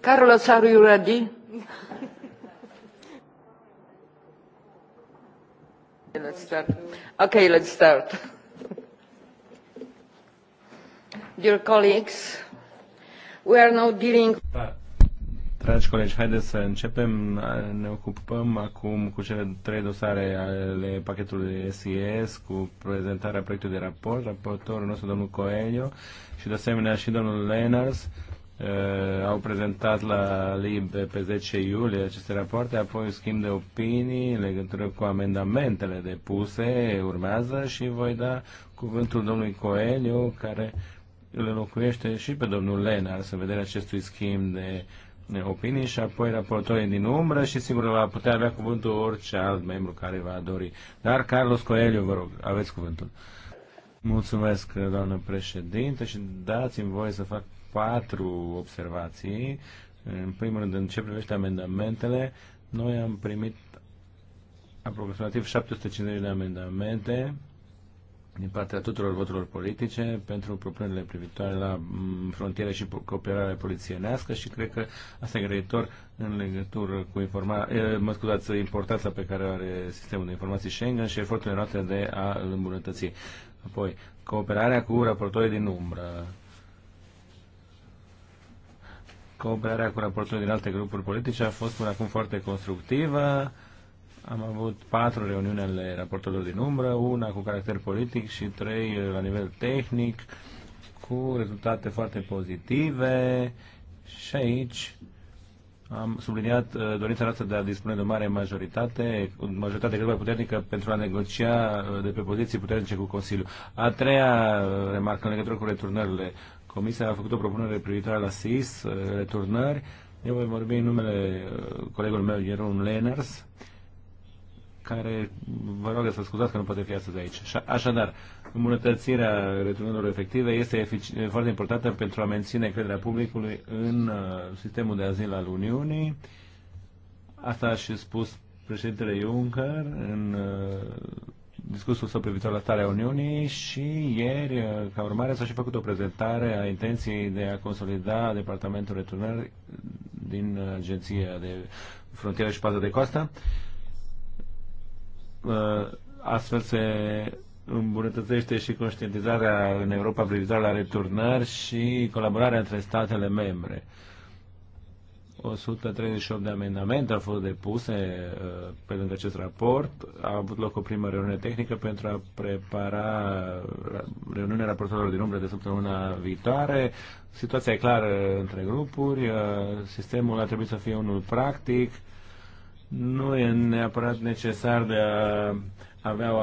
Carlos, are you ready? let's start. Okay, let's start. Dear colleagues, we are now dealing... Da. Dragi colegi, haideți să începem. Ne ocupăm acum cu cele trei dosare ale pachetului SIS, cu prezentarea proiectului de raport, raportorul nostru, domnul Coelho, și de asemenea și domnul Lenars, Eh, au prezentat la LIB pe 10 iulie aceste rapoarte, apoi un schimb de opinii în legătură cu amendamentele depuse urmează și voi da cuvântul domnului Coelho, care îl înlocuiește și pe domnul Lenar, să vedere acestui schimb de opinii și apoi raportorii din umbră și sigur va putea avea cuvântul orice alt membru care va dori. Dar Carlos Coelho, vă rog, aveți cuvântul. Mulțumesc, doamnă președinte, și dați-mi voie să fac patru observații. În primul rând, în ce privește amendamentele, noi am primit aproximativ 750 de amendamente din partea tuturor voturilor politice pentru propunerile privitoare la mm, frontiere și cooperare polițienească și cred că asta e greitor în legătură cu informația, mă scuzați, importanța pe care o are sistemul de informații Schengen și eforturile noastre de a îl îmbunătăți. Apoi, cooperarea cu raportorii din umbră Cooperarea cu raportorii din alte grupuri politice a fost până acum foarte constructivă. Am avut patru reuniuni ale raportorilor din umbră, una cu caracter politic și trei uh, la nivel tehnic, cu rezultate foarte pozitive. Și aici am subliniat uh, dorința noastră de a dispune de o mare majoritate, o majoritate cât mai puternică pentru a negocia uh, de pe poziții puternice cu Consiliul. A treia remarcă în legătură cu returnările. Comisia a făcut o propunere privitoare la SIS, uh, returnări. Eu voi vorbi în numele uh, colegului meu, Jeroen Leners, care vă rog să scuzați că nu poate fi astăzi aici. Așadar, îmbunătățirea returnărilor efective este foarte importantă pentru a menține crederea publicului în uh, sistemul de azil al Uniunii. Asta a și spus președintele Juncker în discursul său privitor la starea Uniunii și ieri, uh, ca urmare, s-a și făcut o prezentare a intenției de a consolida Departamentul Returnări din Agenția de Frontieră și Pază de Coastă. Uh, astfel se îmbunătățește și conștientizarea în Europa privitoare la returnări și colaborarea între statele membre. 138 de amendamente au fost depuse uh, pe lângă acest raport. A avut loc o primă reuniune tehnică pentru a prepara reuniunea raportorilor din umbră de săptămâna viitoare. Situația e clară între grupuri, uh, sistemul a trebuit să fie unul practic, nu e neapărat necesar de a avea o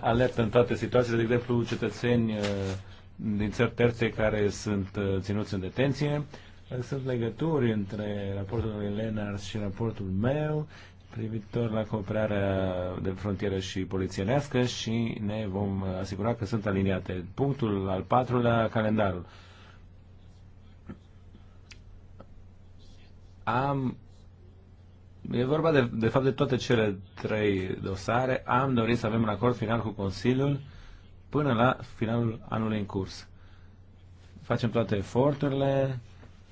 alertă în toate situațiile, de exemplu cetățeni uh, din țări terțe care sunt ținuți în detenție sunt legături între raportul lui Lenars și raportul meu privitor la cooperarea de frontieră și polițienească și ne vom asigura că sunt aliniate. Punctul al patrulea, calendarul. Am E vorba de, de fapt de toate cele trei dosare. Am dorit să avem un acord final cu Consiliul până la finalul anului în curs. Facem toate eforturile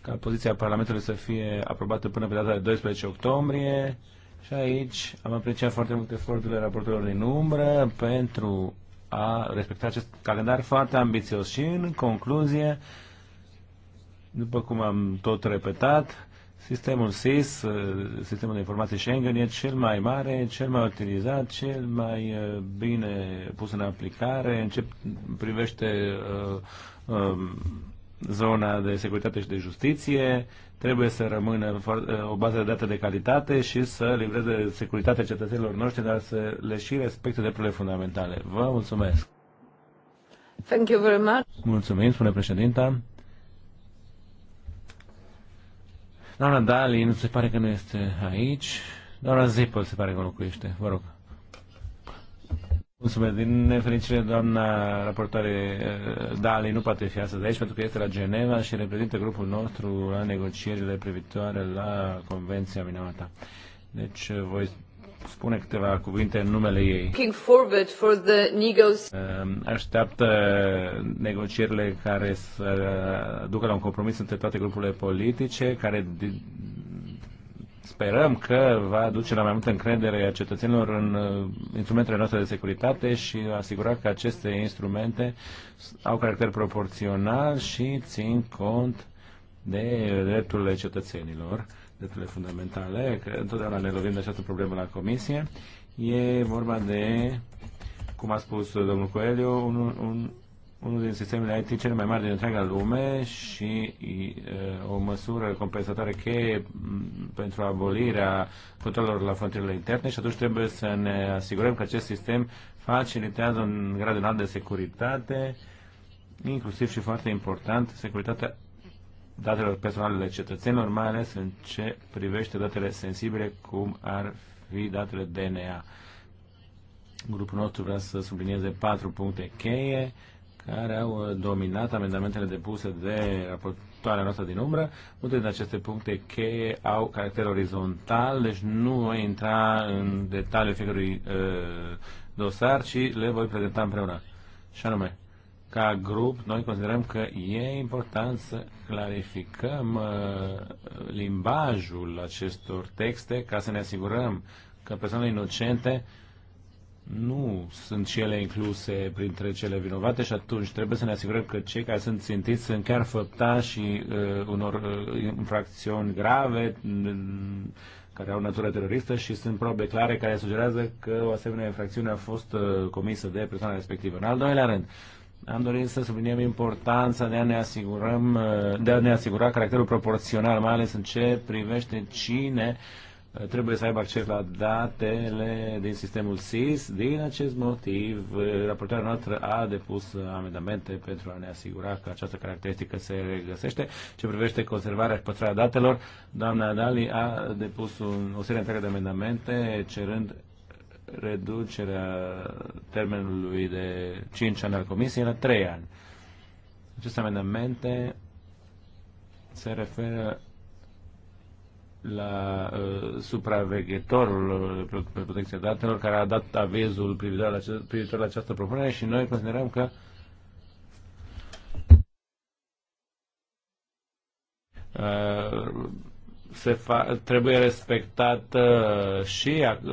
ca poziția Parlamentului să fie aprobată până pe data de 12 octombrie și aici am apreciat foarte mult eforturile raportorilor din umbră pentru a respecta acest calendar foarte ambițios și în concluzie, după cum am tot repetat, Sistemul SIS, sistemul de informații Schengen, e cel mai mare, cel mai utilizat, cel mai uh, bine pus în aplicare în ce privește uh, uh, zona de securitate și de justiție, trebuie să rămână eh, o bază de date de calitate și să livreze securitatea cetățenilor noștri, dar să le și respecte drepturile fundamentale. Vă mulțumesc! Thank you very much. Mulțumim, spune președinta. Doamna Dalin se pare că nu este aici. Doamna Zipă se pare că locuiește. Vă rog. Mulțumesc. Din nefericire, doamna raportoare eh, Dali nu poate fi astăzi aici pentru că este la Geneva și reprezintă grupul nostru la negocierile privitoare la Convenția Minamata. Deci eh, voi spune câteva cuvinte în numele ei. Looking forward for the eh, Așteaptă negocierile care să ducă la un compromis între toate grupurile politice, care sperăm că va duce la mai multă încredere a cetățenilor în uh, instrumentele noastre de securitate și asigura că aceste instrumente au caracter proporțional și țin cont de drepturile cetățenilor, drepturile fundamentale, că întotdeauna ne lovim de această problemă la Comisie. E vorba de, cum a spus domnul Coelho, un, un, unul din sistemele IT cele mai mari din întreaga lume și o măsură compensatoare cheie pentru abolirea controlelor la frontierele interne și atunci trebuie să ne asigurăm că acest sistem facilitează un grad înalt de securitate, inclusiv și foarte important, securitatea datelor personale ale cetățenilor, mai ales în ce privește datele sensibile, cum ar fi datele DNA. Grupul nostru vrea să sublinieze patru puncte cheie care au uh, dominat amendamentele depuse de raportoarea noastră din umbră. Multe din aceste puncte cheie au caracter orizontal, deci nu voi intra în detaliul fiecărui uh, dosar, ci le voi prezenta împreună. Și anume, ca grup, noi considerăm că e important să clarificăm uh, limbajul acestor texte ca să ne asigurăm că persoanele inocente uh, nu sunt și ele incluse printre cele vinovate și atunci trebuie să ne asigurăm că cei care sunt țintiți sunt chiar făptași uh, unor uh, infracțiuni grave mm, care au natură teroristă și sunt probe clare care sugerează că o asemenea infracțiune a fost uh, comisă de persoana respectivă. În al doilea rând, am dorit să subliniem importanța de a ne, asigurăm, uh, de a ne asigura caracterul proporțional, mai ales în ce privește cine uh, Eh, trebuie să aibă acces la datele din sistemul SIS. Din acest motiv, eh, raportarea noastră a depus amendamente pentru a ne asigura că această caracteristică se regăsește. Ce privește conservarea și păstrarea datelor, doamna Dali a depus un, o serie întreagă de amendamente cerând reducerea termenului de 5 ani al Comisiei la 3 ani. Aceste amendamente se referă la uh, supraveghetorul uh, pe protecția datelor care a dat avezul privitor la, acest, privitor la această propunere și noi considerăm că uh, se fa- trebuie respectată și uh,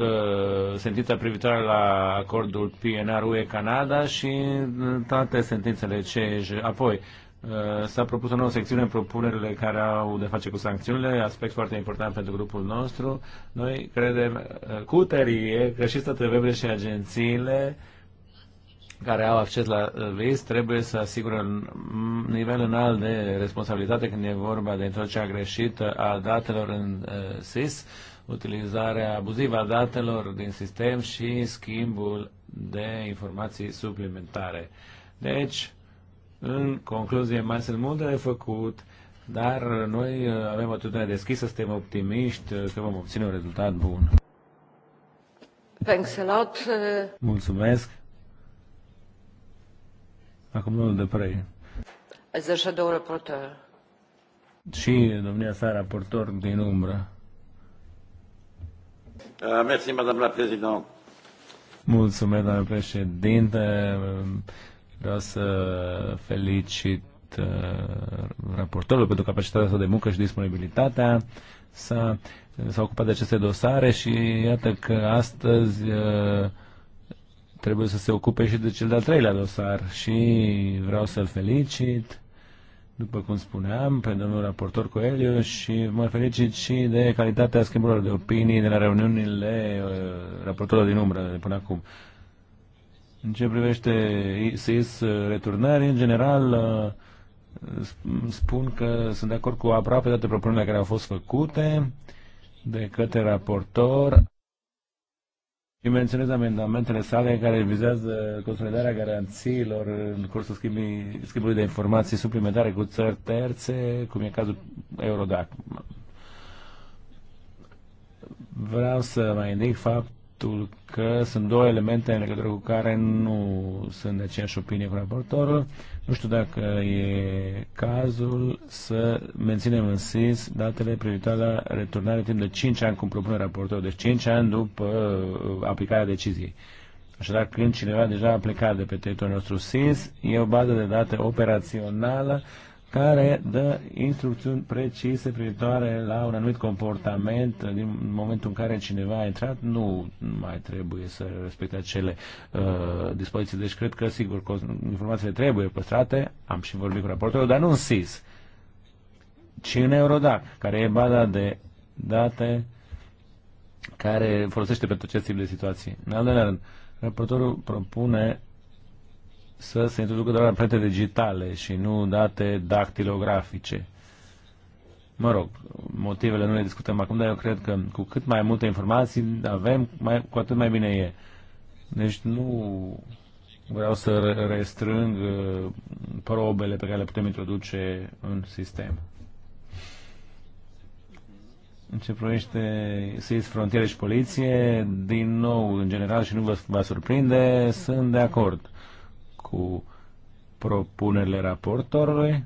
sentința privitoare la acordul PNR UE Canada și uh, toate sentințele CEJ. Apoi, Uh, s-a propus o nouă secțiune în propunerile care au de face cu sancțiunile, aspect foarte important pentru grupul nostru. Noi credem uh, cu tărie că și statele membre și agențiile care au acces la uh, vis trebuie să asigure un nivel înalt de responsabilitate când e vorba de introducerea greșită a datelor în SIS, utilizarea abuzivă a datelor din sistem și schimbul de informații suplimentare. Deci, în concluzie, mai sunt multe de făcut, dar noi uh, avem atitudine deschisă, suntem optimiști uh, că vom obține un rezultat bun. Thanks a lot. Uh. Mulțumesc. Acum domnul de prei. a shadow Și domnia sa raportor din umbră. Uh, madame la Mulțumesc, doamnă președinte. Vreau să felicit uh, raportorul pentru capacitatea sa de muncă și disponibilitatea s-a, s-a ocupat de aceste dosare și iată că astăzi uh, trebuie să se ocupe și de cel de-al treilea dosar și vreau să-l felicit după cum spuneam, pe domnul raportor Coeliu și mă felicit și de calitatea schimburilor de opinii de la reuniunile uh, raportorilor din umbră de până acum. În ce privește SIS returnări, în general uh, spun că sunt de acord cu aproape toate propunerile care au fost făcute de către raportor și menționez amendamentele sale care vizează consolidarea garanțiilor în cursul schimbii, schimbului de informații suplimentare cu țări terțe, cum e cazul Eurodac. Vreau să mai indic fapt faptul că sunt două elemente în legătură cu care nu sunt de aceeași opinie cu raportorul. Nu știu dacă e cazul să menținem în SIS datele privitoare la returnare timp de 5 ani, cum propune raportorul, deci 5 ani după uh, aplicarea deciziei. Așadar, când cineva deja a plecat de pe teritoriul nostru SIS, e o bază de date operațională care dă instrucțiuni precise privitoare la un anumit comportament din momentul în care cineva a intrat, nu mai trebuie să respecte acele uh, dispoziții. Deci cred că, sigur, informațiile trebuie păstrate, am și vorbit cu raportorul, dar nu în SIS, ci în Eurodac, care e baza de date care folosește pentru acest tip de situații. În al doilea rând, raportorul propune să se introducă doar amprente digitale și nu date dactilografice. Mă rog, motivele nu le discutăm acum, dar eu cred că cu cât mai multe informații avem, mai, cu atât mai bine e. Deci nu vreau să restrâng uh, probele pe care le putem introduce în sistem. În ce privește SIS, frontiere și poliție, din nou, în general, și nu vă va surprinde, sunt de acord cu propunerile raportorului.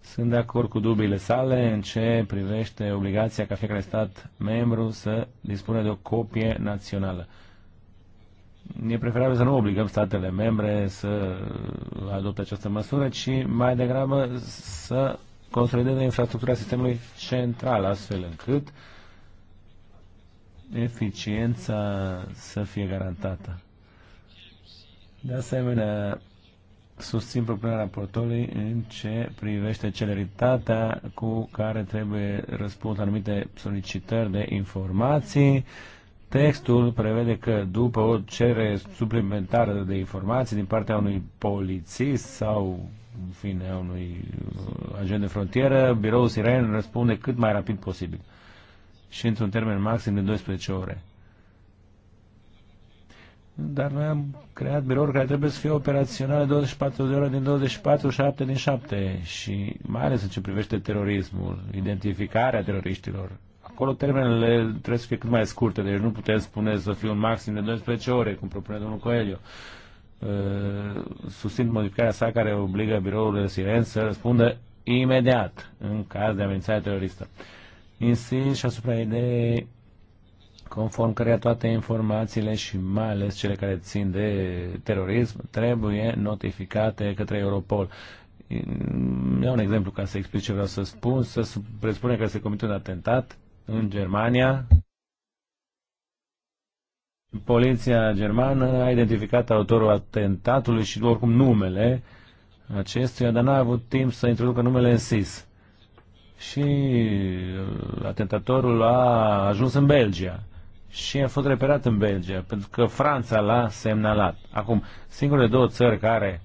Sunt de acord cu dubiile sale în ce privește obligația ca fiecare stat membru să dispune de o copie națională. E preferabil să nu obligăm statele membre să adopte această măsură, ci mai degrabă să consolideze infrastructura sistemului central, astfel încât eficiența să fie garantată. De asemenea, susțin propunerea raportului în ce privește celeritatea cu care trebuie răspuns anumite solicitări de informații. Textul prevede că după o cerere suplimentară de informații din partea unui polițist sau în fine, a unui uh, agent de frontieră, biroul Siren răspunde cât mai rapid posibil și într-un termen maxim de 12 ore dar noi am creat birouri care trebuie să fie operaționale 24 de ore din 24, 7 din 7 și mai ales în ce privește terorismul, identificarea teroriștilor. Acolo termenele trebuie să fie cât mai scurte, deci nu putem spune să fie un maxim de 12 ore, cum propune domnul Coelho. Uh, susțin modificarea sa care obligă biroul de siren să răspundă imediat în caz de amenințare teroristă. Insist și asupra ideii conform căreia toate informațiile și mai ales cele care țin de terorism trebuie notificate către Europol. Iau un exemplu ca să explic ce vreau să spun. Să presupune că se comite un atentat în Germania. Poliția germană a identificat autorul atentatului și oricum numele acestuia, dar n-a avut timp să introducă numele în SIS. Și uh, atentatorul a ajuns în Belgia și a fost reperat în Belgia, pentru că Franța l-a semnalat. Acum, singurele două țări care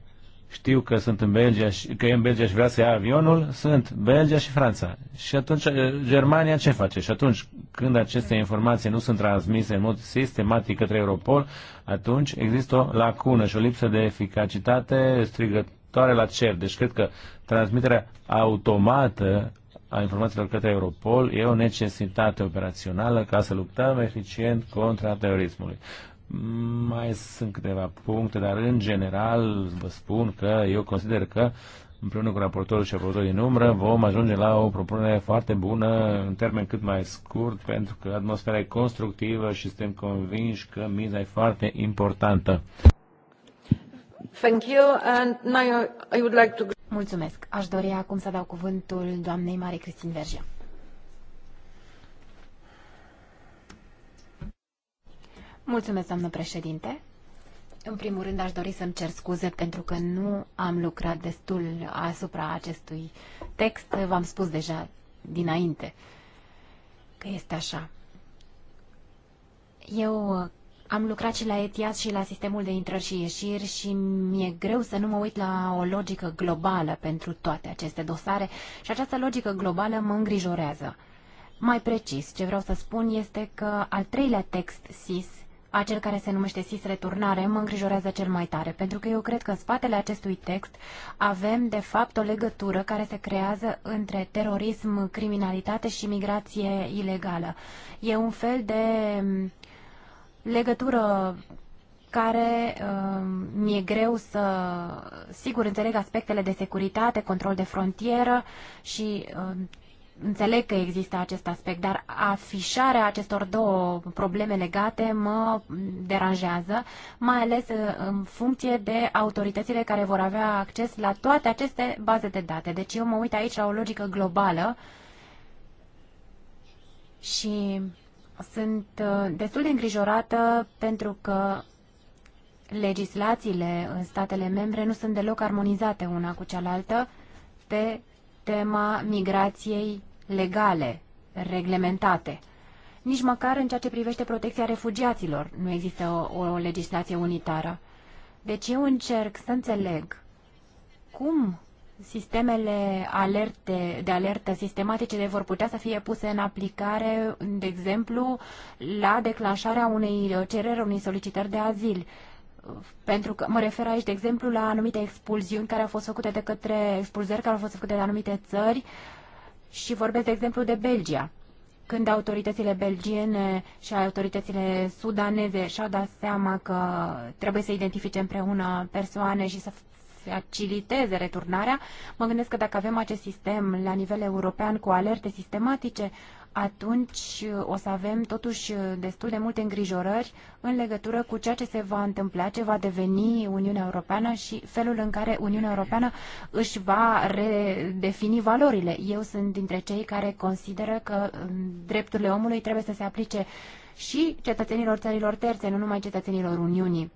știu că sunt în Belgia și că e în Belgia și vrea să ia avionul, sunt Belgia și Franța. Și atunci Germania ce face? Și atunci când aceste informații nu sunt transmise în mod sistematic către Europol, atunci există o lacună și o lipsă de eficacitate strigătoare la cer. Deci cred că transmiterea automată a informațiilor către Europol e o necesitate operațională ca să luptăm eficient contra terorismului. Mai sunt câteva puncte, dar în general vă spun că eu consider că împreună cu raportorul și raportorul din umbră, vom ajunge la o propunere foarte bună, în termen cât mai scurt, pentru că atmosfera e constructivă și suntem convinși că miza e foarte importantă. Mulțumesc. Aș dori acum să dau cuvântul doamnei Mare Cristin Verge. Mulțumesc, doamnă președinte. În primul rând, aș dori să-mi cer scuze pentru că nu am lucrat destul asupra acestui text. V-am spus deja dinainte că este așa. Eu am lucrat și la ETIAS și la sistemul de intrări și ieșiri și mi-e greu să nu mă uit la o logică globală pentru toate aceste dosare și această logică globală mă îngrijorează. Mai precis, ce vreau să spun este că al treilea text SIS, acel care se numește SIS returnare, mă îngrijorează cel mai tare, pentru că eu cred că în spatele acestui text avem, de fapt, o legătură care se creează între terorism, criminalitate și migrație ilegală. E un fel de legătură care uh, mi-e greu să, sigur, înțeleg aspectele de securitate, control de frontieră și uh, înțeleg că există acest aspect, dar afișarea acestor două probleme legate mă deranjează, mai ales uh, în funcție de autoritățile care vor avea acces la toate aceste baze de date. Deci eu mă uit aici la o logică globală și sunt uh, destul de îngrijorată pentru că legislațiile în statele membre nu sunt deloc armonizate una cu cealaltă pe tema migrației legale, reglementate. Nici măcar în ceea ce privește protecția refugiaților nu există o, o legislație unitară. Deci eu încerc să înțeleg cum sistemele alerte, de alertă sistematice de vor putea să fie puse în aplicare, de exemplu, la declanșarea unei cereri, unei solicitări de azil. Pentru că mă refer aici, de exemplu, la anumite expulziuni care au fost făcute de către expulzări care au fost făcute de anumite țări și vorbesc, de exemplu, de Belgia. Când autoritățile belgiene și autoritățile sudaneze și-au dat seama că trebuie să identifice împreună persoane și să faciliteze returnarea. Mă gândesc că dacă avem acest sistem la nivel european cu alerte sistematice, atunci o să avem totuși destul de multe îngrijorări în legătură cu ceea ce se va întâmpla, ce va deveni Uniunea Europeană și felul în care Uniunea Europeană își va redefini valorile. Eu sunt dintre cei care consideră că mm, drepturile omului trebuie să se aplice și cetățenilor țărilor terțe, nu numai cetățenilor Uniunii.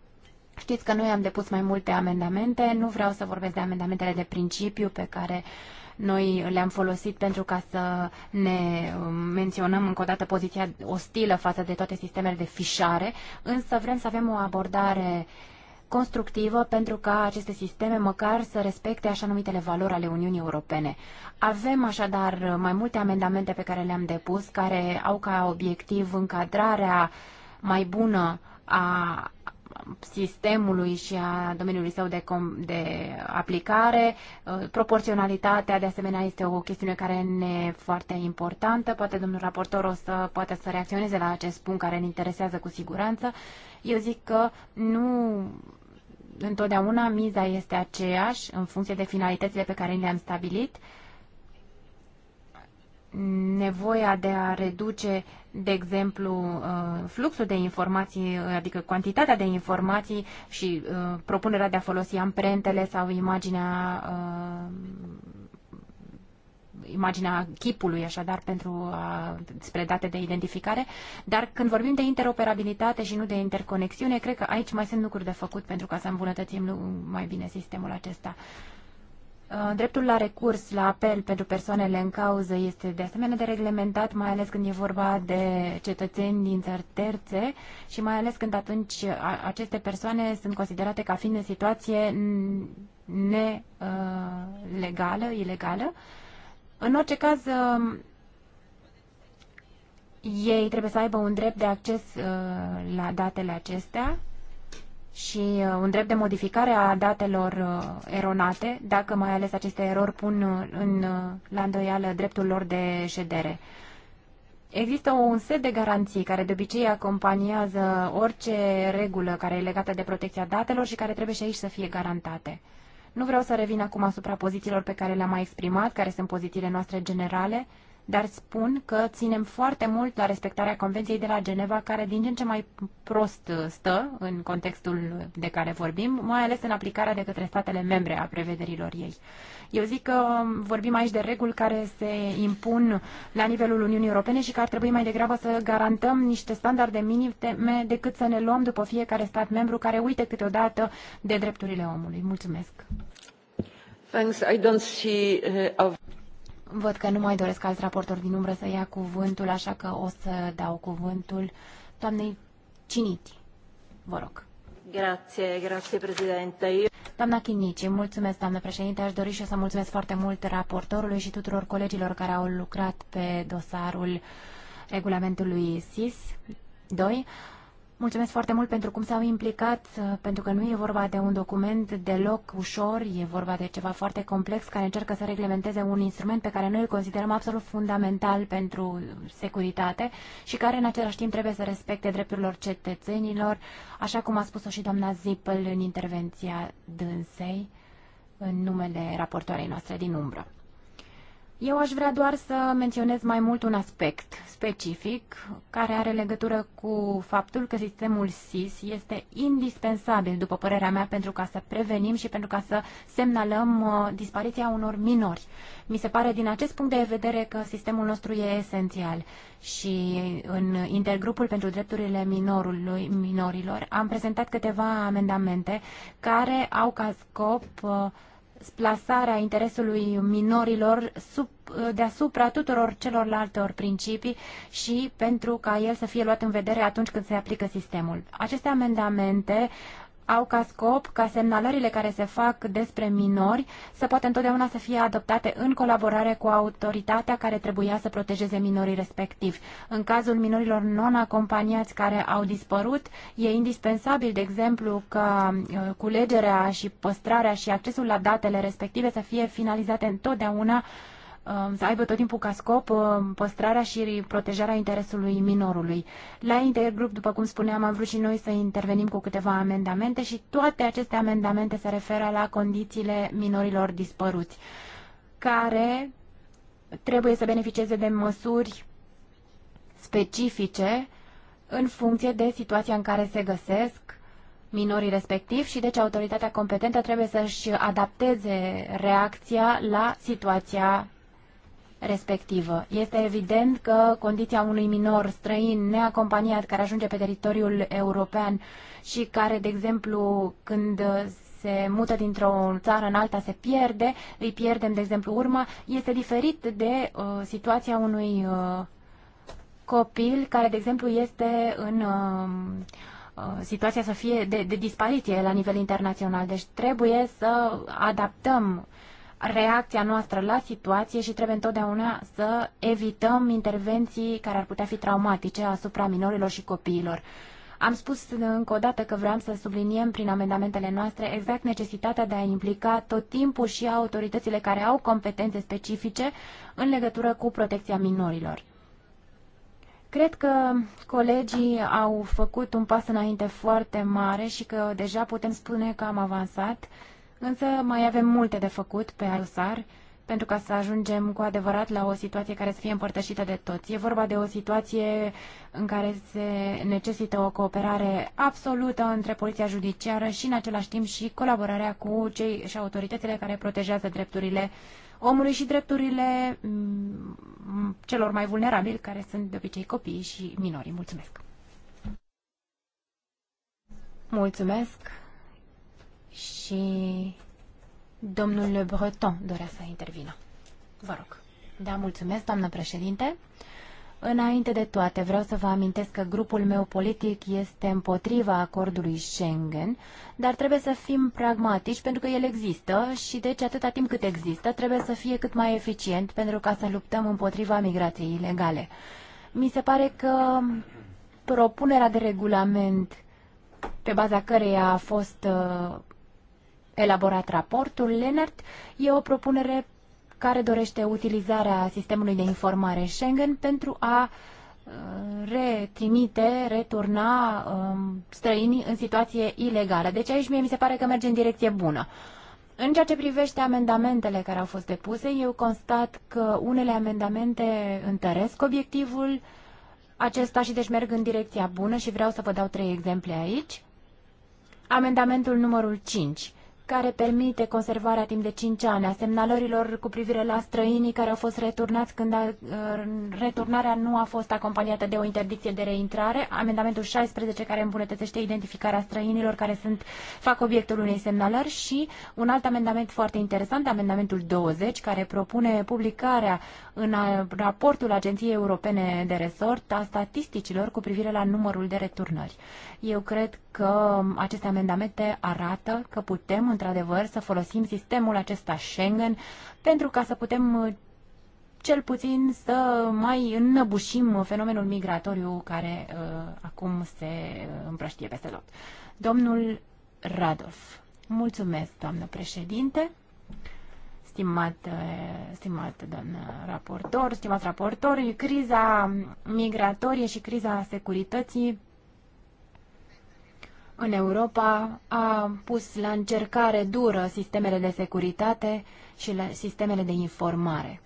Știți că noi am depus mai multe amendamente, nu vreau să vorbesc de amendamentele de principiu pe care noi le-am folosit pentru ca să ne um, menționăm încă o dată poziția ostilă față de toate sistemele de fișare, însă vrem să avem o abordare constructivă pentru ca aceste sisteme măcar să respecte așa numitele valori ale Uniunii Europene. Avem așadar mai multe amendamente pe care le-am depus care au ca obiectiv încadrarea mai bună a sistemului și a domeniului său de, com- de aplicare. Uh, proporționalitatea, de asemenea, este o chestiune care ne e foarte importantă. Poate domnul raportor o să poate să reacționeze la acest punct care ne interesează cu siguranță. Eu zic că nu întotdeauna miza este aceeași în funcție de finalitățile pe care le-am stabilit. Uh, nevoia de a reduce, de exemplu, uh, fluxul de informații, adică cantitatea de informații și uh, propunerea de a folosi amprentele sau imaginea uh, imaginea chipului, așadar, pentru a, spre date de identificare, dar când vorbim de interoperabilitate și nu de interconexiune, cred că aici mai sunt lucruri de făcut pentru ca să îmbunătățim mai bine sistemul acesta. Uh, dreptul la recurs, la apel pentru persoanele în cauză este de asemenea de reglementat, mai ales când e vorba de cetățeni din țări terțe și mai ales când atunci aceste persoane sunt considerate ca fiind în situație nelegală, ilegală. În orice caz, um, ei trebuie să aibă un drept de acces uh, la datele acestea și uh, un drept de modificare a datelor uh, eronate, dacă mai ales aceste erori pun uh, în, la îndoială dreptul lor de ședere. Există un set de garanții care de obicei acompaniază orice regulă care e legată de protecția datelor și care trebuie și aici să fie garantate. Nu vreau să revin acum asupra pozițiilor pe care le-am mai exprimat, care sunt pozițiile noastre generale, dar spun că ținem foarte mult la respectarea Convenției de la Geneva, care din ce în ce mai prost stă în contextul de care vorbim, mai ales în aplicarea de către statele membre a prevederilor ei. Eu zic că vorbim aici de reguli care se impun la nivelul Uniunii Europene și că ar trebui mai degrabă să garantăm niște standarde minime decât să ne luăm după fiecare stat membru care uită câteodată de drepturile omului. Mulțumesc! Thanks. I don't see, uh, Văd că nu mai doresc alți raportori din umbră să ia cuvântul, așa că o să dau cuvântul doamnei Ciniti. Vă rog. Grazie, grazie președinte. Doamna Chinici, mulțumesc, doamnă președinte. Aș dori și eu să mulțumesc foarte mult raportorului și tuturor colegilor care au lucrat pe dosarul regulamentului SIS 2. Mulțumesc foarte mult pentru cum s-au implicat, uh, pentru că nu e vorba de un document deloc ușor, e vorba de ceva foarte complex care încercă să reglementeze un instrument pe care noi îl considerăm absolut fundamental pentru securitate și care în același timp trebuie să respecte drepturilor cetățenilor, așa cum a spus-o și doamna Zipel în intervenția dânsei în numele raportoarei noastre din umbră. Eu aș vrea doar să menționez mai mult un aspect specific care are legătură cu faptul că sistemul SIS este indispensabil, după părerea mea, pentru ca să prevenim și pentru ca să semnalăm uh, dispariția unor minori. Mi se pare din acest punct de vedere că sistemul nostru e esențial și în intergrupul pentru drepturile minorului, minorilor am prezentat câteva amendamente care au ca scop uh, plasarea interesului minorilor sub, deasupra tuturor celorlalte principii și pentru ca el să fie luat în vedere atunci când se aplică sistemul. Aceste amendamente au ca scop ca semnalările care se fac despre minori să poată întotdeauna să fie adoptate în colaborare cu autoritatea care trebuia să protejeze minorii respectivi. În cazul minorilor non-acompaniați care au dispărut, e indispensabil, de exemplu, ca uh, culegerea și păstrarea și accesul la datele respective să fie finalizate întotdeauna uh, Um, să aibă tot timpul ca scop um, păstrarea și protejarea interesului minorului. La Intergrup, după cum spuneam, am vrut și noi să intervenim cu câteva amendamente și toate aceste amendamente se referă la condițiile minorilor dispăruți, care trebuie să beneficieze de măsuri specifice în funcție de situația în care se găsesc minorii respectivi și deci autoritatea competentă trebuie să-și adapteze reacția la situația respectivă. Este evident că condiția unui minor străin neacompaniat care ajunge pe teritoriul european și care, de exemplu, când se mută dintr-o țară în alta, se pierde, îi pierdem, de exemplu, urma, este diferit de uh, situația unui uh, copil care, de exemplu, este în uh, uh situația să fie de, de dispariție la nivel internațional. Deci trebuie să adaptăm uh, reacția noastră la situație și trebuie întotdeauna să evităm intervenții care ar putea fi traumatice asupra minorilor și copiilor. Am spus încă o dată că vreau să subliniem prin amendamentele noastre exact necesitatea de a implica tot timpul și autoritățile care au competențe specifice în legătură cu protecția minorilor. Cred că colegii au făcut un pas înainte foarte mare și că deja putem spune că am avansat. Însă mai avem multe de făcut pe Arusar pentru ca să ajungem cu adevărat la o situație care să fie împărtășită de toți. E vorba de o situație în care se necesită o cooperare absolută între poliția judiciară și în același timp și colaborarea cu cei și autoritățile care protejează drepturile omului și drepturile mm, celor mai vulnerabili, care sunt de obicei copiii și minorii. Mulțumesc! Mulțumesc! și domnul Le Breton dorea să intervină. Vă rog. Da, mulțumesc, doamnă președinte. Înainte de toate, vreau să vă amintesc că grupul meu politic este împotriva acordului Schengen, dar trebuie să fim pragmatici pentru că el există și deci atâta timp cât există trebuie să fie cât mai eficient pentru ca să luptăm împotriva migrației ilegale. Mi se pare că propunerea de regulament pe baza căreia a fost uh, elaborat raportul Lennert E o propunere care dorește utilizarea sistemului de informare Schengen pentru a uh, retrimite, returna um, străinii în situație ilegală. Deci aici mie mi se pare că merge în direcție bună. În ceea ce privește amendamentele care au fost depuse, eu constat că unele amendamente întăresc obiectivul acesta și deci merg în direcția bună și vreau să vă dau trei exemple aici. Amendamentul numărul 5 care permite conservarea timp de 5 ani a semnalărilor cu privire la străinii care au fost returnați când a, uh, returnarea nu a fost acompaniată de o interdicție de reintrare, amendamentul 16 care îmbunătățește identificarea străinilor care sunt, fac obiectul unei semnalări și un alt amendament foarte interesant, amendamentul 20, care propune publicarea în raportul Agenției Europene de Resort a statisticilor cu privire la numărul de returnări. Eu cred că aceste amendamente arată că putem, într-adevăr, să folosim sistemul acesta Schengen pentru ca să putem uh, cel puțin să mai înnăbușim fenomenul migratoriu care uh, acum se uh, împrăștie peste tot. Domnul Radov, Mulțumesc, doamnă președinte, stimat, stimat domn raportor, stimat raportor, criza migratorie și criza securității în Europa a pus la încercare dură sistemele de securitate și sistemele de informare.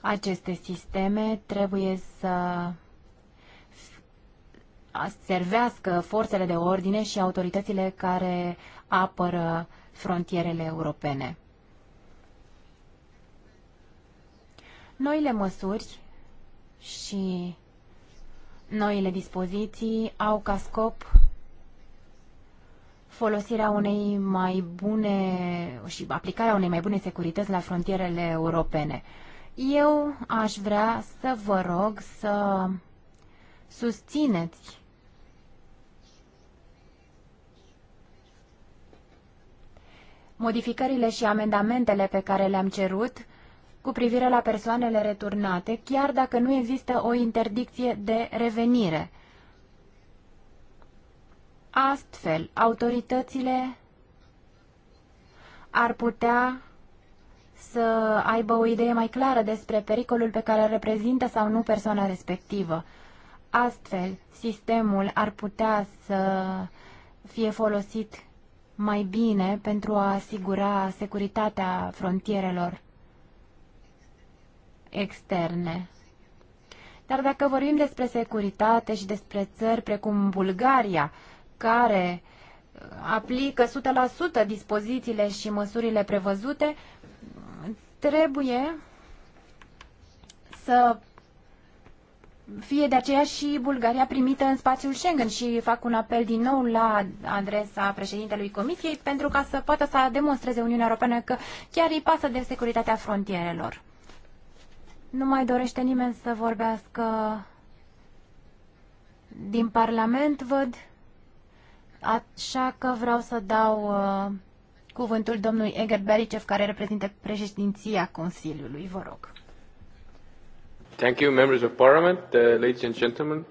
Aceste sisteme trebuie să servească forțele de ordine și autoritățile care apără frontierele europene. Noile măsuri și Noile dispoziții au ca scop folosirea unei mai bune și aplicarea unei mai bune securități la frontierele europene. Eu aș vrea să vă rog să susțineți modificările și amendamentele pe care le-am cerut cu privire la persoanele returnate, chiar dacă nu există o interdicție de revenire. Astfel, autoritățile ar putea să aibă o idee mai clară despre pericolul pe care îl reprezintă sau nu persoana respectivă. Astfel, sistemul ar putea să fie folosit mai bine pentru a asigura securitatea frontierelor externe. Dar dacă vorbim despre securitate și despre țări precum Bulgaria, care uh, aplică 100% dispozițiile și măsurile prevăzute, trebuie să fie de aceea și Bulgaria primită în spațiul Schengen și fac un apel din nou la adresa președintelui Comisiei pentru ca să poată să demonstreze Uniunea Europeană că chiar îi pasă de securitatea frontierelor. Nu mai dorește nimeni să vorbească din Parlament, văd. Așa că vreau să dau uh, cuvântul domnului Eger Bericev, care reprezintă președinția Consiliului. Vă rog. Thank you, members of Parliament, uh, ladies and gentlemen.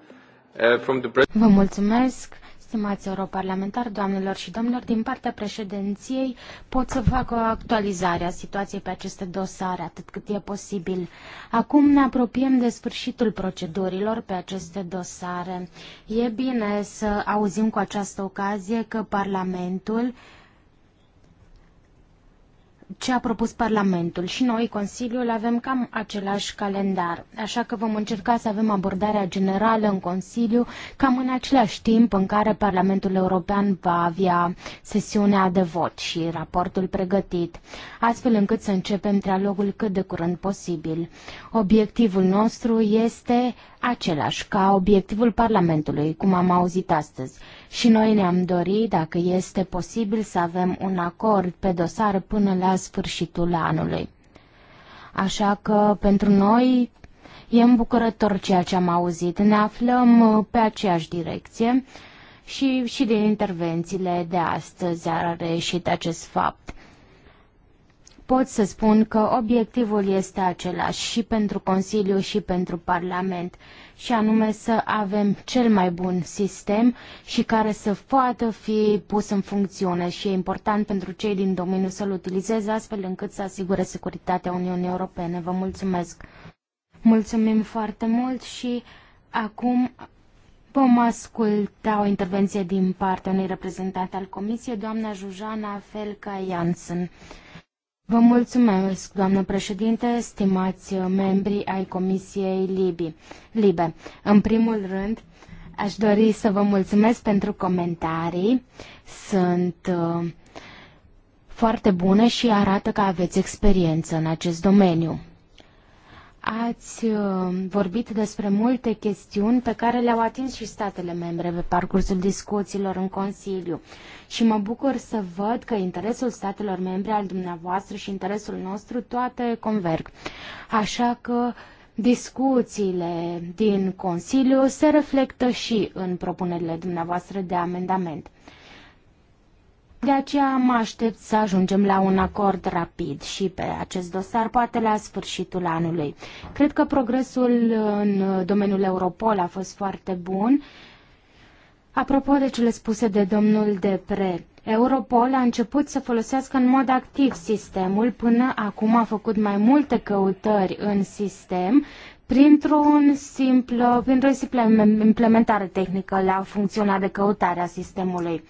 Uh, from the Vă mulțumesc. Stimați europarlamentari, doamnelor și domnilor, din partea președinției pot să fac o actualizare a situației pe aceste dosare, atât cât e posibil. Acum ne apropiem de sfârșitul procedurilor pe aceste dosare. E bine să auzim cu această ocazie că Parlamentul ce a propus Parlamentul și noi, Consiliul, avem cam același calendar, așa că vom încerca să avem abordarea generală în Consiliu cam în același timp în care Parlamentul European va avea sesiunea de vot și raportul pregătit, astfel încât să începem trialogul cât de curând posibil. Obiectivul nostru este același ca obiectivul Parlamentului, cum am auzit astăzi, și noi ne-am dorit, dacă este posibil, să avem un acord pe dosar până la sfârșitul anului. Așa că, pentru noi, e îmbucurător ceea ce am auzit. Ne aflăm uh, pe aceeași direcție și, și din intervențiile de astăzi a reieșit acest fapt. Pot să spun că obiectivul este același și pentru Consiliu și pentru Parlament și anume să avem cel mai bun sistem și care să poată fi pus în funcțiune și e important pentru cei din domeniu să-l utilizeze astfel încât să asigure securitatea Uniunii Europene. Vă mulțumesc! Mulțumim foarte mult și acum Vom asculta o intervenție din partea unui reprezentant al Comisiei, doamna Jujana Felca Jansen. Vă mulțumesc, doamnă președinte, stimați membri ai Comisiei Libi. Libe. În primul rând, aș dori să vă mulțumesc pentru comentarii. Sunt uh, foarte bune și arată că aveți experiență în acest domeniu. Ați uh, vorbit despre multe chestiuni pe care le-au atins și statele membre pe parcursul discuțiilor în Consiliu și mă bucur să văd că interesul statelor membre al dumneavoastră și interesul nostru toate converg. Așa că discuțiile din Consiliu se reflectă și în propunerile dumneavoastră de amendament. De aceea mă aștept să ajungem la un acord rapid și pe acest dosar, poate la sfârșitul anului. Cred că progresul în domeniul Europol a fost foarte bun. Apropo de cele spuse de domnul Depre, Europol a început să folosească în mod activ sistemul, până acum a făcut mai multe căutări în sistem, printr-un simplă, printr-o simplă implementare tehnică la funcționa de căutare a sistemului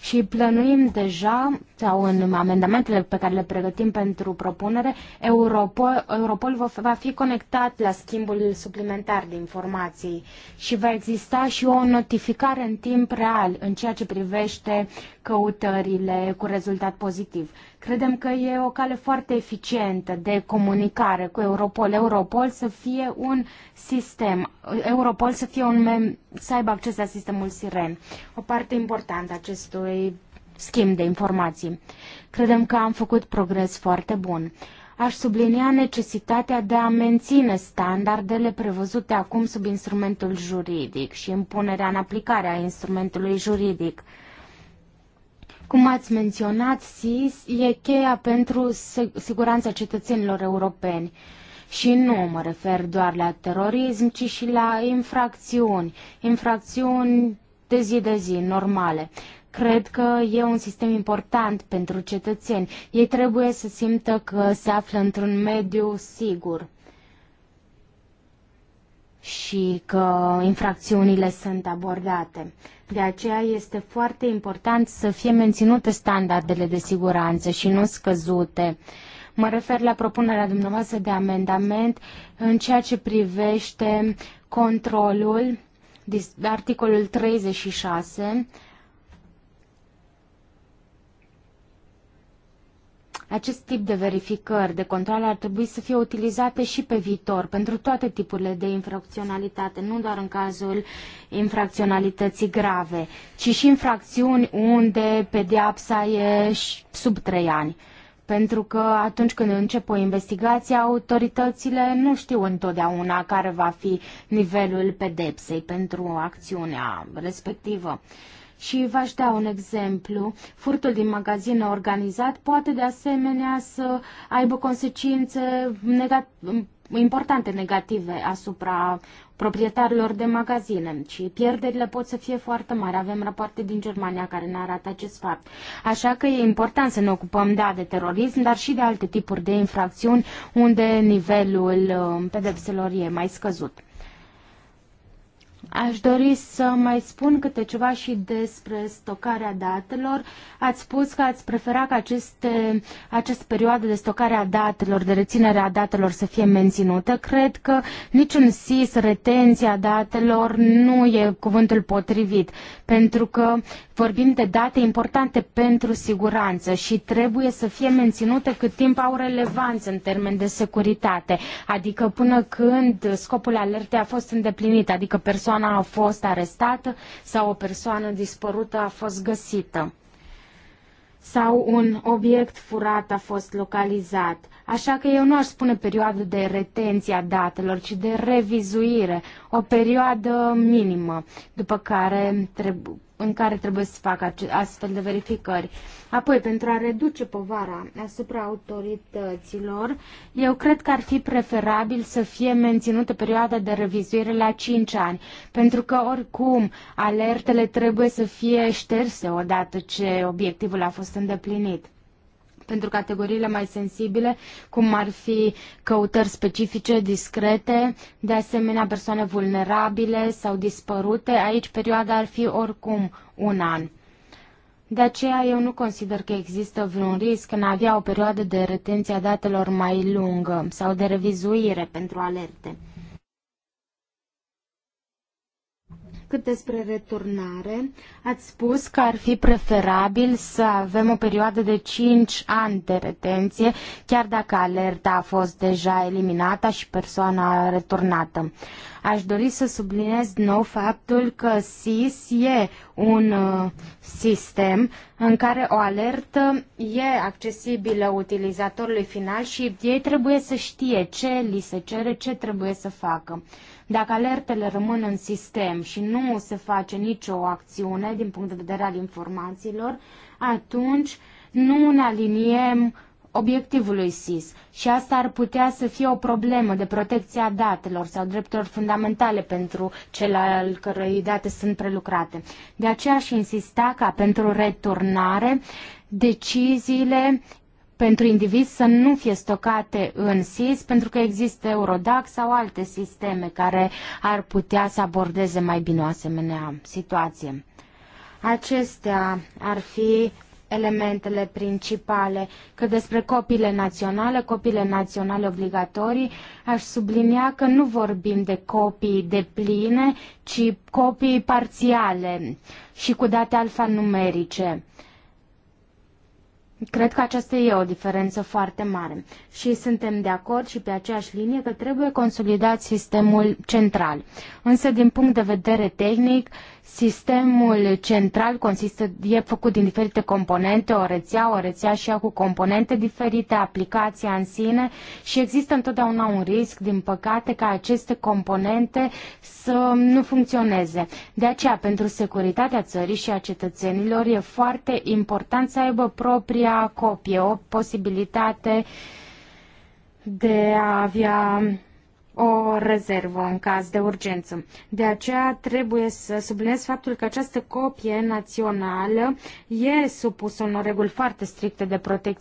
și plănuim deja, sau în amendamentele pe care le pregătim pentru propunere, Europol, Europol va fi conectat la schimbul suplimentar de informații și va exista și o notificare în timp real în ceea ce privește căutările cu rezultat pozitiv. Credem că e o cale foarte eficientă de comunicare cu Europol. Europol să fie un sistem, Europol să fie un mem, să aibă acces la sistemul Siren. O parte importantă acestui schimb de informații. Credem că am făcut progres foarte bun. Aș sublinia necesitatea de a menține standardele prevăzute acum sub instrumentul juridic și impunerea în aplicare a instrumentului juridic cum ați menționat, SIS e cheia pentru siguranța cetățenilor europeni. Și nu mă refer doar la terorism, ci și la infracțiuni, infracțiuni de zi de zi, normale. Cred că e un sistem important pentru cetățeni. Ei trebuie să simtă că se află într-un mediu sigur și că infracțiunile sunt abordate. De aceea este foarte important să fie menținute standardele de siguranță și nu scăzute. Mă refer la propunerea dumneavoastră de amendament în ceea ce privește controlul, articolul 36, Acest tip de verificări, de control ar trebui să fie utilizate și pe viitor pentru toate tipurile de infracționalitate, nu doar în cazul infracționalității grave, ci și infracțiuni unde pedeapsa e sub 3 ani pentru că atunci când încep o investigație, autoritățile nu știu întotdeauna care va fi nivelul pedepsei pentru acțiunea respectivă. Și v-aș da un exemplu. Furtul din magazin organizat poate de asemenea să aibă consecințe negative importante negative asupra proprietarilor de magazine și pierderile pot să fie foarte mari. Avem rapoarte din Germania care ne arată acest fapt. Așa că e important să ne ocupăm, da, de terorism, dar și de alte tipuri de infracțiuni unde nivelul uh, pedepselor e mai scăzut. Aș dori să mai spun câte ceva și despre stocarea datelor. Ați spus că ați prefera ca aceste, această perioadă de stocare a datelor, de reținere a datelor să fie menținută. Cred că niciun SIS, retenția datelor, nu e cuvântul potrivit, pentru că vorbim de date importante pentru siguranță și trebuie să fie menținute cât timp au relevanță în termen de securitate, adică până când scopul alertei a fost îndeplinit, adică persoana persoana a fost arestată sau o persoană dispărută a fost găsită sau un obiect furat a fost localizat. Așa că eu nu aș spune perioadă de retenție a datelor, ci de revizuire, o perioadă minimă, după care în care trebuie să facă astfel de verificări. Apoi, pentru a reduce povara asupra autorităților, eu cred că ar fi preferabil să fie menținută perioada de revizuire la 5 ani, pentru că oricum alertele trebuie să fie șterse odată ce obiectivul a fost îndeplinit pentru categoriile mai sensibile, cum ar fi căutări specifice, discrete, de asemenea persoane vulnerabile sau dispărute, aici perioada ar fi oricum un an. De aceea eu nu consider că există vreun risc în a avea o perioadă de retenție a datelor mai lungă sau de revizuire pentru alerte. Cât despre returnare, ați spus că ar fi preferabil să avem o perioadă de 5 ani de retenție, chiar dacă alerta a fost deja eliminată și persoana returnată. Aș dori să subliniez din nou faptul că SIS e un uh, sistem în care o alertă e accesibilă utilizatorului final și ei trebuie să știe ce li se cere, ce trebuie să facă. Dacă alertele rămân în sistem și nu se face nicio acțiune din punct de vedere al informațiilor, atunci nu ne aliniem obiectivului SIS și asta ar putea să fie o problemă de protecție a datelor sau drepturilor fundamentale pentru cele al cărei date sunt prelucrate. De aceea aș insista ca pentru returnare deciziile pentru indivizi să nu fie stocate în SIS, pentru că există Eurodac sau alte sisteme care ar putea să abordeze mai bine o asemenea situație. Acestea ar fi elementele principale. Că despre copiile naționale, copiile naționale obligatorii, aș sublinia că nu vorbim de copii de pline, ci copii parțiale și cu date alfanumerice. Cred că aceasta e o diferență foarte mare și suntem de acord și pe aceeași linie că trebuie consolidat sistemul central. Însă, din punct de vedere tehnic, Sistemul central consistă, e făcut din diferite componente, o rețea, o rețea și ea cu componente diferite, aplicația în sine și există întotdeauna un risc, din păcate, ca aceste componente să nu funcționeze. De aceea, pentru securitatea țării și a cetățenilor, e foarte important să aibă propria copie, o posibilitate de a avea o rezervă în caz de urgență. De aceea trebuie să subliniez faptul că această copie națională e supusă unor reguli foarte stricte de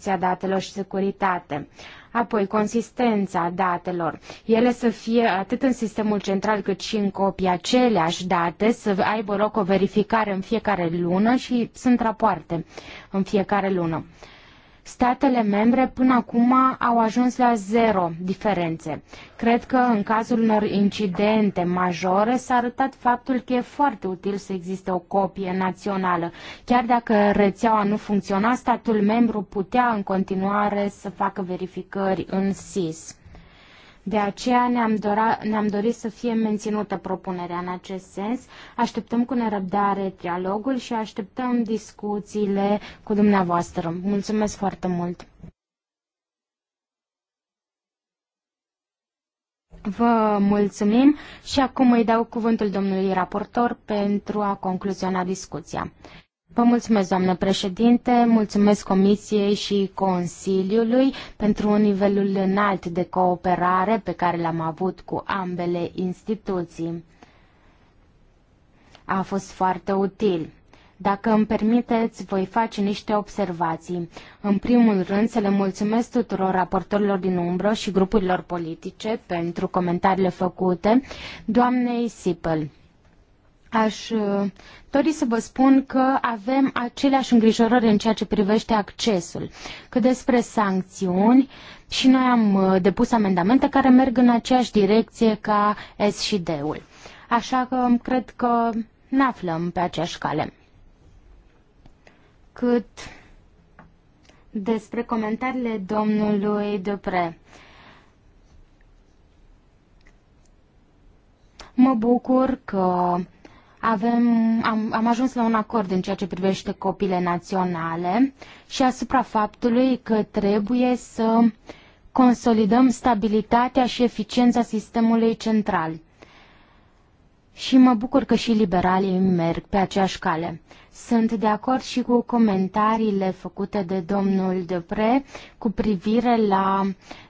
a datelor și securitate. Apoi, consistența datelor. Ele să fie atât în sistemul central cât și în copii aceleași date, să aibă loc o verificare în fiecare lună și sunt rapoarte în fiecare lună. Statele membre până acum au ajuns la zero diferențe. Cred că în cazul unor incidente majore s-a arătat faptul că e foarte util să existe o copie națională. Chiar dacă rețeaua nu funcționa, statul membru putea în continuare să facă verificări în SIS. De aceea ne-am, ne dorit să fie menținută propunerea în acest sens. Așteptăm cu nerăbdare dialogul și așteptăm discuțiile cu dumneavoastră. Mulțumesc foarte mult! Vă mulțumim și acum îi dau cuvântul domnului raportor pentru a concluziona discuția. Vă mulțumesc, doamnă președinte, mulțumesc Comisiei și Consiliului pentru nivelul înalt de cooperare pe care l-am avut cu ambele instituții. A fost foarte util. Dacă îmi permiteți, voi face niște observații. În primul rând, să le mulțumesc tuturor raportorilor din umbră și grupurilor politice pentru comentariile făcute. Doamnei Sipel, aș uh, dori să vă spun că avem aceleași îngrijorări în ceea ce privește accesul, că despre sancțiuni și noi am uh, depus amendamente care merg în aceeași direcție ca S și D-ul. Așa că cred că ne aflăm pe aceeași cale. Cât despre comentariile domnului Dupre. Mă bucur că avem, am, am ajuns la un acord în ceea ce privește copile naționale și asupra faptului că trebuie să consolidăm stabilitatea și eficiența sistemului central. Și mă bucur că și liberalii merg pe aceeași cale. Sunt de acord și cu comentariile făcute de domnul Depre cu privire la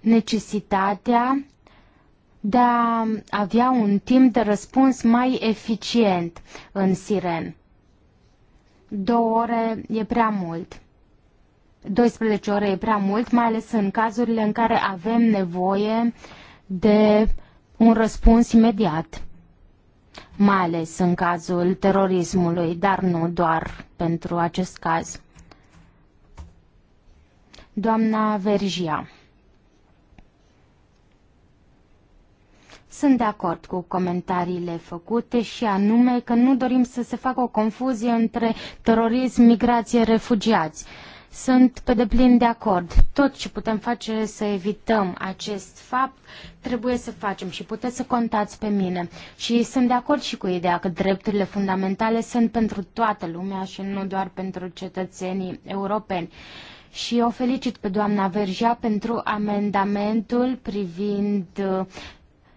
necesitatea de a avea un timp de răspuns mai eficient în siren. Două ore e prea mult. 12 ore e prea mult, mai ales în cazurile în care avem nevoie de un răspuns imediat, mai ales în cazul terorismului, dar nu doar pentru acest caz. Doamna Vergia Sunt de acord cu comentariile făcute și anume că nu dorim să se facă o confuzie între terorism, migrație, refugiați. Sunt pe deplin de acord. Tot ce putem face să evităm acest fapt, trebuie să facem și puteți să contați pe mine. Și sunt de acord și cu ideea că drepturile fundamentale sunt pentru toată lumea și nu doar pentru cetățenii europeni. Și o felicit pe doamna Verja pentru amendamentul privind uh,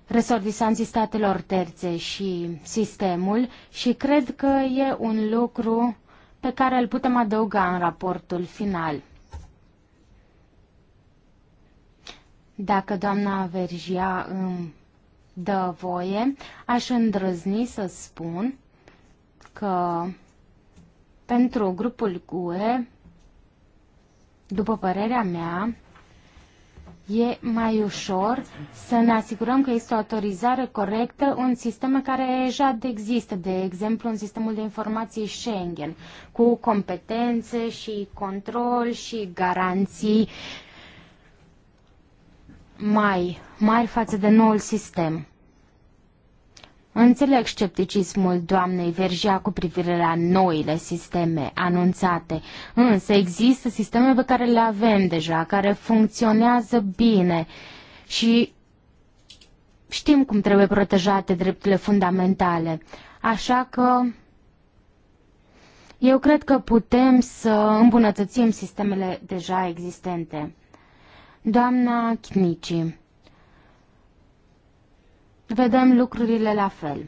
resortisanții statelor terțe și sistemul și cred că e un lucru pe care îl putem adăuga în raportul final. Dacă doamna Vergia îmi dă voie, aș îndrăzni să spun că pentru grupul GUE, după părerea mea, e mai ușor să ne asigurăm că este o autorizare corectă în sisteme care deja există, de exemplu în sistemul de informații Schengen, cu competențe și control și garanții mai mari față de noul sistem. Înțeleg scepticismul doamnei Vergea cu privire la noile sisteme anunțate, însă există sisteme pe care le avem deja, care funcționează bine și știm cum trebuie protejate drepturile fundamentale. Așa că eu cred că putem să îmbunătățim sistemele deja existente. Doamna Chnicii vedem lucrurile la fel.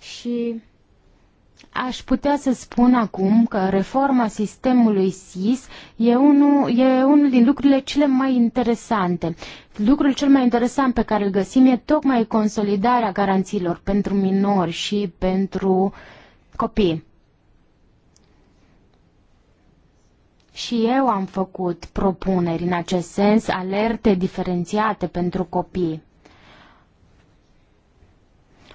Și aș putea să spun acum că reforma sistemului SIS e unul, e unul din lucrurile cele mai interesante. Lucrul cel mai interesant pe care îl găsim e tocmai consolidarea garanțiilor pentru minori și pentru copii. Și eu am făcut propuneri în acest sens, alerte diferențiate pentru copii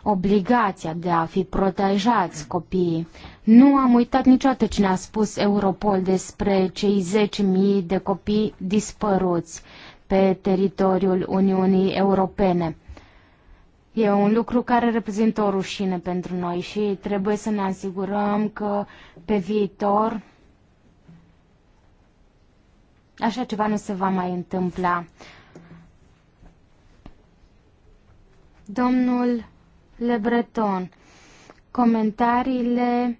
obligația de a fi protejați copiii. Nu am uitat niciodată ce ne a spus Europol despre cei 10.000 de copii dispăruți pe teritoriul Uniunii Europene. E un lucru care reprezintă o rușine pentru noi și trebuie să ne asigurăm că pe viitor așa ceva nu se va mai întâmpla. Domnul le Breton. Comentariile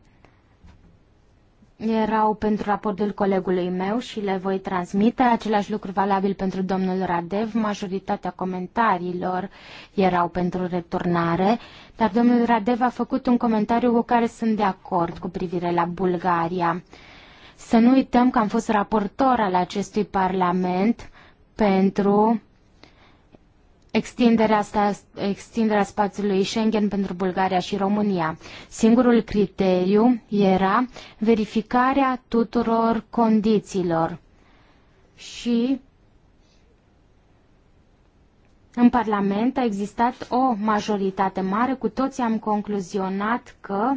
erau pentru raportul colegului meu și le voi transmite. Același lucru valabil pentru domnul Radev. Majoritatea comentariilor erau pentru returnare, dar domnul Radev a făcut un comentariu cu care sunt de acord cu privire la Bulgaria. Să nu uităm că am fost raportor al acestui parlament pentru extinderea, sta, extinderea spațiului Schengen pentru Bulgaria și România. Singurul criteriu era verificarea tuturor condițiilor și în Parlament a existat o majoritate mare, cu toții am concluzionat că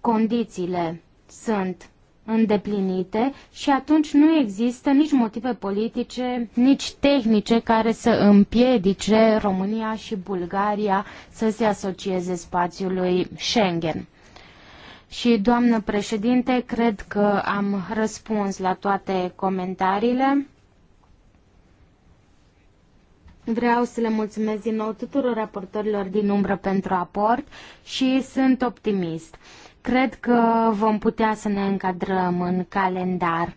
condițiile sunt îndeplinite și atunci nu există nici motive politice, nici tehnice care să împiedice România și Bulgaria să se asocieze spațiului Schengen. Și, doamnă președinte, cred că am răspuns la toate comentariile. Vreau să le mulțumesc din nou tuturor raportorilor din umbră pentru aport și sunt optimist. Cred că vom putea să ne încadrăm în calendar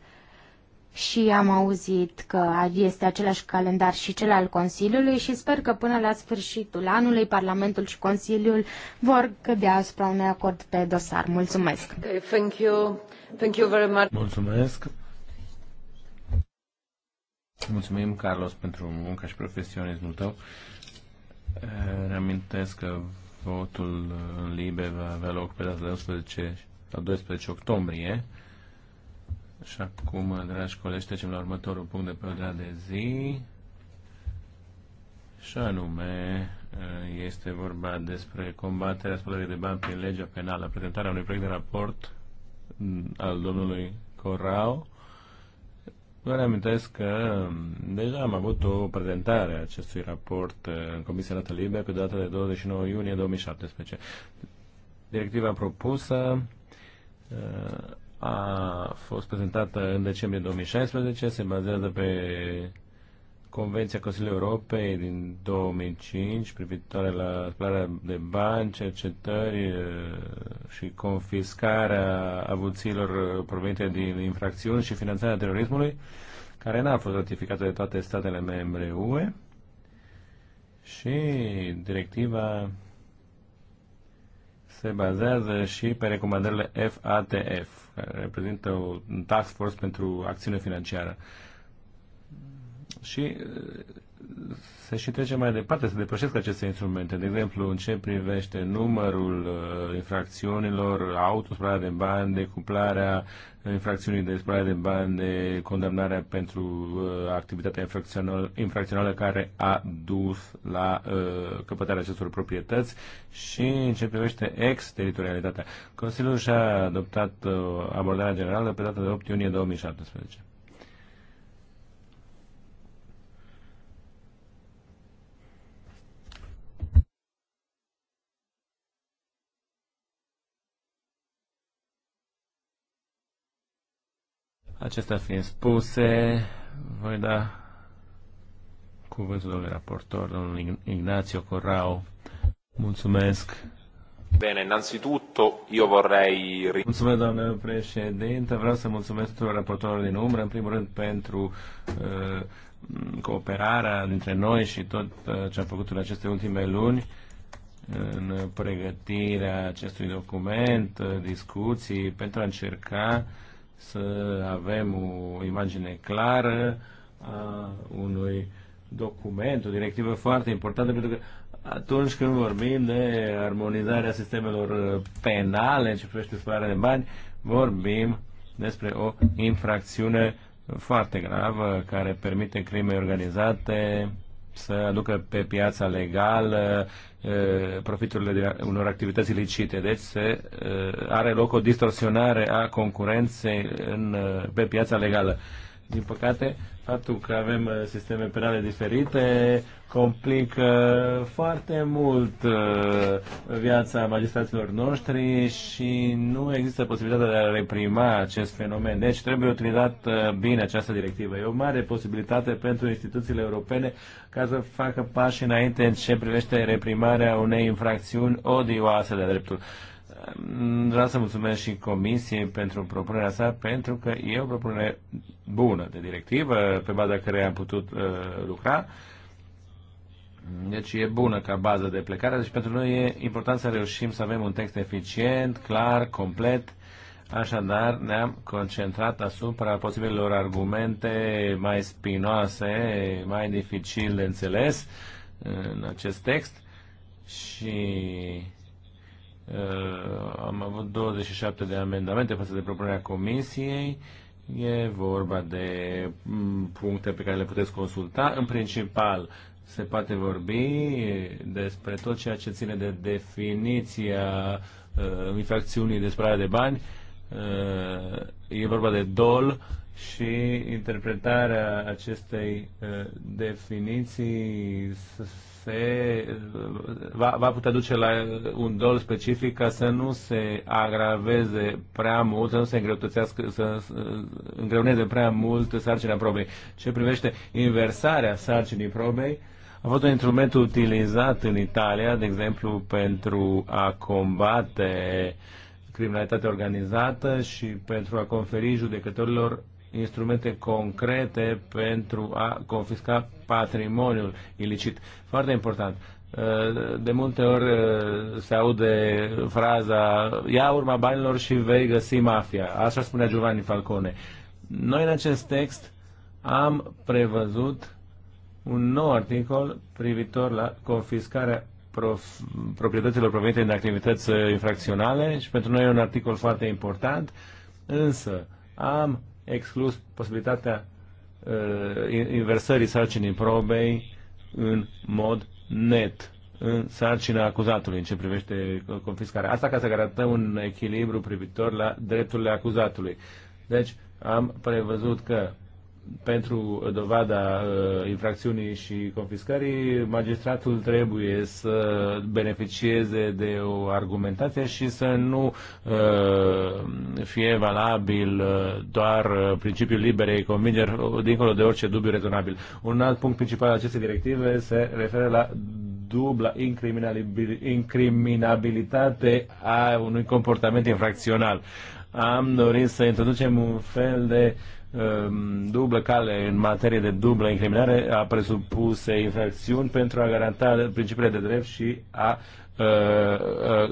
și am auzit că este același calendar și cel al Consiliului și sper că până la sfârșitul anului Parlamentul și Consiliul vor cădea asupra unui acord pe dosar. Mulțumesc! Thank you. Thank you very much. Mulțumesc! Mulțumim, Carlos, pentru munca și profesionismul tău. Eh, reamintesc că Votul uh, în Libe va avea loc pe data de 11 la 12 octombrie. Și acum, dragi colegi, trecem la următorul punct de pe ordinea de zi. Și anume, uh, este vorba despre combaterea spălării de bani prin legea penală, prezentarea unui proiect de raport mm, al domnului Corau. Vă reamintesc că um, deja am avut o prezentare a acestui raport uh, în Comisia Dată Libe pe data de 29 iunie 2017. Directiva propusă uh, a fost prezentată în decembrie 2016, se bazează pe Convenția Consiliului Europei din 2005 privitoare la spălarea de bani, cercetări eh, și confiscarea avuților provenite din infracțiuni și finanțarea terorismului, care n-a fost ratificată de toate statele membre UE și directiva se bazează și pe recomandările FATF, care reprezintă o task force pentru acțiune financiară și uh, se și trece mai departe, să depășesc aceste instrumente. De exemplu, în ce privește numărul uh, infracțiunilor, autospraia de bani, decuplarea infracțiunii de spălare de bani, de condamnarea pentru uh, activitatea infracțională, infracțională care a dus la uh, căpătarea acestor proprietăți și în ce privește ex-teritorialitatea. Consiliul și-a adoptat uh, abordarea generală pe data de 8 iunie 2017. Acestea fiind spuse, voi da cuvântul domnului raportor, domnul Ignazio Corrao. Mulțumesc. Bine, innanzitutto io vorrei... Mulțumesc, doamnă președinte. Vreau să mulțumesc tuturor raportorilor din umbră, în primul rând pentru uh, cooperarea dintre noi și tot uh, ce am făcut în aceste ultime luni în pregătirea acestui document, uh, discuții, pentru a încerca uh, să avem o imagine clară a unui document, o directivă foarte importantă, pentru că atunci când vorbim de armonizarea sistemelor uh, penale în ce privește spălarea de bani, vorbim despre o infracțiune foarte gravă care permite crime organizate să aducă pe piața legală profiturile de unor activități ilicite. Deci se, are loc o distorsionare a concurenței în, pe piața legală. Din păcate, faptul că avem uh, sisteme penale diferite complică uh, foarte mult uh, viața magistraților noștri și nu există posibilitatea de a reprima acest fenomen. Deci trebuie utilizat bine această directivă. E o mare posibilitate pentru instituțiile europene ca să facă pași înainte în ce privește reprimarea unei infracțiuni odioase de dreptul. Vreau să mulțumesc și Comisiei pentru propunerea sa, pentru că e o propunere bună de directivă, pe baza care am putut uh, lucra. Deci e bună ca bază de plecare. Deci pentru noi e important să reușim să avem un text eficient, clar, complet. Așadar, ne-am concentrat asupra posibilor argumente mai spinoase, mai dificil de înțeles uh, în acest text și Uh, am avut 27 de amendamente față de propunerea comisiei. E vorba de mm, puncte pe care le puteți consulta. În principal, se poate vorbi despre tot ceea ce ține de definiția uh, infracțiunii de spălare de bani. Uh, e vorba de dol și interpretarea acestei uh, definiții se va, va putea duce la un dol specific ca să nu se agraveze prea mult, să nu se îngreutățească, să, să îngreuneze prea mult sarcina probei. Ce privește inversarea sarcinii probei, a fost un instrument utilizat în Italia, de exemplu, pentru a combate criminalitatea organizată și pentru a conferi judecătorilor instrumente concrete pentru a confisca patrimoniul ilicit. Foarte important. Uh, de multe ori uh, se aude fraza ia urma banilor și vei găsi mafia. Așa spunea Giovanni Falcone. Noi în acest text am prevăzut un nou articol privitor la confiscarea prof, proprietăților provenite din activități uh, infracționale și pentru noi e un articol foarte important, însă am exclus posibilitatea uh, inversării sarcinii probei în mod net în sarcina acuzatului în ce privește confiscarea. Asta ca să garantăm un echilibru privitor la drepturile acuzatului. Deci am prevăzut că pentru dovada uh, infracțiunii și confiscării, magistratul trebuie să beneficieze de o argumentație și să nu uh, fie valabil uh, doar principiul liberei convingeri, dincolo de orice dubiu rezonabil. Un alt punct principal al acestei directive se referă la dubla incriminabilitate a unui comportament infracțional. Am dorit să introducem un fel de uh, Ehm, dublă cale în materie de dublă incriminare a presupuse infracțiuni pentru a garanta principiile de drept și a, a, eh, a eh,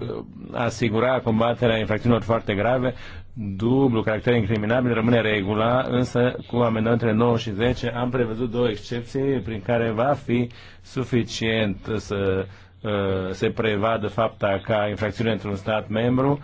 asigura combaterea infracțiunilor foarte grave. Dublu caracter incriminabil rămâne regula, însă cu amendamentele 9 și 10 am prevăzut două excepții prin care va fi suficient să eh, se prevadă fapta ca infracțiune într-un stat membru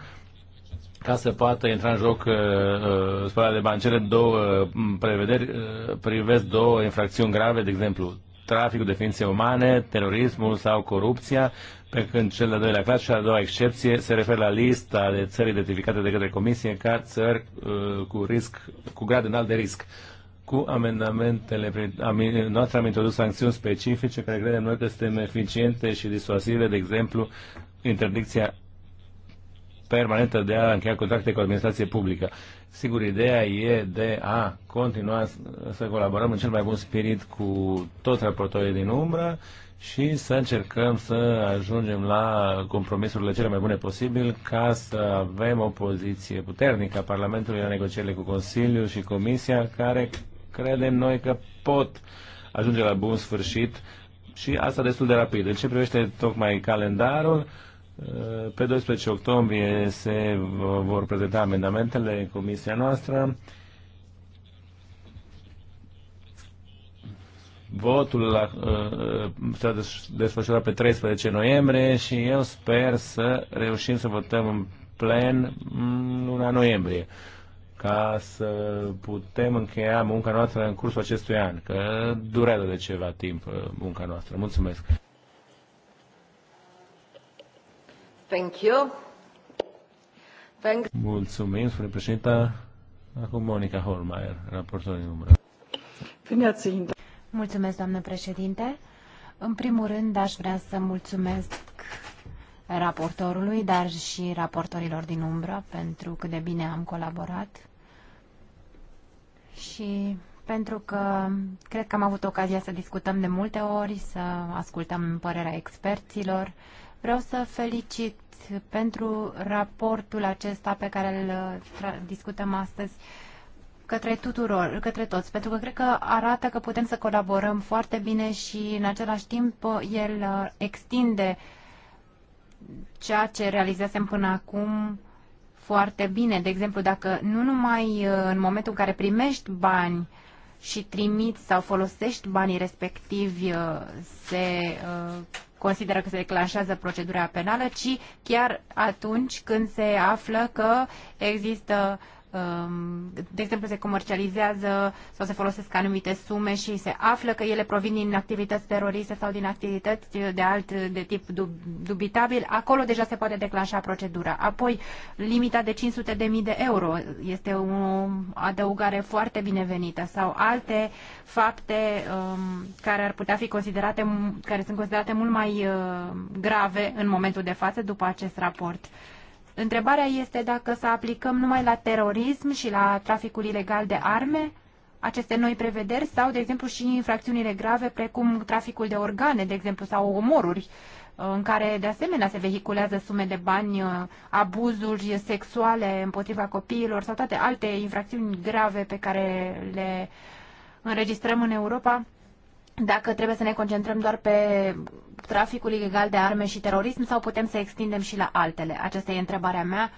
ca să poată intra în joc uh, uh spălarea de bani. Cele două uh, prevederi uh, privesc două infracțiuni grave, de exemplu, traficul de ființe umane, terorismul sau corupția, pe când cel de-al doilea clas și a doua excepție se referă la lista de țări identificate de către Comisie ca țări uh, cu risc, cu grad înalt de risc. Cu amendamentele am, noastre am introdus sancțiuni specifice care credem noi că suntem eficiente și disuasive, de exemplu, interdicția permanentă de a încheia contracte cu administrație publică. Sigur, ideea e de a continua să colaborăm în cel mai bun spirit cu toți raportorii din umbră și să încercăm să ajungem la compromisurile cele mai bune posibil ca să avem o poziție puternică a Parlamentului la negocierile cu Consiliul și Comisia care credem noi că pot ajunge la bun sfârșit și asta destul de rapid. În ce privește tocmai calendarul, Uh, pe 12 octombrie se vor prezenta amendamentele în comisia noastră. Votul la, uh, uh, s-a desfășurat pe 13 noiembrie și eu sper să reușim să votăm în plen luna noiembrie ca să putem încheia munca noastră în cursul acestui an, că durează de ceva timp munca noastră. Mulțumesc! Thank you. Thank... Mulțumim, spune președinta. Acum Monica Holmeier, raportor din umbră. Bine ați Mulțumesc, doamnă președinte. În primul rând, aș vrea să mulțumesc raportorului, dar și raportorilor din umbră pentru cât de bine am colaborat și pentru că cred că am avut ocazia să discutăm de multe ori, să ascultăm părerea experților Vreau să felicit pentru raportul acesta pe care îl uh, discutăm astăzi către tuturor, către toți, pentru că cred că arată că putem să colaborăm foarte bine și în același timp el uh, extinde ceea ce realizasem până acum foarte bine. De exemplu, dacă nu numai uh, în momentul în care primești bani și trimiți sau folosești banii respectivi se consideră că se declanșează procedura penală, ci chiar atunci când se află că există uh, Um, de exemplu, se comercializează sau se folosesc anumite sume și se află că ele provin din activități teroriste sau din activități de alt de tip dubitabil, acolo deja se poate declanșa procedura. Apoi, limita de 500.000 de euro este o adăugare foarte binevenită sau alte fapte um, care ar putea fi considerate, care sunt considerate mult mai uh, grave în momentul de față după acest raport. Uh, Întrebarea este dacă să aplicăm numai la terorism și la traficul ilegal de arme aceste noi prevederi sau, de exemplu, și infracțiunile grave precum traficul de organe, de exemplu, sau omoruri uh, în care de asemenea se vehiculează sume de bani, uh, abuzuri sexuale împotriva copiilor sau toate alte infracțiuni grave pe care le înregistrăm în Europa dacă trebuie să ne concentrăm doar pe traficul ilegal de arme și terorism sau putem să extindem și la altele? Aceasta e întrebarea mea,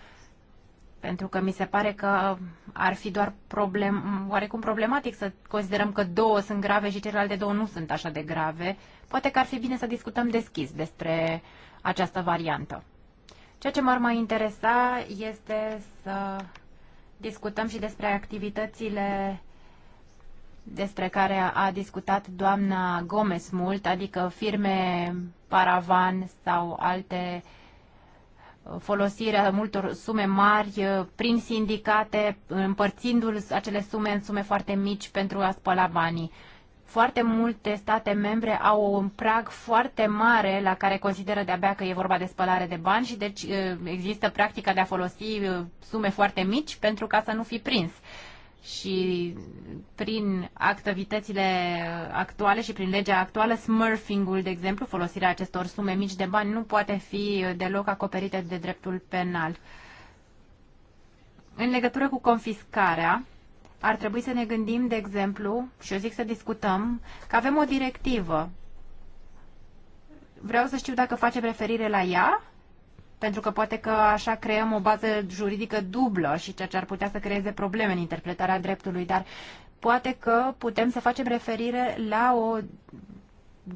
pentru că mi se pare că ar fi doar problem, oarecum problematic să considerăm că două sunt grave și celelalte două nu sunt așa de grave. Poate că ar fi bine să discutăm deschis despre această variantă. Ceea ce m-ar mai interesa este să discutăm și despre activitățile despre care a discutat doamna Gomez mult, adică firme paravan sau alte uh, folosirea multor sume mari uh, prin sindicate, împărțindu-l acele sume în sume foarte mici pentru a spăla banii. Foarte multe state membre au un prag foarte mare la care consideră de-abia că e vorba de spălare de bani și deci uh, există practica de a folosi sume foarte mici pentru ca să nu fi prins și prin activitățile actuale și prin legea actuală, smurfing-ul, de exemplu, folosirea acestor sume mici de bani nu poate fi deloc acoperită de dreptul penal. În legătură cu confiscarea, ar trebui să ne gândim, de exemplu, și eu zic să discutăm, că avem o directivă. Vreau să știu dacă facem referire la ea pentru că poate că așa creăm o bază juridică dublă și ceea ce ar putea să creeze probleme în interpretarea dreptului, dar poate că putem să facem referire la o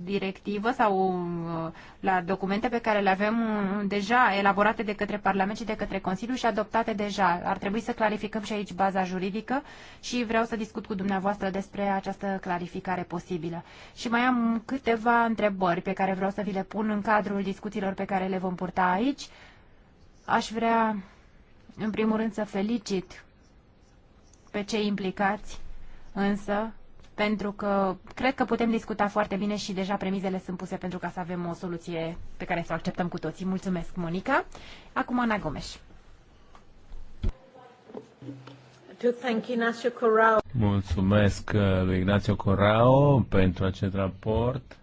directivă sau uh, la documente pe care le avem uh, deja elaborate de către Parlament și de către Consiliu și adoptate deja. Ar trebui să clarificăm și aici baza juridică și vreau să discut cu dumneavoastră despre această clarificare posibilă. Și mai am câteva întrebări pe care vreau să vi le pun în cadrul discuțiilor pe care le vom purta aici. Aș vrea, în primul rând, să felicit pe cei implicați, însă pentru că cred că putem discuta foarte bine și deja premizele sunt puse pentru ca să avem o soluție pe care să o acceptăm cu toții. Mulțumesc, Monica. Acum Ana Gomes. Mulțumesc uh, lui Ignacio Corao pentru acest raport,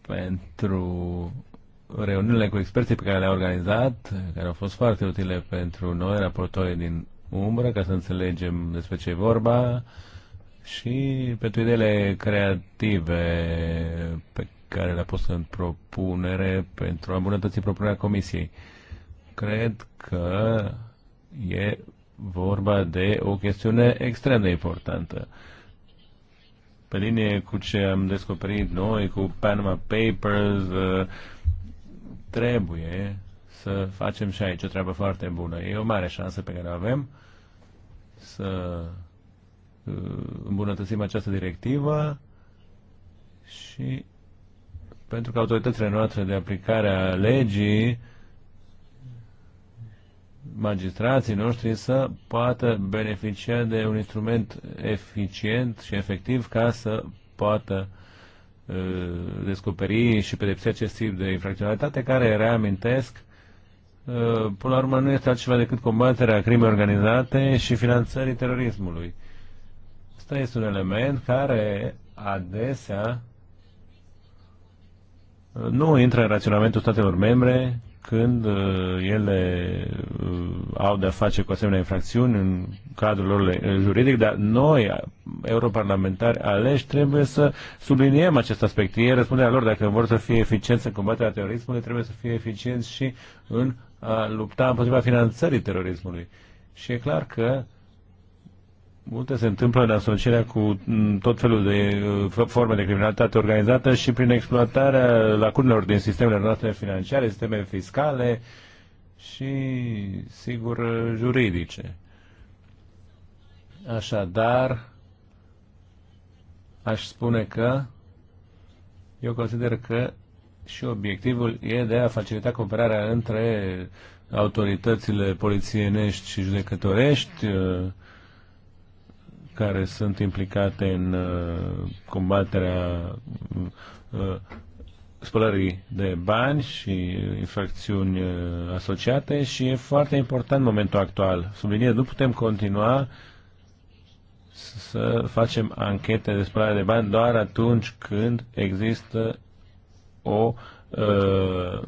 pentru reuniunile cu experții pe care le-a organizat, care au fost foarte utile pentru noi, raportorii din umbră, ca să înțelegem despre ce e vorba și pentru ideile creative pe care le-a pus în propunere pentru a îmbunătăți propunerea Comisiei. Cred că e vorba de o chestiune extrem de importantă. Pe linie cu ce am descoperit noi, cu Panama Papers, uh, trebuie să facem și aici o treabă foarte bună. E o mare șansă pe care o avem să Uh, îmbunătățim această directivă și pentru că autoritățile noastre de aplicare a legii, magistrații noștri să poată beneficia de un instrument eficient și efectiv ca să poată uh, descoperi și pedepsi acest tip de infracționalitate care, reamintesc, uh, până la urmă nu este altceva decât combaterea crimei organizate și finanțării terorismului. Asta este un element care adesea nu intră în raționamentul statelor membre când uh, ele uh, au de-a face cu asemenea infracțiuni în cadrul lor uh, juridic, dar noi, europarlamentari aleși, trebuie să subliniem acest aspect. Ei răspunderea lor, dacă vor să fie eficienți în combaterea terorismului, trebuie să fie eficienți și în a lupta împotriva finanțării terorismului. Și e clar că multe se întâmplă în asocierea cu mm, tot felul de uh, forme de criminalitate organizată și prin exploatarea lacunelor din sistemele noastre financiare, sistemele fiscale și, sigur, juridice. Așadar, aș spune că eu consider că și obiectivul e de a facilita cooperarea între autoritățile polițienești și judecătorești, uh, care sunt implicate în uh, combaterea uh, spălării de bani și infracțiuni uh, asociate și e foarte important momentul actual. Subliniez, nu putem continua să facem anchete de spălare de bani doar atunci când există o uh,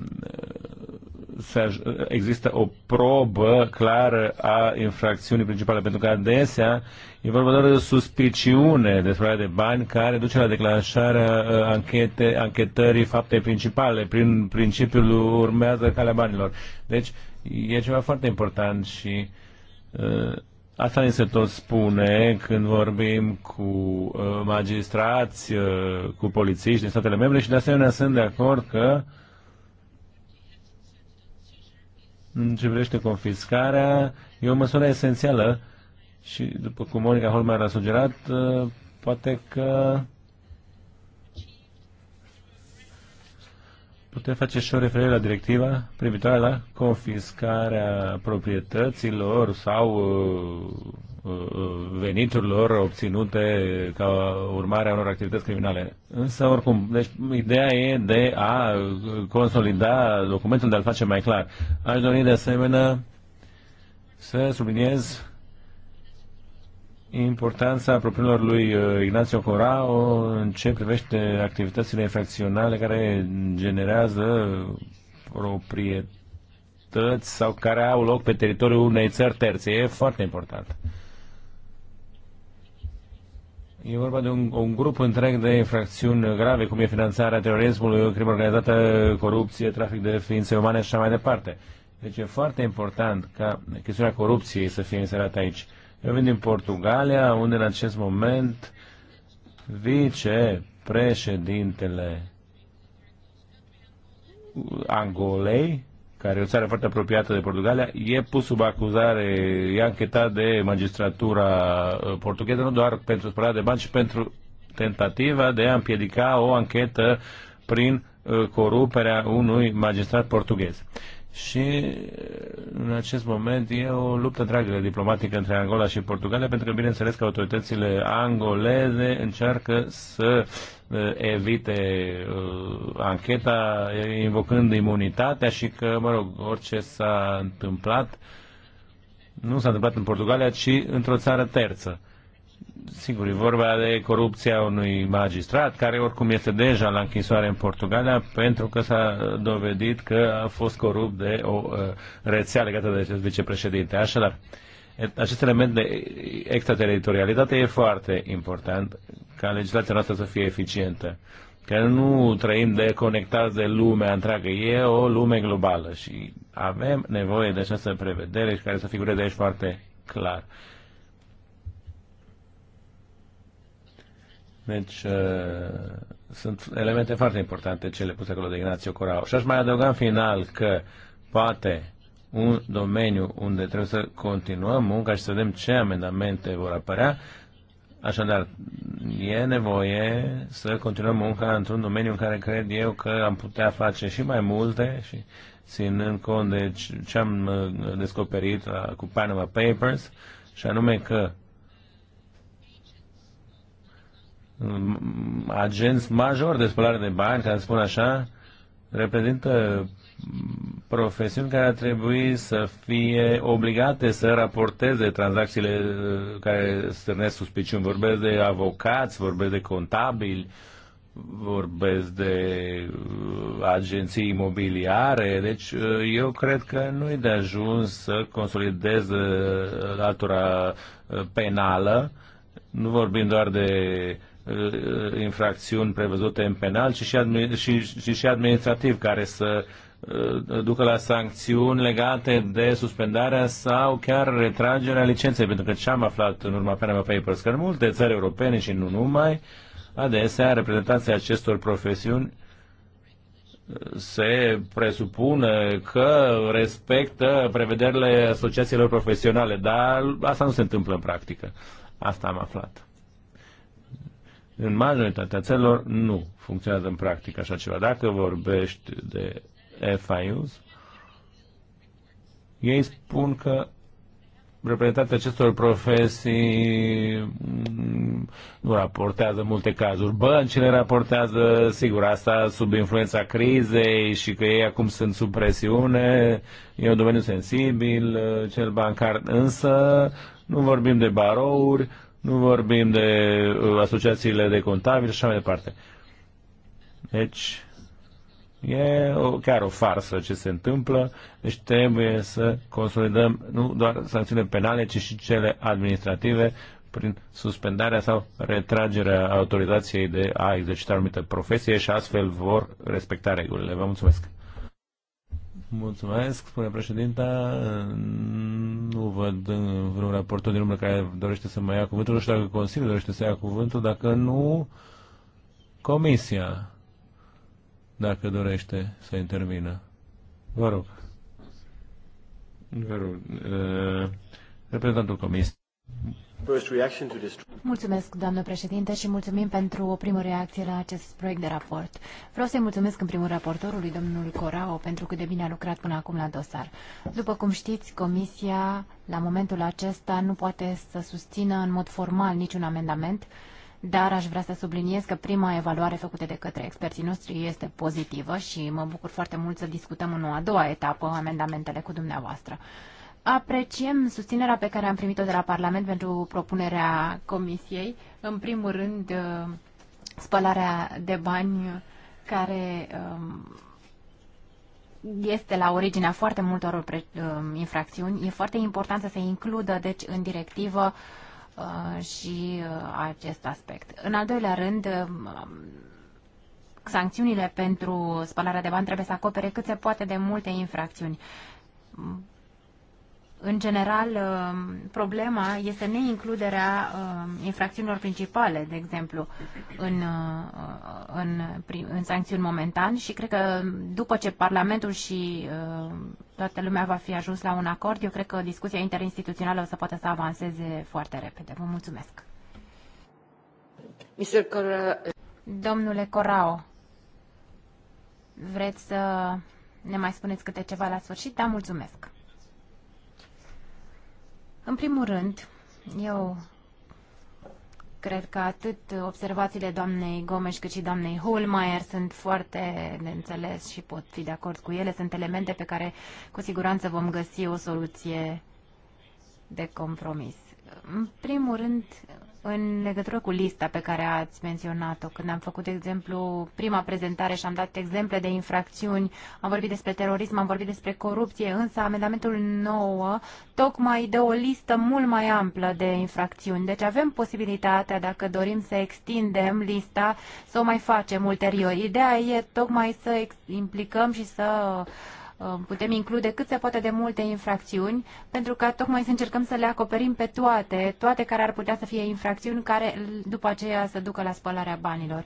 se există o probă clară a infracțiunii principale, pentru că adesea E vorba doar de suspiciune de spălare de bani care duce la declanșarea uh, anchete, anchetării faptei principale. Prin principiul urmează calea banilor. Deci e ceva foarte important și uh, asta ni se tot spune când vorbim cu uh, magistrați, uh, cu polițiști din statele membre și de asemenea sunt de acord că în ce privește confiscarea, e o măsură esențială uh, și după cum Monica Holmer a sugerat, uh, poate că putem face și o referire la directiva privitoare la confiscarea proprietăților sau uh, uh, veniturilor obținute ca urmare a unor activități criminale. Însă, oricum, deci ideea e de a consolida documentul, de a-l face mai clar. Aș dori de asemenea să subliniez importanța propriilor lui uh, Ignacio Corao în ce privește activitățile infracționale care generează proprietăți sau care au loc pe teritoriul unei țări terțe. E foarte important. E vorba de un, un grup întreg de infracțiuni grave, cum e finanțarea terorismului, crimă organizată, corupție, trafic de ființe umane și așa mai departe. Deci e foarte important ca chestiunea corupției să fie inserată aici. Eu vin din Portugalia, unde în acest moment vicepreședintele Angolei, care e o țară foarte apropiată de Portugalia, e pus sub acuzare, e anchetat de magistratura uh, portugheză, nu doar pentru spălare de bani, ci pentru tentativa de a împiedica o anchetă prin uh, coruperea unui magistrat portughez și în acest moment e o luptă dragă diplomatică între Angola și Portugalia, pentru că bineînțeles că autoritățile angoleze încearcă să uh, evite uh, ancheta invocând imunitatea și că, mă rog, orice s-a întâmplat nu s-a întâmplat în Portugalia, ci într-o țară terță sigur, e vorba de corupția unui magistrat care oricum este deja la închisoare în Portugalia pentru că s-a dovedit că a fost corupt de o uh, rețea legată de acest vicepreședinte. Așadar, acest element de extraterritorialitate e foarte important ca legislația noastră să fie eficientă. Că nu trăim de conectați de lumea întreagă, e o lume globală și avem nevoie de această prevedere care să figureze aici foarte clar. Deci uh, sunt elemente foarte importante cele puse acolo de Ignațiu Corau. Și aș mai adăuga în final că poate un domeniu unde trebuie să continuăm munca și să vedem ce amendamente vor apărea. Așadar, e nevoie să continuăm munca într-un domeniu în care cred eu că am putea face și mai multe și ținând cont de ce am uh, descoperit uh, cu Panama Papers și anume că agenți majori de spălare de bani, ca să spun așa, reprezintă profesiuni care ar trebui să fie obligate să raporteze tranzacțiile uh, care stârnesc suspiciuni. Vorbesc de avocați, vorbesc de contabili, vorbesc de uh, agenții imobiliare. Deci uh, eu cred că nu-i de ajuns să consolidez latura penală. Nu vorbim doar de Uh, infracțiuni prevăzute în penal, ci și, și, și, și administrativ, care să uh, ducă la sancțiuni legate de suspendarea sau chiar retragerea licenței, pentru că ce am aflat în urma Panama Papers, că în multe țări europene și nu numai, adesea reprezentanții acestor profesiuni uh, se presupune că respectă prevederile asociațiilor profesionale, dar asta nu se întâmplă în practică. Asta am aflat. În majoritatea țărilor nu funcționează în practică așa ceva. Dacă vorbești de FIUs, ei spun că reprezentanții acestor profesii mm, nu raportează multe cazuri. Băncile raportează, sigur, asta sub influența crizei și că ei acum sunt sub presiune, e un domeniu sensibil, cel bancar, însă nu vorbim de barouri, nu vorbim de uh, asociațiile de contabili și așa mai departe. Deci, e o, chiar o farsă ce se întâmplă, deci trebuie să consolidăm nu doar sancțiunile penale, ci și cele administrative prin suspendarea sau retragerea autorizației de a exercita anumită profesie și astfel vor respecta regulile. Vă mulțumesc! Mulțumesc, spune președinta. Nu văd vreun raportor din umbră care dorește să mai ia cuvântul. Nu știu dacă Consiliul dorește să ia cuvântul, dacă nu, Comisia, dacă dorește să intervină. Vă rog. Vă rog. Uh, reprezentantul Comisiei. Mulțumesc, doamnă președinte, și mulțumim pentru o primă reacție la acest proiect de raport. Vreau să-i mulțumesc în primul raportorului, domnul Corao, pentru cât de bine a lucrat până acum la dosar. După cum știți, Comisia, la momentul acesta, nu poate să susțină în mod formal niciun amendament, dar aș vrea să subliniez că prima evaluare făcută de către experții noștri este pozitivă și mă bucur foarte mult să discutăm în o a doua etapă amendamentele cu dumneavoastră. Apreciem susținerea pe care am primit-o de la Parlament pentru propunerea Comisiei. În primul rând, uh, spălarea de bani care um, este la originea foarte multor um, infracțiuni. E foarte important să se includă, deci, în directivă uh, și uh, acest aspect. În al doilea rând, um, sancțiunile pentru spălarea de bani trebuie să acopere cât se poate de multe infracțiuni în general, uh, problema este neincluderea uh, infracțiunilor principale, de exemplu, în, uh, în, în sancțiuni momentan și cred că după ce Parlamentul și toată lumea va fi ajuns la un acord, eu cred că discuția interinstituțională o să poată să avanseze foarte repede. Vă mulțumesc. Domnule Corao, vreți să ne mai spuneți câte ceva la sfârșit? Da, mulțumesc. În primul rând, eu cred că atât observațiile doamnei Gomes cât și doamnei Holmeier sunt foarte de înțeles și pot fi de acord cu ele. Sunt elemente pe care cu siguranță vom găsi o soluție de compromis. În primul rând, în legătură cu lista pe care ați menționat-o, când am făcut, de exemplu, prima prezentare și am dat exemple de infracțiuni, am vorbit despre terorism, am vorbit despre corupție, însă amendamentul 9 tocmai dă o listă mult mai amplă de infracțiuni. Deci avem posibilitatea, dacă dorim să extindem lista, să o mai facem ulterior. Ideea e tocmai să implicăm și să uh, Um, putem include cât se poate de multe infracțiuni, pentru că tocmai să încercăm să le acoperim pe toate, toate care ar putea să fie infracțiuni care după aceea să ducă la spălarea banilor.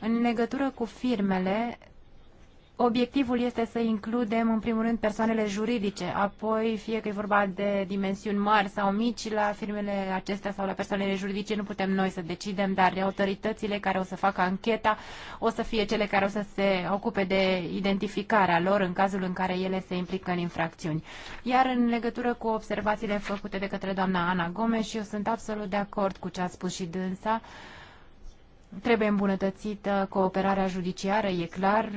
În legătură cu firmele, Obiectivul este să includem, în primul rând, persoanele juridice, apoi, fie că e vorba de dimensiuni mari sau mici, la firmele acestea sau la persoanele juridice nu putem noi să decidem, dar autoritățile care o să facă ancheta o să fie cele care o să se ocupe de identificarea lor în cazul în care ele se implică în infracțiuni. Iar în legătură cu observațiile făcute de către doamna Ana Gomes, eu sunt absolut de acord cu ce a spus și dânsa, Trebuie îmbunătățită cooperarea judiciară, e clar,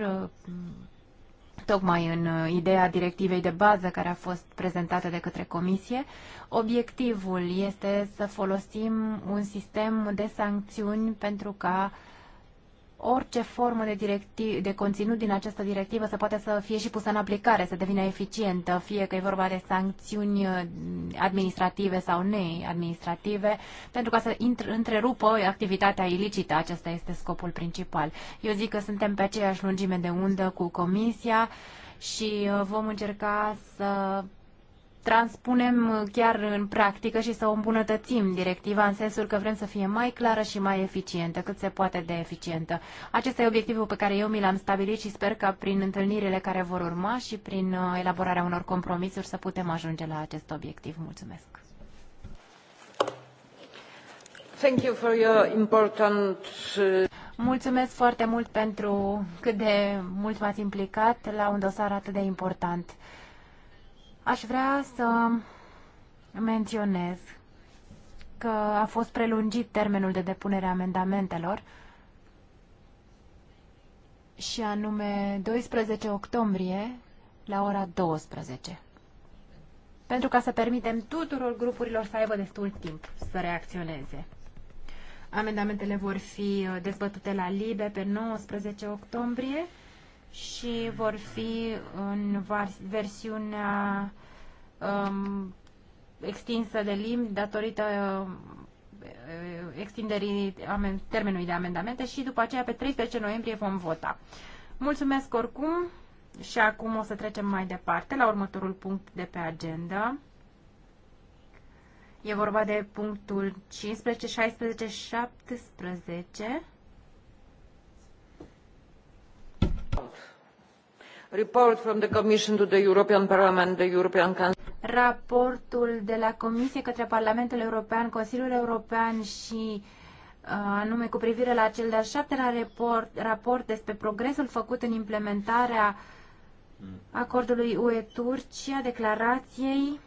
tocmai în ideea directivei de bază care a fost prezentată de către Comisie. Obiectivul este să folosim un sistem de sancțiuni pentru ca uh, orice formă de, directiv, de conținut din această directivă să poate să fie și pusă în aplicare, să devină eficientă, fie că e vorba de sancțiuni uh, administrative sau neadministrative, pentru ca să întrerupă activitatea ilicită. Acesta este scopul principal. Eu zic că suntem pe aceeași lungime de undă cu Comisia și uh, vom încerca să transpunem chiar în practică și să o îmbunătățim directiva în sensul că vrem să fie mai clară și mai eficientă, cât se poate de eficientă. Acesta e obiectivul pe care eu mi l-am stabilit și sper că prin întâlnirile care vor urma și prin uh, elaborarea unor compromisuri să putem ajunge la acest obiectiv. Mulțumesc! Thank you for your important... Uh, Mulțumesc foarte mult pentru cât de mult m-ați implicat la un dosar atât de important. Aș vrea să menționez că a fost prelungit termenul de depunere a amendamentelor și anume 12 octombrie la ora 12. Pentru ca să permitem tuturor grupurilor să aibă destul timp să reacționeze. Amendamentele vor fi uh, dezbătute la LIBE pe 19 octombrie și vor fi în versiunea um, extinsă de limbi datorită uh, extinderii termenului de amendamente și după aceea pe 13 noiembrie vom vota. Mulțumesc oricum și acum o să trecem mai departe la următorul punct de pe agenda. E vorba de punctul 15, 16, 17 Raportul de la Comisie către Parlamentul European, Consiliul European și uh, anume cu privire la cel de-al șaptelea raport, raport despre progresul făcut în implementarea acordului UE-Turcia, declarației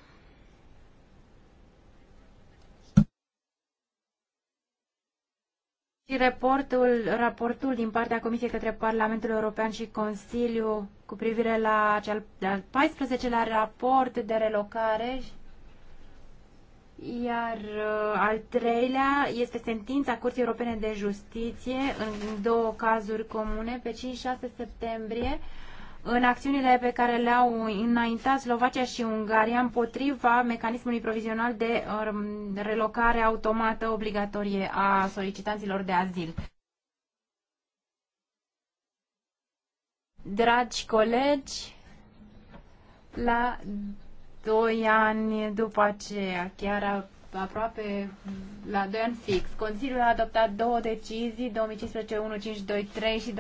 Și raportul, raportul din partea Comisiei către Parlamentul European și Consiliu cu privire la cel de-al 14-lea raport de relocare, iar uh, al treilea este sentința Curții Europene de Justiție în două cazuri comune pe 5-6 septembrie în acțiunile pe care le-au înaintat Slovacia și Ungaria împotriva mecanismului provizional de um, relocare automată obligatorie a solicitanților de azil. Dragi colegi, la doi ani după aceea, chiar aproape mm, la 2 ani fix. Consiliul a adoptat două decizii, 2015-1523 și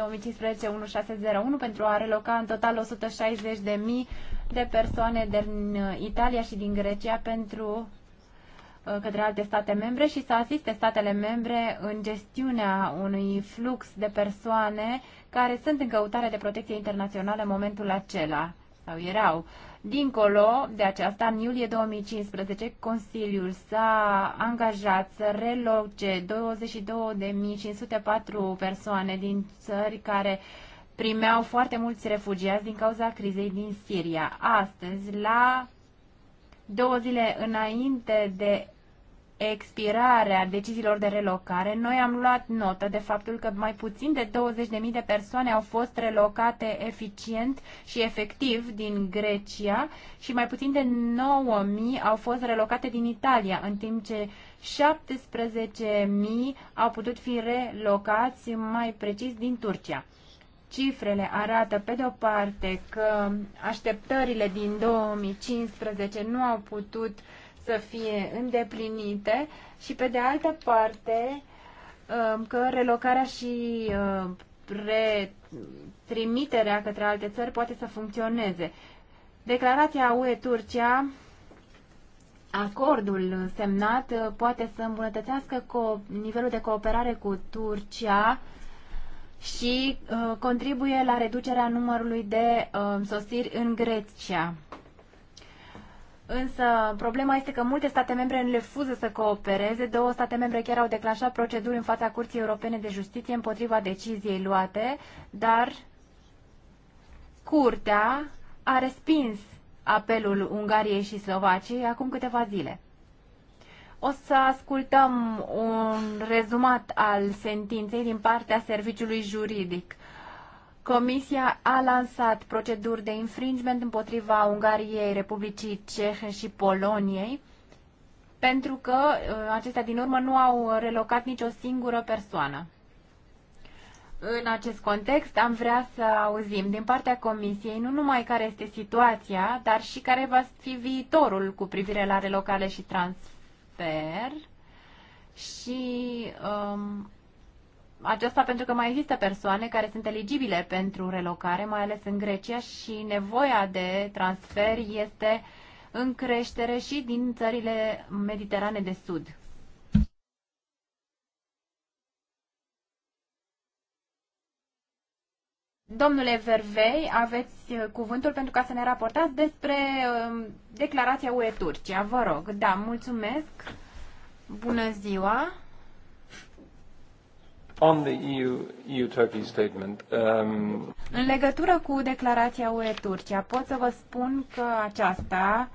2015-1601, pentru a reloca în total 160.000 de persoane din uh, Italia și din Grecia pentru uh, către alte state membre și să asiste statele membre în gestiunea unui flux de persoane care sunt în căutare de protecție internațională în momentul acela sau erau. Dincolo de aceasta, în iulie 2015, Consiliul s-a angajat să reloce 22.504 persoane din țări care primeau foarte mulți refugiați din cauza crizei din Siria. Astăzi, la două zile înainte de expirarea deciziilor de relocare, noi am luat notă de faptul că mai puțin de 20.000 de persoane au fost relocate eficient și efectiv din Grecia și mai puțin de 9.000 au fost relocate din Italia, în timp ce 17.000 au putut fi relocați mai precis din Turcia. Cifrele arată, pe de-o parte, că așteptările din 2015 nu au putut uh, să fie îndeplinite și pe de altă parte um, că relocarea și um, retrimiterea către alte țări poate să funcționeze. Declarația UE-Turcia, acordul semnat, uh, poate să îmbunătățească nivelul de cooperare cu Turcia și uh, contribuie la reducerea numărului de um, sosiri în Grecia. Însă problema este că multe state membre nu refuză să coopereze. Două state membre chiar au declanșat proceduri în fața Curții Europene de Justiție împotriva deciziei luate, dar Curtea a respins apelul Ungariei și Slovaciei acum câteva zile. O să ascultăm un rezumat al sentinței din partea serviciului juridic. Comisia a lansat proceduri de infringement împotriva Ungariei, Republicii Cehe și Poloniei, pentru că uh, acestea din urmă nu au relocat nicio singură persoană. În acest context am vrea să auzim din partea Comisiei nu numai care este situația, dar și care va fi viitorul cu privire la relocare și transfer și um, aceasta pentru că mai există persoane care sunt eligibile pentru relocare, mai ales în Grecia, și nevoia de transfer este în creștere și din țările mediterane de sud. Domnule Vervei, aveți uh, cuvântul pentru ca să ne raportați despre um, declarația UE Turcia. Vă rog, da, mulțumesc. Bună ziua. Um, în legătură cu declarația UE-Turcia, pot să vă spun că aceasta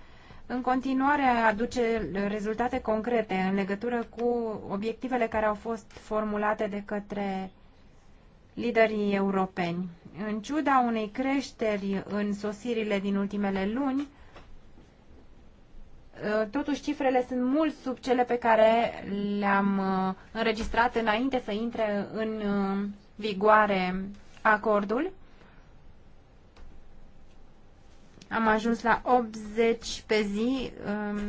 în continuare aduce rezultate concrete în legătură cu obiectivele care au fost formulate de către liderii europeni. În ciuda unei creșteri în sosirile din ultimele luni, Uh, totuși cifrele sunt mult sub cele pe care le-am uh, înregistrat înainte să intre în uh, vigoare acordul. Am ajuns la 80 pe zi, um,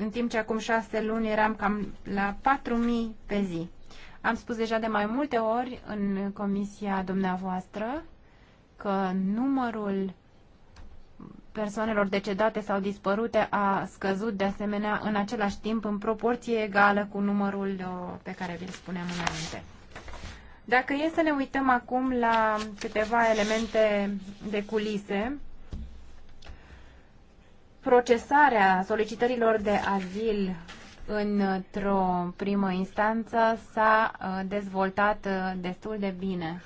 în timp ce acum șase luni eram cam la 4.000 pe zi. Am spus deja de mai multe ori în comisia dumneavoastră că numărul persoanelor decedate sau dispărute a scăzut de asemenea în același timp în proporție egală cu numărul uh, pe care vi-l spuneam înainte. Dacă e să ne uităm acum la câteva elemente de culise, procesarea solicitărilor de azil într-o primă instanță s-a uh, dezvoltat uh, destul de bine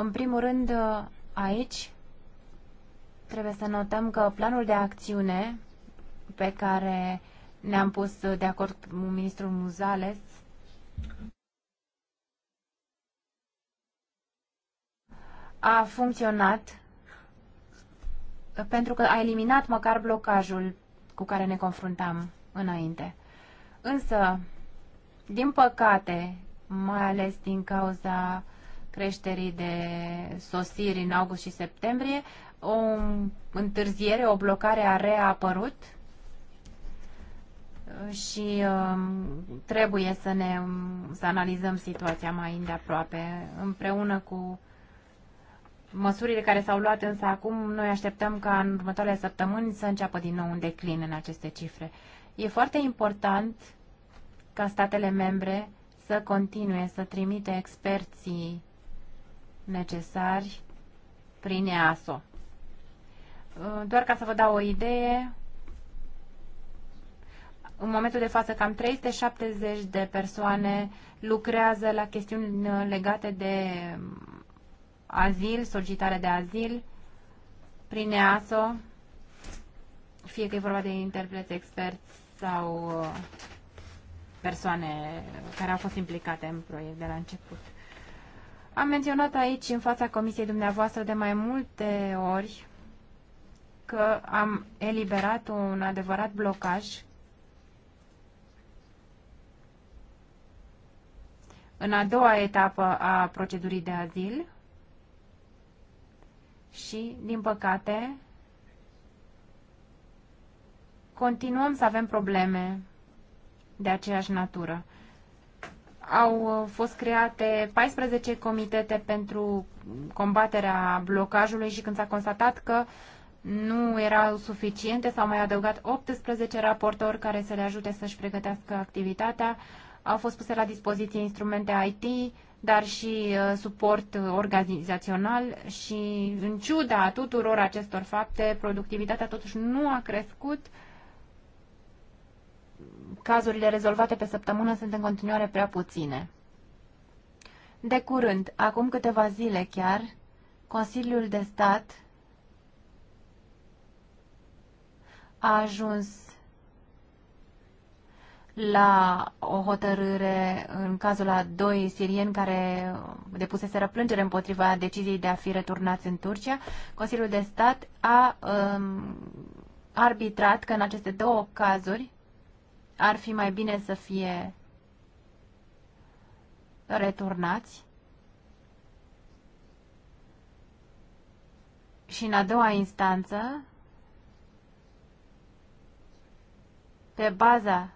În primul rând, aici trebuie să notăm că planul de acțiune pe care ne-am pus de acord cu ministrul Muzales a funcționat pentru că a eliminat măcar blocajul cu care ne confruntam înainte. Însă, din păcate, mai ales din cauza creșterii de sosiri în august și septembrie, o întârziere, o blocare a reapărut și um, trebuie să ne să analizăm situația mai îndeaproape împreună cu Măsurile care s-au luat însă acum, noi așteptăm ca în următoarele săptămâni să înceapă din nou un declin în aceste cifre. E foarte important ca statele membre să continue să trimite experții necesari prin EASO. Uh, doar ca să vă dau o idee, în momentul de față cam 370 de persoane lucrează la chestiuni uh, legate de um, azil, solicitare de azil prin EASO, fie că e vorba de interpreți experți sau uh, persoane care au fost implicate în proiect de la început. Am menționat aici, în fața comisiei dumneavoastră, de mai multe ori că am eliberat un adevărat blocaj în a doua etapă a procedurii de azil și, din păcate, continuăm să avem probleme de aceeași natură au uh, fost create 14 comitete pentru combaterea blocajului și când s-a constatat că nu erau suficiente, s-au mai adăugat 18 raportori care să le ajute să-și pregătească activitatea. Au fost puse la dispoziție instrumente IT, dar și uh, suport organizațional și în ciuda tuturor acestor fapte, productivitatea totuși nu a crescut cazurile rezolvate pe săptămână sunt în continuare prea puține. De curând, acum câteva zile chiar, Consiliul de Stat a ajuns la o hotărâre în cazul a doi sirieni care depuseseră plângere împotriva deciziei de a fi returnați în Turcia. Consiliul de Stat a um, arbitrat că în aceste două cazuri ar fi mai bine să fie returnați. Și în a doua instanță, pe baza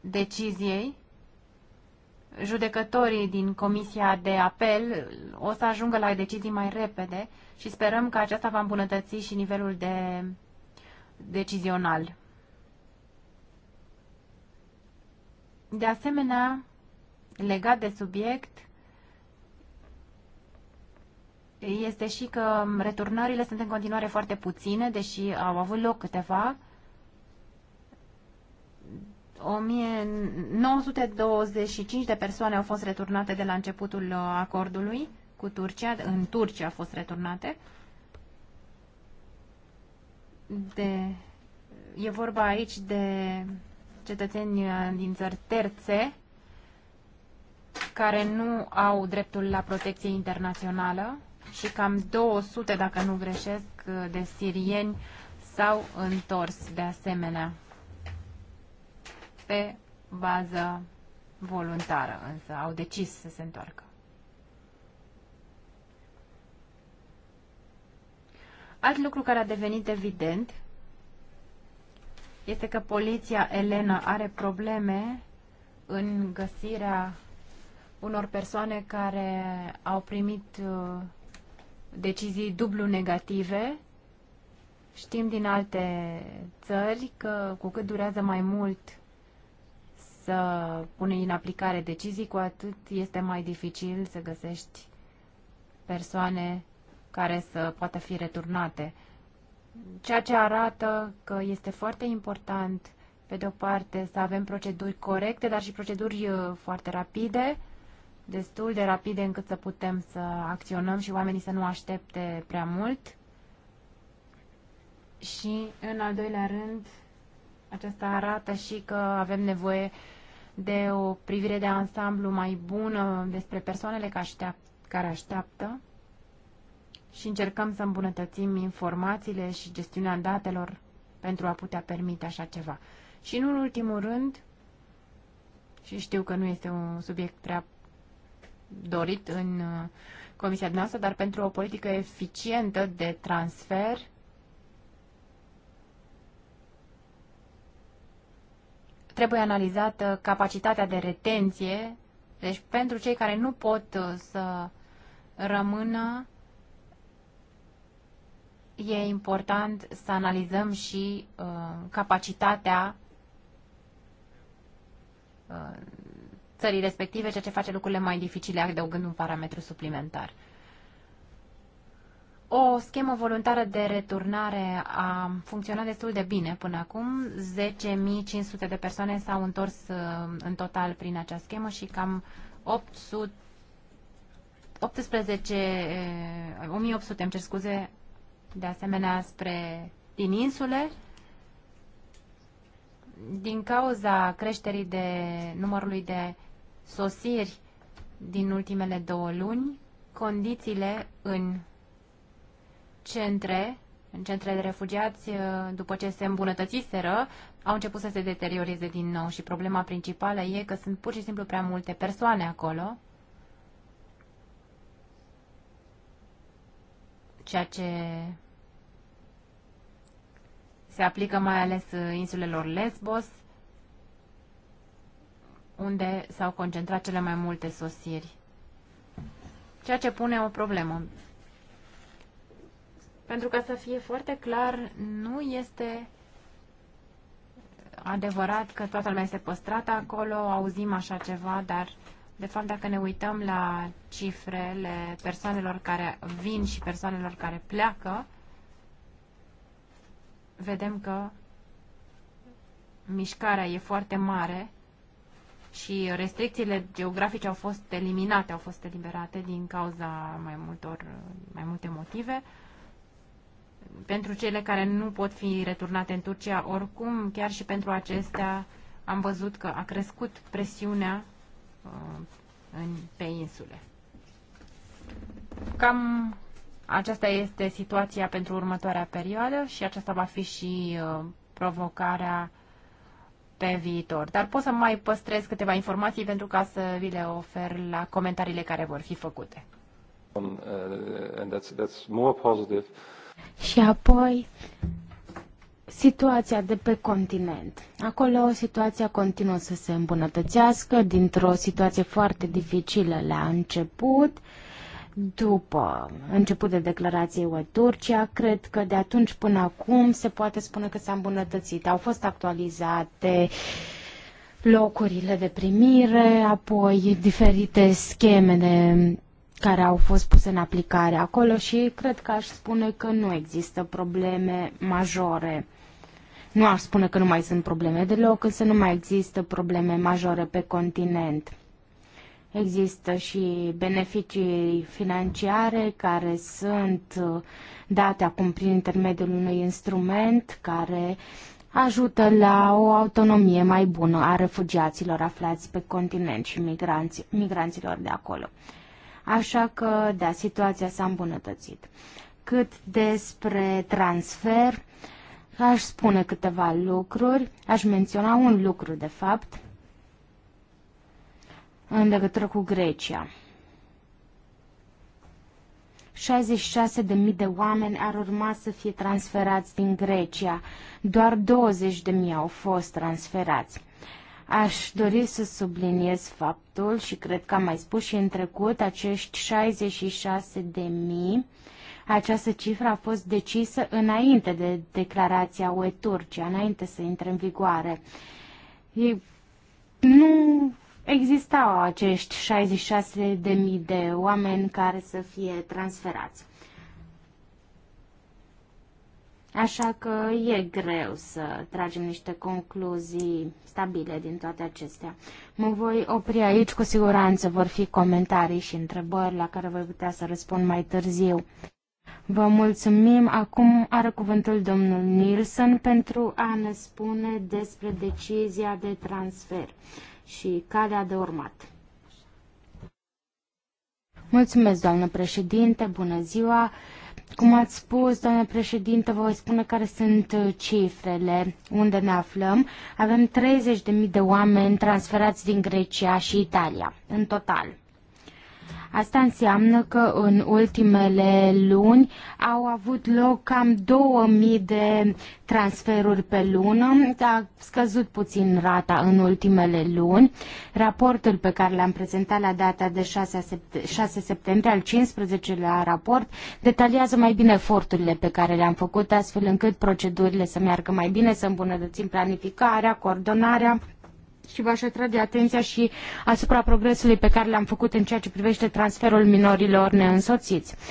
deciziei, judecătorii din Comisia de Apel o să ajungă la decizii mai repede și sperăm că aceasta va îmbunătăți și nivelul de decizional. De asemenea, legat de subiect, este și că returnările sunt în continuare foarte puține, deși au avut loc câteva. 1925 de persoane au fost returnate de la începutul acordului cu Turcia, în Turcia au fost returnate. De, e vorba aici de cetățeni uh, din țări terțe care nu au dreptul la protecție internațională și cam 200, dacă nu greșesc, uh, de sirieni s-au întors de asemenea pe bază voluntară, însă au decis să se întoarcă. Alt lucru care a devenit evident este că poliția Elena are probleme în găsirea unor persoane care au primit uh, decizii dublu negative. Știm din alte țări că cu cât durează mai mult să pune în aplicare decizii, cu atât este mai dificil să găsești persoane care să poată fi returnate ceea ce arată că este foarte important, pe de o parte, să avem proceduri corecte, dar și proceduri uh, foarte rapide, destul de rapide încât să putem să acționăm și oamenii să nu aștepte prea mult. Și, în al doilea rând, aceasta arată și că avem nevoie de o privire de ansamblu mai bună despre persoanele care așteaptă, care așteaptă și încercăm să îmbunătățim informațiile și gestiunea datelor pentru a putea permite așa ceva. Și nu în ultimul rând, și știu că nu este un subiect prea dorit în uh, comisia noastră, dar pentru o politică eficientă de transfer trebuie analizată capacitatea de retenție, deci pentru cei care nu pot uh, să rămână e important să analizăm și uh, capacitatea uh, țării respective, ceea ce face lucrurile mai dificile, adăugând un parametru suplimentar. O schemă voluntară de returnare a funcționat destul de bine până acum. 10.500 de persoane s-au întors uh, în total prin această schemă și cam 800, 18, 1800, îmi cer scuze, de asemenea spre din insule, din cauza creșterii de numărului de sosiri din ultimele două luni, condițiile în centre, în centrele de refugiați, uh, după ce se îmbunătățiseră, au început să se deterioreze din nou și problema principală e că sunt pur și simplu prea multe persoane acolo, ceea ce se aplică mai ales uh, insulelor Lesbos, unde s-au concentrat cele mai multe sosiri. Ceea ce pune o problemă. Pentru ca să fie foarte clar, nu este adevărat că toată lumea este păstrată acolo, auzim așa ceva, dar de fapt dacă ne uităm la cifrele persoanelor care vin și persoanelor care pleacă, vedem că mișcarea e foarte mare și restricțiile geografice au fost eliminate, au fost eliberate din cauza mai, multor, mai multe motive. Pentru cele care nu pot fi returnate în Turcia, oricum, chiar și pentru acestea, am văzut că a crescut presiunea uh, în, pe insule. Cam aceasta este situația pentru următoarea perioadă și aceasta va fi și uh, provocarea pe viitor. Dar pot să mai păstrez câteva informații pentru ca să vi le ofer la comentariile care vor fi făcute. Um, uh, and that's, that's more positive. Și apoi situația de pe continent. Acolo situația continuă să se îmbunătățească dintr-o situație foarte dificilă la început după început de declarației UE Turcia. Cred că de atunci până acum se poate spune că s-a îmbunătățit. Au fost actualizate locurile de primire, apoi diferite scheme de care au fost puse în aplicare acolo și cred că aș spune că nu există probleme majore. Nu aș spune că nu mai sunt probleme deloc, însă nu mai există probleme majore pe continent. Există și beneficii financiare care sunt uh, date acum prin intermediul unui instrument care ajută la o autonomie mai bună a refugiaților aflați pe continent și migranți, migranților de acolo. Așa că, da, situația s-a îmbunătățit. Cât despre transfer, aș spune câteva lucruri, aș menționa un lucru, de fapt, în legătură cu Grecia. 66.000 de oameni ar urma să fie transferați din Grecia. Doar 20.000 au fost transferați. Aș dori să subliniez faptul și cred că am mai spus și în trecut, acești 66 de mii, această cifră a fost decisă înainte de declarația UE Turcia, înainte să intre în vigoare. Ei, nu existau acești 66.000 de oameni care să fie transferați. Așa că e greu să tragem niște concluzii stabile din toate acestea. Mă voi opri aici, cu siguranță vor fi comentarii și întrebări la care voi putea să răspund mai târziu. Vă mulțumim. Acum are cuvântul domnul Nilsson pentru a ne spune despre decizia de transfer și calea de urmat. Mulțumesc, doamnă președinte, bună ziua! Cum ați spus, doamnă președinte, vă voi spune care sunt uh, cifrele unde ne aflăm. Avem 30.000 de oameni transferați din Grecia și Italia, în total. Asta înseamnă că în ultimele luni au avut loc cam 2000 de transferuri pe lună. A scăzut puțin rata în ultimele luni. Raportul pe care l-am prezentat la data de 6, sept- 6 septembrie, al 15-lea raport, detaliază mai bine eforturile pe care le-am făcut, astfel încât procedurile să meargă mai bine, să îmbunătățim planificarea, coordonarea și v-aș atrage atenția și asupra progresului pe care l-am făcut în ceea ce privește transferul minorilor neînsoțiți. Uh,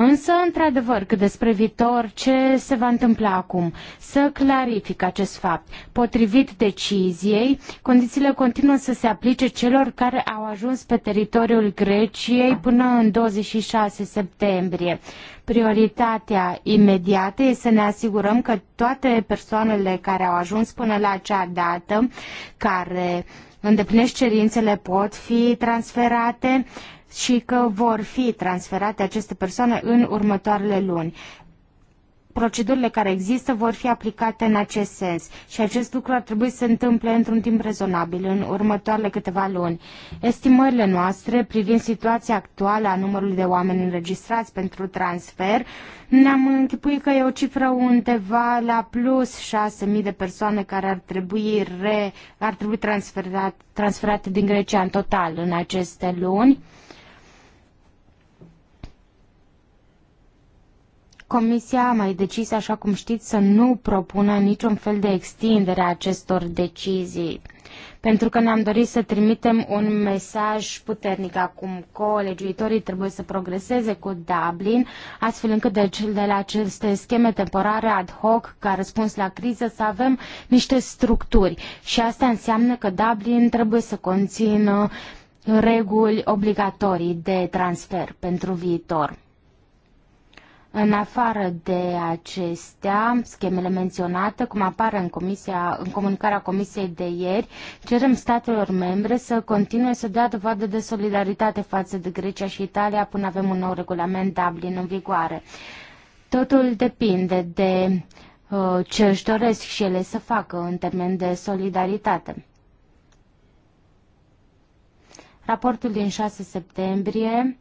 Însă, într-adevăr, cât despre viitor, ce se va întâmpla acum? Să clarific acest fapt. Potrivit deciziei, condițiile continuă să se aplice celor care au ajuns pe teritoriul Greciei până în 26 septembrie. Prioritatea imediată este să ne asigurăm că toate persoanele care au ajuns până la acea dată, care îndeplinesc cerințele, pot fi transferate și că vor fi transferate aceste persoane în următoarele luni. Procedurile care există vor fi aplicate în acest sens și acest lucru ar trebui să se întâmple într-un timp rezonabil, în următoarele câteva luni. Estimările noastre privind situația actuală a numărului de oameni înregistrați pentru transfer ne-am închipuit că e o cifră undeva la plus 6.000 de persoane care ar trebui, re, ar trebui transferat, transferate din Grecia în total în aceste luni. Comisia a mai decis, așa cum știți, să nu propună niciun fel de extindere a acestor decizii pentru că ne-am dorit să trimitem un mesaj puternic acum. Colegiuitorii trebuie să progreseze cu Dublin, astfel încât de, de la aceste scheme temporare ad hoc ca răspuns la criză să avem niște structuri. Și asta înseamnă că Dublin trebuie să conțină reguli obligatorii de transfer pentru viitor. În afară de acestea, schemele menționate, cum apare în, comisia, în comunicarea Comisiei de ieri, cerem statelor membre să continue să dea dovadă de solidaritate față de Grecia și Italia până avem un nou regulament Dublin în vigoare. Totul depinde de uh, ce își doresc și ele să facă în termen de solidaritate. Raportul din 6 septembrie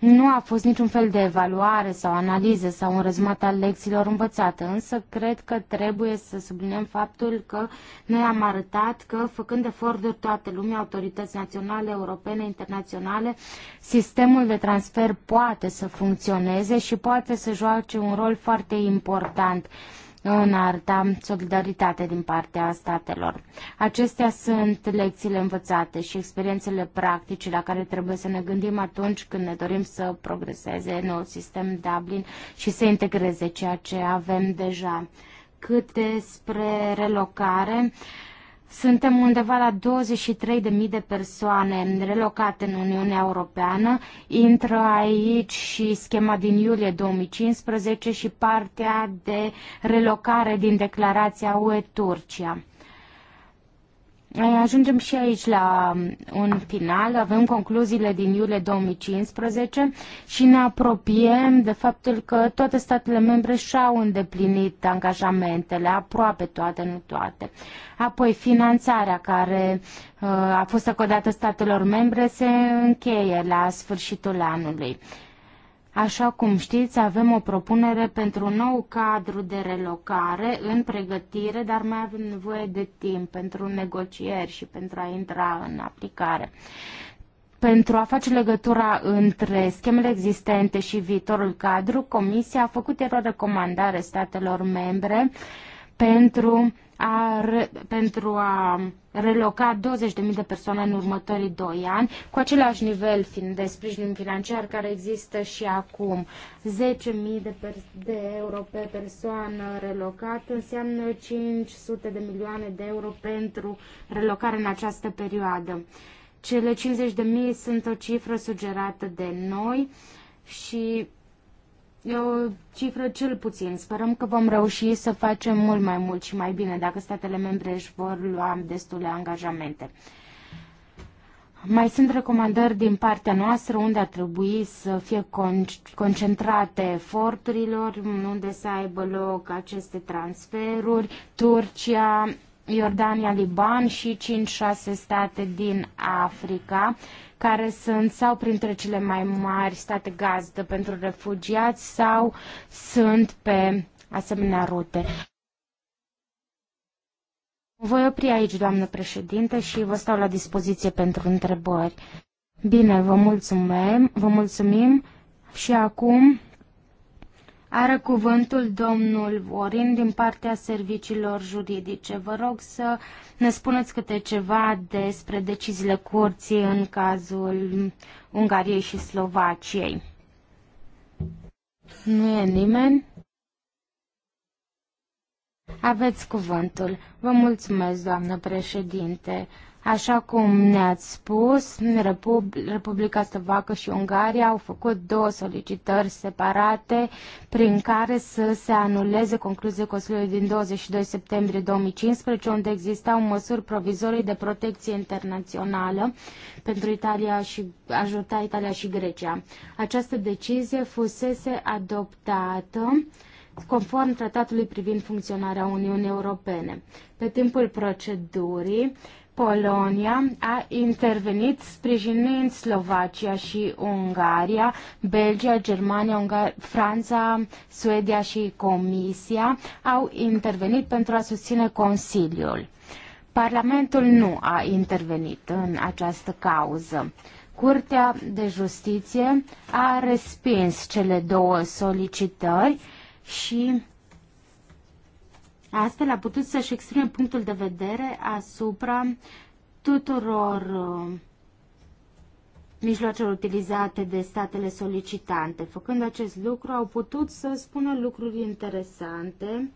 nu a fost niciun fel de evaluare sau analiză sau un rezumat al lecțiilor învățate, însă cred că trebuie să subliniem faptul că noi am arătat că, făcând eforturi toată lumea, autorități naționale, europene, internaționale, sistemul de transfer poate să funcționeze și poate să joace un rol foarte important în arta solidaritate din partea statelor. Acestea sunt lecțiile învățate și experiențele practice la care trebuie să ne gândim atunci când ne dorim să progreseze noul sistem Dublin și să integreze ceea ce avem deja. Cât despre relocare, uh, suntem undeva la 23.000 de persoane relocate în Uniunea Europeană. Intră aici și schema din iulie 2015 și partea de relocare din declarația UE-Turcia. Ajungem și aici la um, un final, avem concluziile din iulie 2015 și ne apropiem de faptul că toate statele membre și-au îndeplinit angajamentele, aproape toate, nu toate. Apoi finanțarea care uh, a fost acordată statelor membre se încheie la sfârșitul anului. Așa cum știți, avem o propunere pentru un nou cadru de relocare în pregătire, dar mai avem nevoie de timp pentru negocieri și pentru a intra în aplicare. Pentru a face legătura între schemele existente și viitorul cadru, Comisia a făcut o recomandare statelor membre pentru a re, pentru a reloca 20.000 de persoane în următorii 2 ani, cu același nivel de sprijin financiar care există și acum. 10.000 de, de euro pe persoană relocat înseamnă 500 de milioane de euro pentru relocare în această perioadă. Cele 50.000 sunt o cifră sugerată de noi și E o cifră cel puțin. Sperăm că vom reuși să facem mult mai mult și mai bine dacă statele membre își vor lua destule angajamente. Mai sunt recomandări din partea noastră unde ar trebui să fie concentrate eforturilor, unde să aibă loc aceste transferuri. Turcia, Iordania, Liban și 5-6 state din Africa, care sunt sau printre cele mai mari state gazdă pentru refugiați sau sunt pe asemenea rute. Voi opri aici, doamnă președinte, și vă stau la dispoziție pentru întrebări. Bine, vă mulțumim, vă mulțumim și acum are cuvântul domnul Vorin din partea serviciilor juridice. Vă rog să ne spuneți câte ceva despre deciziile curții în cazul Ungariei și Slovaciei. Nu e nimeni? Aveți cuvântul. Vă mulțumesc, doamnă președinte. Așa cum ne-ați spus, Republica Slovacă și Ungaria au făcut două solicitări separate prin care să se anuleze concluziile Consiliului din 22 septembrie 2015, unde existau măsuri provizorii de protecție internațională pentru Italia și ajuta Italia și Grecia. Această decizie fusese adoptată conform tratatului privind funcționarea Uniunii Europene. Pe timpul procedurii, Polonia a intervenit sprijinind Slovacia și Ungaria, Belgia, Germania, Ungar Franța, Suedia și Comisia au intervenit pentru a susține Consiliul. Parlamentul nu a intervenit în această cauză. Curtea de Justiție a respins cele două solicitări și Astfel a putut să-și exprime punctul de vedere asupra tuturor uh, mijloacelor utilizate de statele solicitante. Făcând acest lucru, au putut să spună lucruri interesante,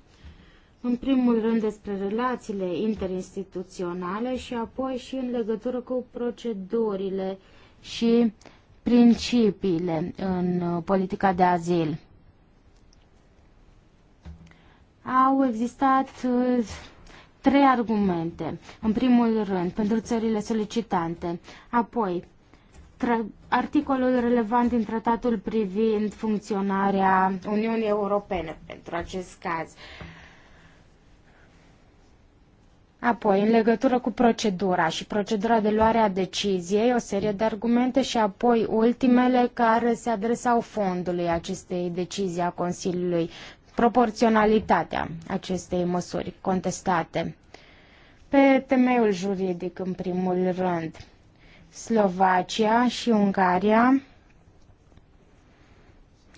în primul rând despre relațiile interinstituționale și apoi și în legătură cu procedurile și principiile în uh, politica de azil. Au existat uh, trei argumente. În primul rând, pentru țările solicitante, apoi articolul relevant din tratatul privind funcționarea Uniunii Europene pentru acest caz. Apoi, în legătură cu procedura și procedura de luare a deciziei, o serie de argumente și apoi ultimele care se adresau fondului acestei decizii a Consiliului, proporționalitatea acestei măsuri contestate. Pe temeiul juridic, în primul rând, Slovacia și Ungaria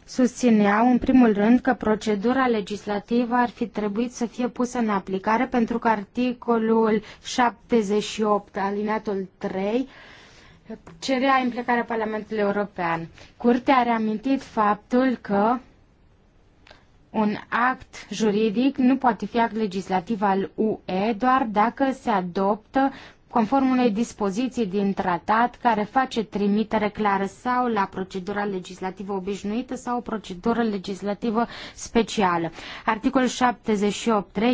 susțineau în primul rând că procedura legislativă ar fi trebuit să fie pusă în aplicare pentru că articolul 78 alineatul 3 cerea implicarea Parlamentului European. Curtea a reamintit faptul că un act juridic nu poate fi act legislativ al UE doar dacă se adoptă conform unei dispoziții din tratat care face trimitere clară sau la procedura legislativă obișnuită sau o procedură legislativă specială. Articolul 78.3,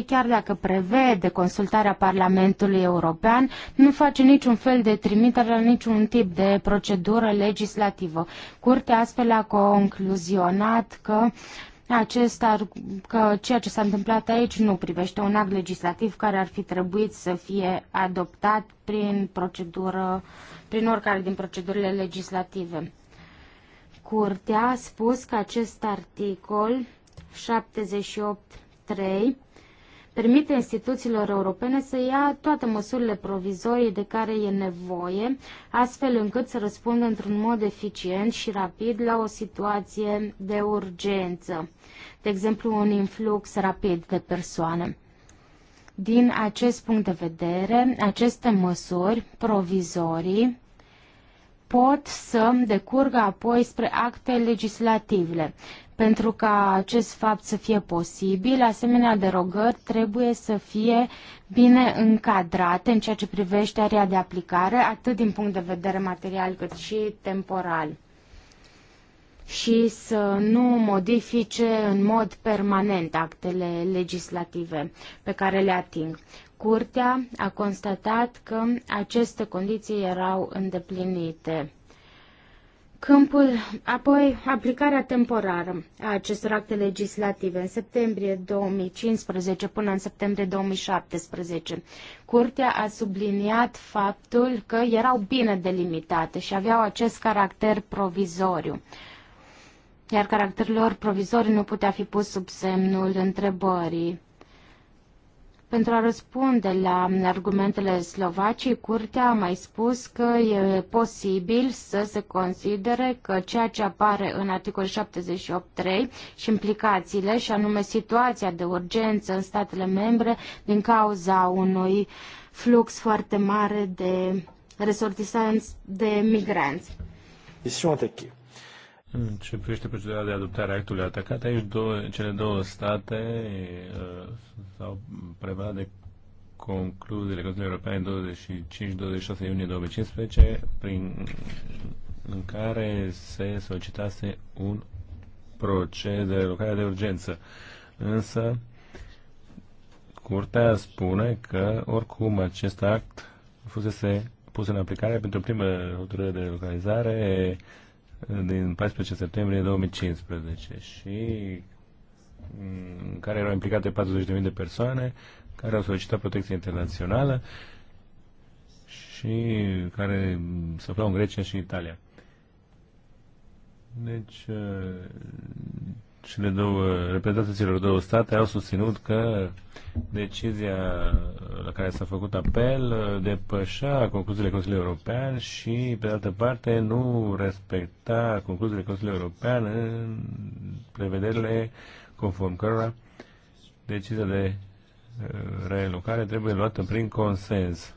chiar dacă prevede consultarea Parlamentului European, nu face niciun fel de trimitere la niciun tip de procedură legislativă. Curtea astfel a concluzionat că acesta, că ceea ce s-a întâmplat aici nu privește un act legislativ care ar fi trebuit să fie adoptat prin procedură, prin oricare din procedurile legislative. Curtea a spus că acest articol 78.3 permite instituțiilor europene să ia toate măsurile provizorii de care e nevoie, astfel încât să răspundă într-un mod eficient și rapid la o situație de urgență, de exemplu un influx rapid de persoane. Din acest punct de vedere, aceste măsuri provizorii pot să decurgă apoi spre acte legislative pentru ca acest fapt să fie posibil, asemenea derogări trebuie să fie bine încadrate în ceea ce privește area de aplicare, atât din punct de vedere material cât și temporal și să nu modifice în mod permanent actele legislative pe care le ating. Curtea a constatat că aceste condiții erau îndeplinite. Câmpul, apoi aplicarea temporară a acestor acte legislative în septembrie 2015 până în septembrie 2017. Curtea a subliniat faptul că erau bine delimitate și aveau acest caracter provizoriu, iar caracterul lor provizoriu nu putea fi pus sub semnul întrebării. Pentru a răspunde la argumentele Slovacii, Curtea a mai spus că e posibil să se considere că ceea ce apare în articolul 78.3 și implicațiile, și anume situația de urgență în statele membre din cauza unui flux foarte mare de resortisanți de migranți. Question attaquée. În ce privește procedura de adoptare a actului atacat, aici două, cele două state uh, s-au prevăzut de concluziile Consiliului European 25-26 iunie 2015, prin, în care se solicitase un proces de relocare de urgență. Însă, Curtea spune că, oricum, acest act fusese pus în aplicare pentru prima hotărâre de localizare din 14 septembrie 2015 și în mm, care erau implicate 40.000 de persoane care au solicitat protecție internațională și care se aflau în Grecia și Italia. Deci, cele două, reprezentanții celor două state au susținut că decizia la care s-a făcut apel depășea concluziile Consiliului European și, pe de altă parte, nu respecta concluziile Consiliului European în prevederile conform cărora decizia de uh, relocare trebuie luată prin consens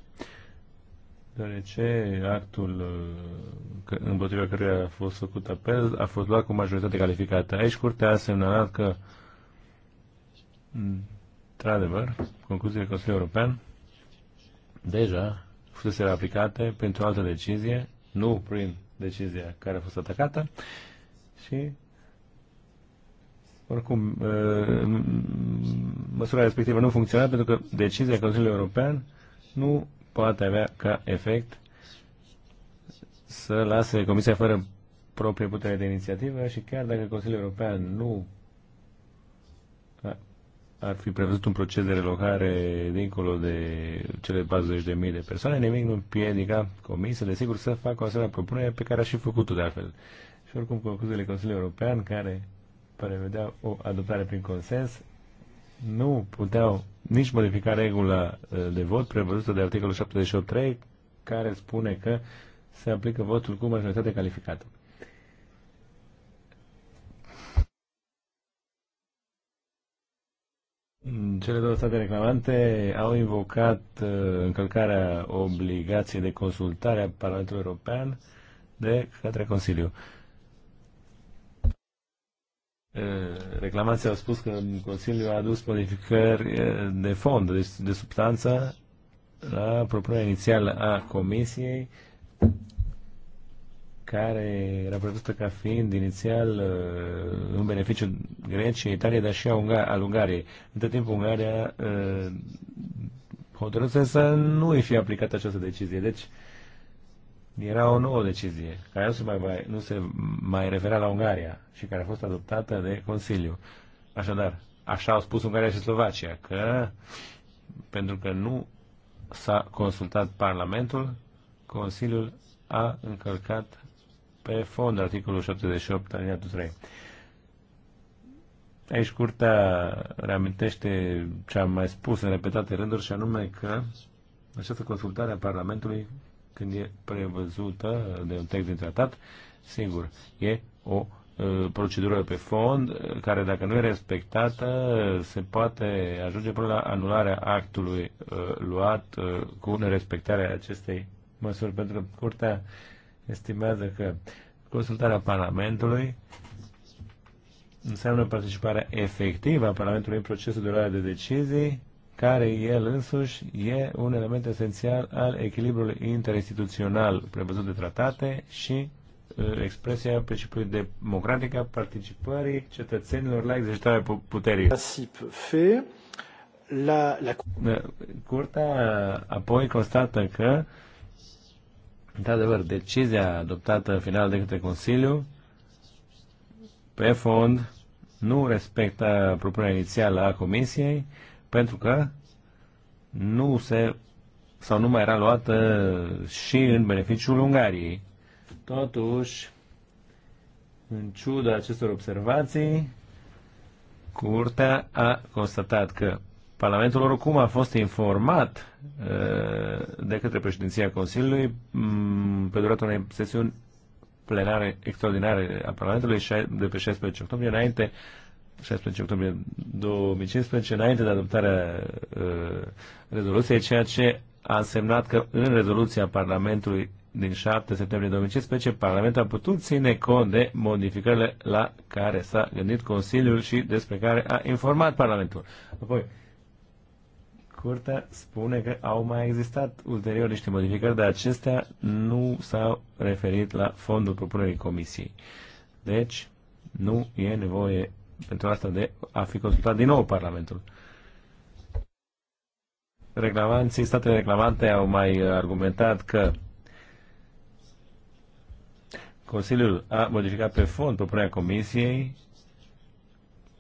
deoarece actul împotriva căruia a fost făcut apel a fost luat cu majoritate calificată. Aici curtea a semnalat că, într-adevăr, concluziile Consiliului European deja fusese aplicate pentru altă decizie, nu prin decizia care a fost atacată și oricum, măsura respectivă nu funcționa pentru că decizia Consiliului European nu poate avea ca efect să lase Comisia fără proprie putere de inițiativă și chiar dacă Consiliul European nu ar fi prevăzut un proces de relocare dincolo de cele 40.000 de persoane, nimic nu împiedica Comisia, desigur, să facă o asemenea propunere pe care a și făcut-o de altfel. Și oricum, concluziile Consiliului European, care prevedea o adoptare prin consens, nu puteau nici modifica regula uh, de vot prevăzută de articolul 78.3 care spune că se aplică votul cu majoritate calificată. Cele două state reclamante au invocat uh, încălcarea obligației de consultare a Parlamentului European de către Consiliu reclamații au spus că Consiliul a adus modificări de fond, de, deci de substanță, la propunerea inițială a Comisiei, care era prevăzută ca fiind inițial în beneficiu Greciei, Italiei, dar și al Ungariei. Între timp, Ungaria hotărâse să nu i fie aplicată această decizie. Deci, era o nouă decizie, care nu se, mai, mai, nu se mai referea la Ungaria și care a fost adoptată de Consiliu. Așadar, așa au spus Ungaria și Slovacia, că pentru că nu s-a consultat Parlamentul, Consiliul a încălcat pe fond articolul 78 aliniatul 3. Aici curtea reamintește ce am mai spus în repetate rânduri și anume că această consultare a Parlamentului când e prevăzută de un text din tratat, singur, e o procedură pe fond, care dacă nu e respectată, se poate ajunge până la anularea actului luat cu nerespectarea acestei măsuri, pentru că Curtea estimează că consultarea Parlamentului înseamnă participarea efectivă a Parlamentului în procesul de luare de decizii care el însuși e un element esențial al echilibrului interinstituțional prevăzut de tratate și uh, expresia principiului democratic a participării cetățenilor la exercitarea puterii. La, la... Uh, curtea apoi constată că, într-adevăr, decizia adoptată în final de către Consiliu, pe fond, nu respectă propunerea inițială a Comisiei, pentru că nu se sau nu mai era luată și în beneficiul Ungariei. Totuși, în ciuda acestor observații, Curtea a constatat că Parlamentul oricum a fost informat eh, de către președinția Consiliului mm, pe durata unei sesiuni plenare extraordinare a Parlamentului de pe 16 octombrie înainte 16 octombrie 2015, înainte de adoptarea uh, rezoluției, ceea ce a însemnat că în rezoluția Parlamentului din 7 septembrie 2015, Parlamentul a putut ține cont de modificările la care s-a gândit Consiliul și despre care a informat Parlamentul. Apoi, Curtea spune că au mai existat ulterior niște modificări, dar acestea nu s-au referit la fondul propunerii Comisiei. Deci, nu e nevoie pentru asta de a fi consultat din nou Parlamentul. Reclamanții, statele reclamante au mai argumentat că Consiliul a modificat pe fond propunerea Comisiei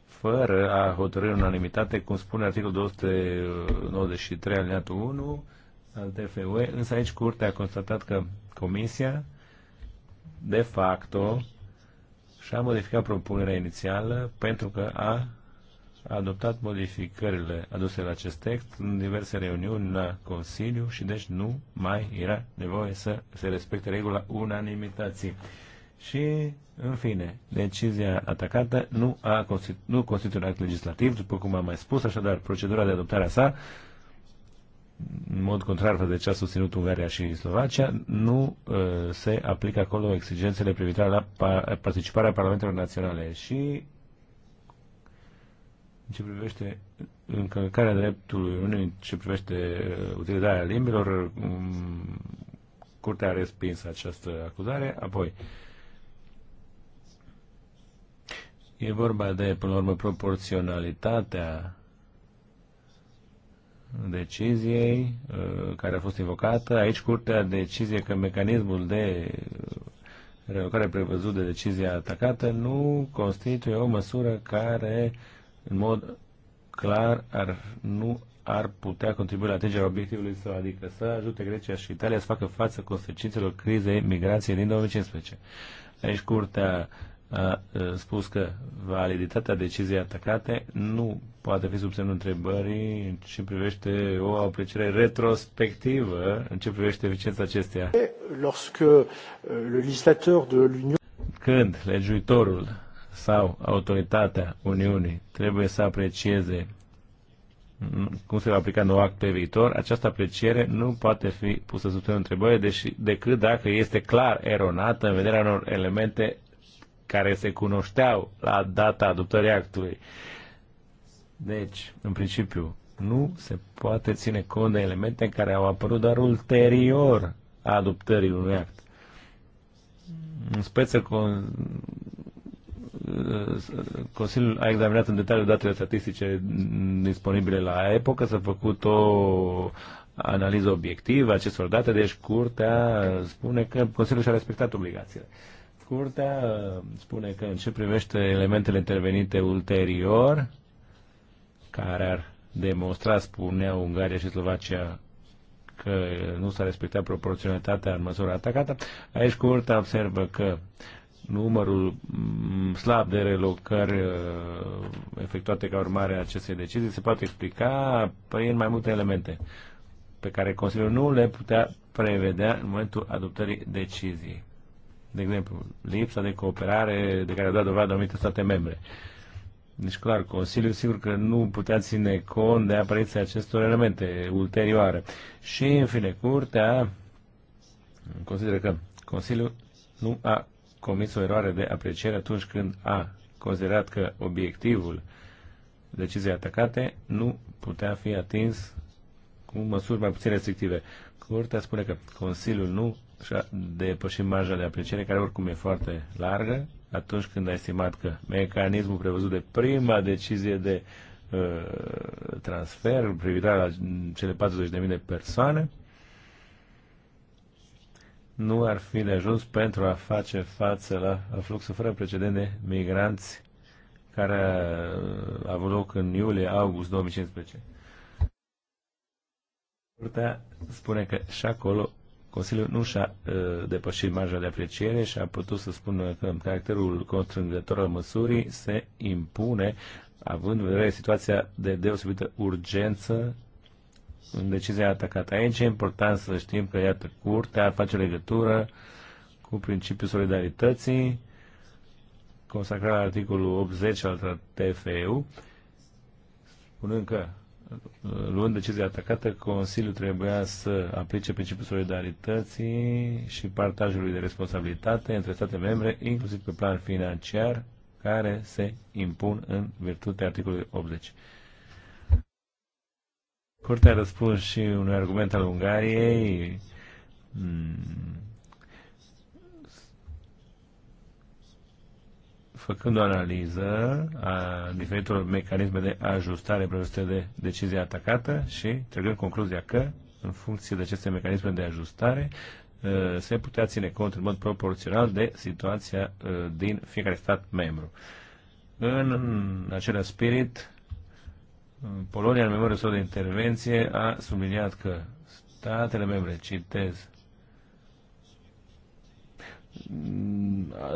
fără a hotărâi unanimitate, cum spune articolul 293 alineatul 1 al TFUE, însă aici Curtea a constatat că Comisia de facto și a modificat propunerea inițială pentru că a adoptat modificările aduse la acest text în diverse reuniuni la Consiliu și deci nu mai era nevoie să se respecte regula unanimității. Și, în fine, decizia atacată nu, a constitu- nu constituie un act legislativ, după cum am mai spus, așadar procedura de adoptare a sa în mod contrar față de ce a susținut Ungaria și Slovacia, nu uh, se aplică acolo exigențele privitoare la pa participarea Parlamentelor Naționale și în ce privește încălcarea dreptului Uniunii, în ce privește uh, utilizarea limbilor, um, Curtea a respins această acuzare, apoi e vorba de, până la urmă, proporționalitatea deciziei uh, care a fost invocată. Aici curtea decizie că mecanismul de uh, care prevăzut de decizia atacată nu constituie o măsură care în mod clar ar, nu ar putea contribui la atingerea obiectivului său, adică să ajute Grecia și Italia să facă față consecințelor crizei migrației din 2015. Aici curtea a spus că validitatea deciziei atacate nu poate fi sub semnul întrebării în ce privește o apreciere retrospectivă în ce privește eficiența acesteia. Uh, Când legiuitorul sau autoritatea Uniunii trebuie să aprecieze cum se va aplica nou act pe viitor, această apreciere nu poate fi pusă sub semnul întrebării deși, decât dacă este clar eronată în vederea unor elemente care se cunoșteau la data adoptării actului. Deci, în principiu, nu se poate ține cont de elemente care au apărut doar ulterior adoptării unui act. În speță, Consiliul a examinat în detaliu datele statistice disponibile la epocă, s-a făcut o analiză obiectivă acestor date, deci curtea spune că Consiliul și-a respectat obligațiile. Curtea uh, spune că în ce privește elementele intervenite ulterior, care ar demonstra, spunea Ungaria și Slovacia, că nu s-a respectat proporționalitatea în măsura atacată, aici Curtea observă că numărul mm, slab de relocări uh, efectuate ca urmare a acestei decizii se poate explica prin mai multe elemente pe care Consiliul nu le putea prevedea în momentul adoptării deciziei de exemplu, lipsa de cooperare de care a dat dovadă anumite state membre. Deci, clar, Consiliul sigur că nu putea ține cont de apariția acestor elemente ulterioare. Și, în fine, Curtea consideră că Consiliul nu a comis o eroare de apreciere atunci când a considerat că obiectivul deciziei atacate nu putea fi atins cu măsuri mai puțin restrictive. Curtea spune că Consiliul nu de depășim marja de apreciere, care oricum e foarte largă, atunci când a estimat că mecanismul prevăzut de prima decizie de uh, transfer privitoare la cele 40.000 de persoane nu ar fi de ajuns pentru a face față la fluxul fără precedent de migranți care a avut loc în iulie-august 2015. Curtea spune că și acolo Consiliul nu și-a uh, depășit marja de apreciere și a putut să spună că caracterul constrângător al măsurii se impune având în vedere situația de deosebită urgență în decizia atacată. Aici e important să știm că, iată, curtea face legătură cu principiul solidarității consacrat la articolul 80 al TFEU, spunând că luând decizia atacată, Consiliul trebuia să aplice principiul solidarității și partajului de responsabilitate între state membre, inclusiv pe plan financiar, care se impun în virtutea articolului 80. Curtea a răspuns și unui argument al Ungariei mm, făcând o analiză a diferitelor mecanisme de ajustare prevăzute de decizia atacată și trăgând concluzia că, în funcție de aceste mecanisme de ajustare, uh, se putea ține cont în mod proporțional de situația uh, din fiecare stat membru. În același spirit, Polonia, în memoriul său de intervenție, a subliniat că statele membre, citez,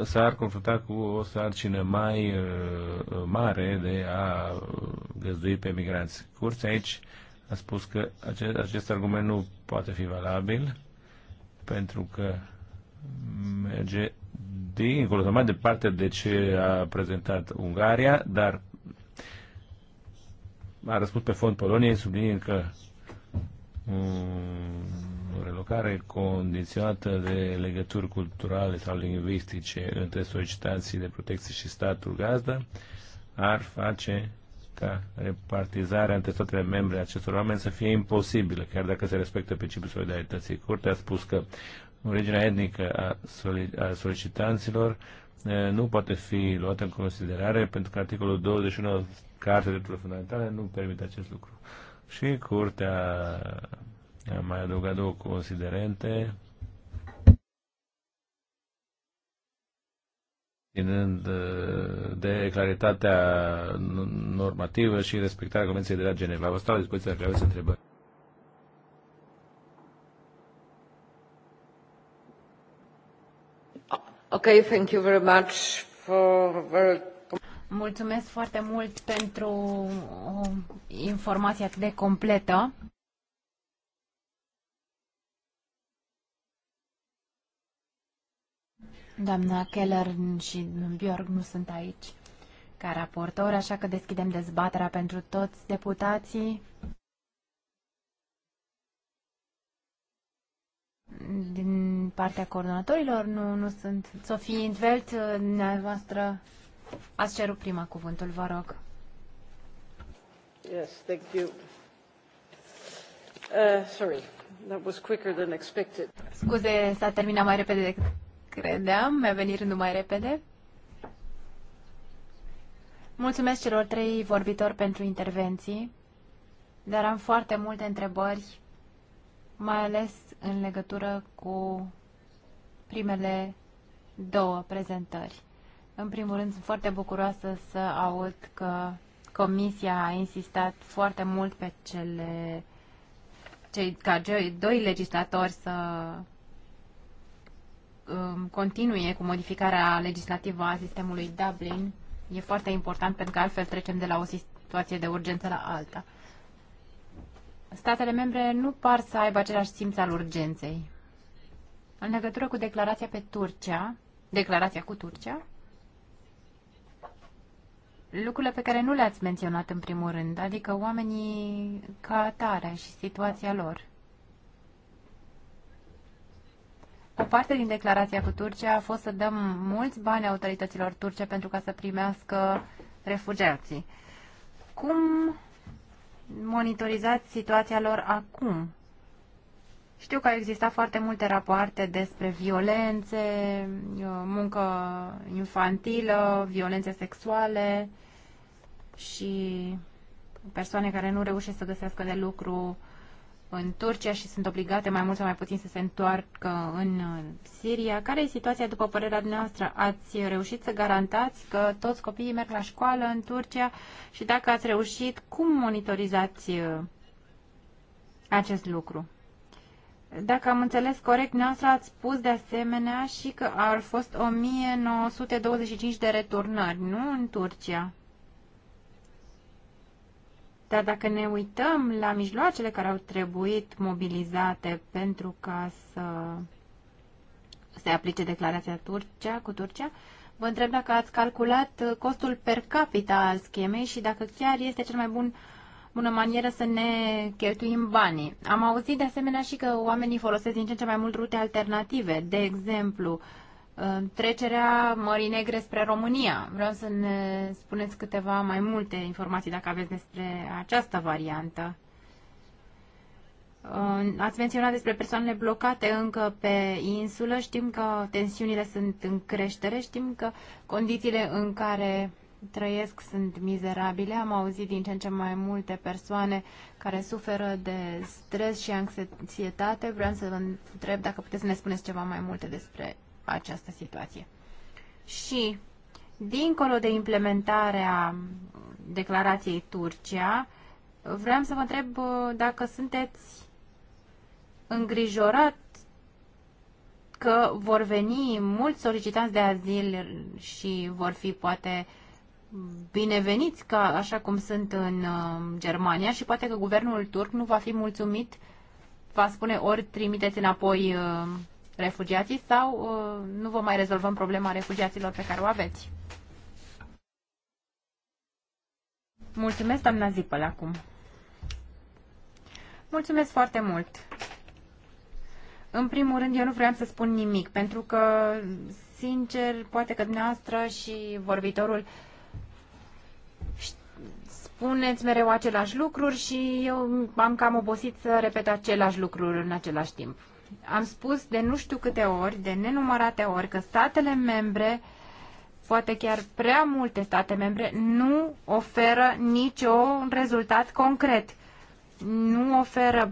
s-ar confrunta cu o sarcină mai uh, mare de a găzdui pe migranți. Curți aici a spus că acest, acest argument nu poate fi valabil pentru că merge dincolo, sau mai departe de ce a prezentat Ungaria, dar a răspuns pe fond Poloniei, subliniind că um, relocare condiționată de legături culturale sau lingvistice între solicitații de protecție și statul gazdă ar face ca repartizarea între statele membre acestor oameni să fie imposibilă, chiar dacă se respectă principiul solidarității. Curtea a spus că originea etnică a, a solicitanților nu poate fi luată în considerare pentru că articolul 21 Cartea Drepturile Fundamentale nu permite acest lucru. Și Curtea am mai adăugat două considerente. ținând uh, de claritatea normativă și respectarea Convenției de la Geneva. Vă stau la dispoziție dacă aveți întrebări. Okay, thank you very much for very... Mulțumesc foarte mult pentru o um, informație atât de completă. Doamna Keller și Bjorg nu sunt aici ca raportor, așa că deschidem dezbaterea pentru toți deputații. Din partea coordonatorilor nu, nu sunt. Sofie Intvelt, dumneavoastră, ați cerut prima cuvântul, vă rog. Yes, thank you. Uh, sorry, that was quicker than expected. Scuze, s-a terminat mai repede decât credeam. Mi-a venit rândul mai repede. Mulțumesc celor trei vorbitori pentru intervenții, dar am foarte multe întrebări, mai ales în legătură cu primele două prezentări. În primul rând, sunt foarte bucuroasă să aud că Comisia a insistat foarte mult pe cele cei, ca cei doi legislatori să Um, continue cu modificarea legislativă a sistemului Dublin e foarte important pentru că altfel trecem de la o situație de urgență la alta. Statele membre nu par să aibă același simț al urgenței. În legătură cu declarația pe Turcia, declarația cu Turcia, lucrurile pe care nu le-ați menționat în primul rând, adică oamenii ca atare și situația lor. O parte din declarația cu Turcia a fost să dăm mulți bani autorităților turce pentru ca să primească refugiații. Cum monitorizați situația lor acum? Știu că au existat foarte multe rapoarte despre violențe, muncă infantilă, violențe sexuale și persoane care nu reușesc să găsească de lucru în Turcia și sunt obligate mai mult sau mai puțin să se întoarcă în uh, Siria. Care e situația după părerea noastră? Ați reușit să garantați că toți copiii merg la școală în Turcia și dacă ați reușit, cum monitorizați uh, acest lucru? Dacă am înțeles corect, noastră ați spus de asemenea și că au fost 1925 de returnări, nu în Turcia. Dar dacă ne uităm la mijloacele care au trebuit mobilizate pentru ca să se aplice declarația Turcia cu Turcia, vă întreb dacă ați calculat costul per capita al schemei și dacă chiar este cel mai bun bună manieră să ne cheltuim banii. Am auzit de asemenea și că oamenii folosesc din ce în ce mai mult rute alternative, de exemplu, trecerea Mării Negre spre România. Vreau să ne spuneți câteva mai multe informații dacă aveți despre această variantă. Ați menționat despre persoanele blocate încă pe insulă. Știm că tensiunile sunt în creștere, știm că condițiile în care trăiesc sunt mizerabile. Am auzit din ce în ce mai multe persoane care suferă de stres și anxietate. Vreau să vă întreb dacă puteți să ne spuneți ceva mai multe despre această situație. Și, dincolo de implementarea declarației Turcia, vreau să vă întreb uh, dacă sunteți îngrijorat că vor veni mulți solicitanți de azil și vor fi poate bineveniți ca așa cum sunt în uh, Germania și poate că guvernul turc nu va fi mulțumit, va spune ori trimiteți înapoi uh, refugiații sau uh, nu vă mai rezolvăm problema refugiaților pe care o aveți? Mulțumesc, doamna Zipăl, acum. Mulțumesc foarte mult. În primul rând, eu nu vreau să spun nimic, pentru că, sincer, poate că dumneavoastră și vorbitorul spuneți mereu același lucruri și eu am cam obosit să repet același lucruri în același timp. Am spus de nu știu câte ori, de nenumărate ori, că statele membre, poate chiar prea multe state membre, nu oferă niciun rezultat concret. Nu oferă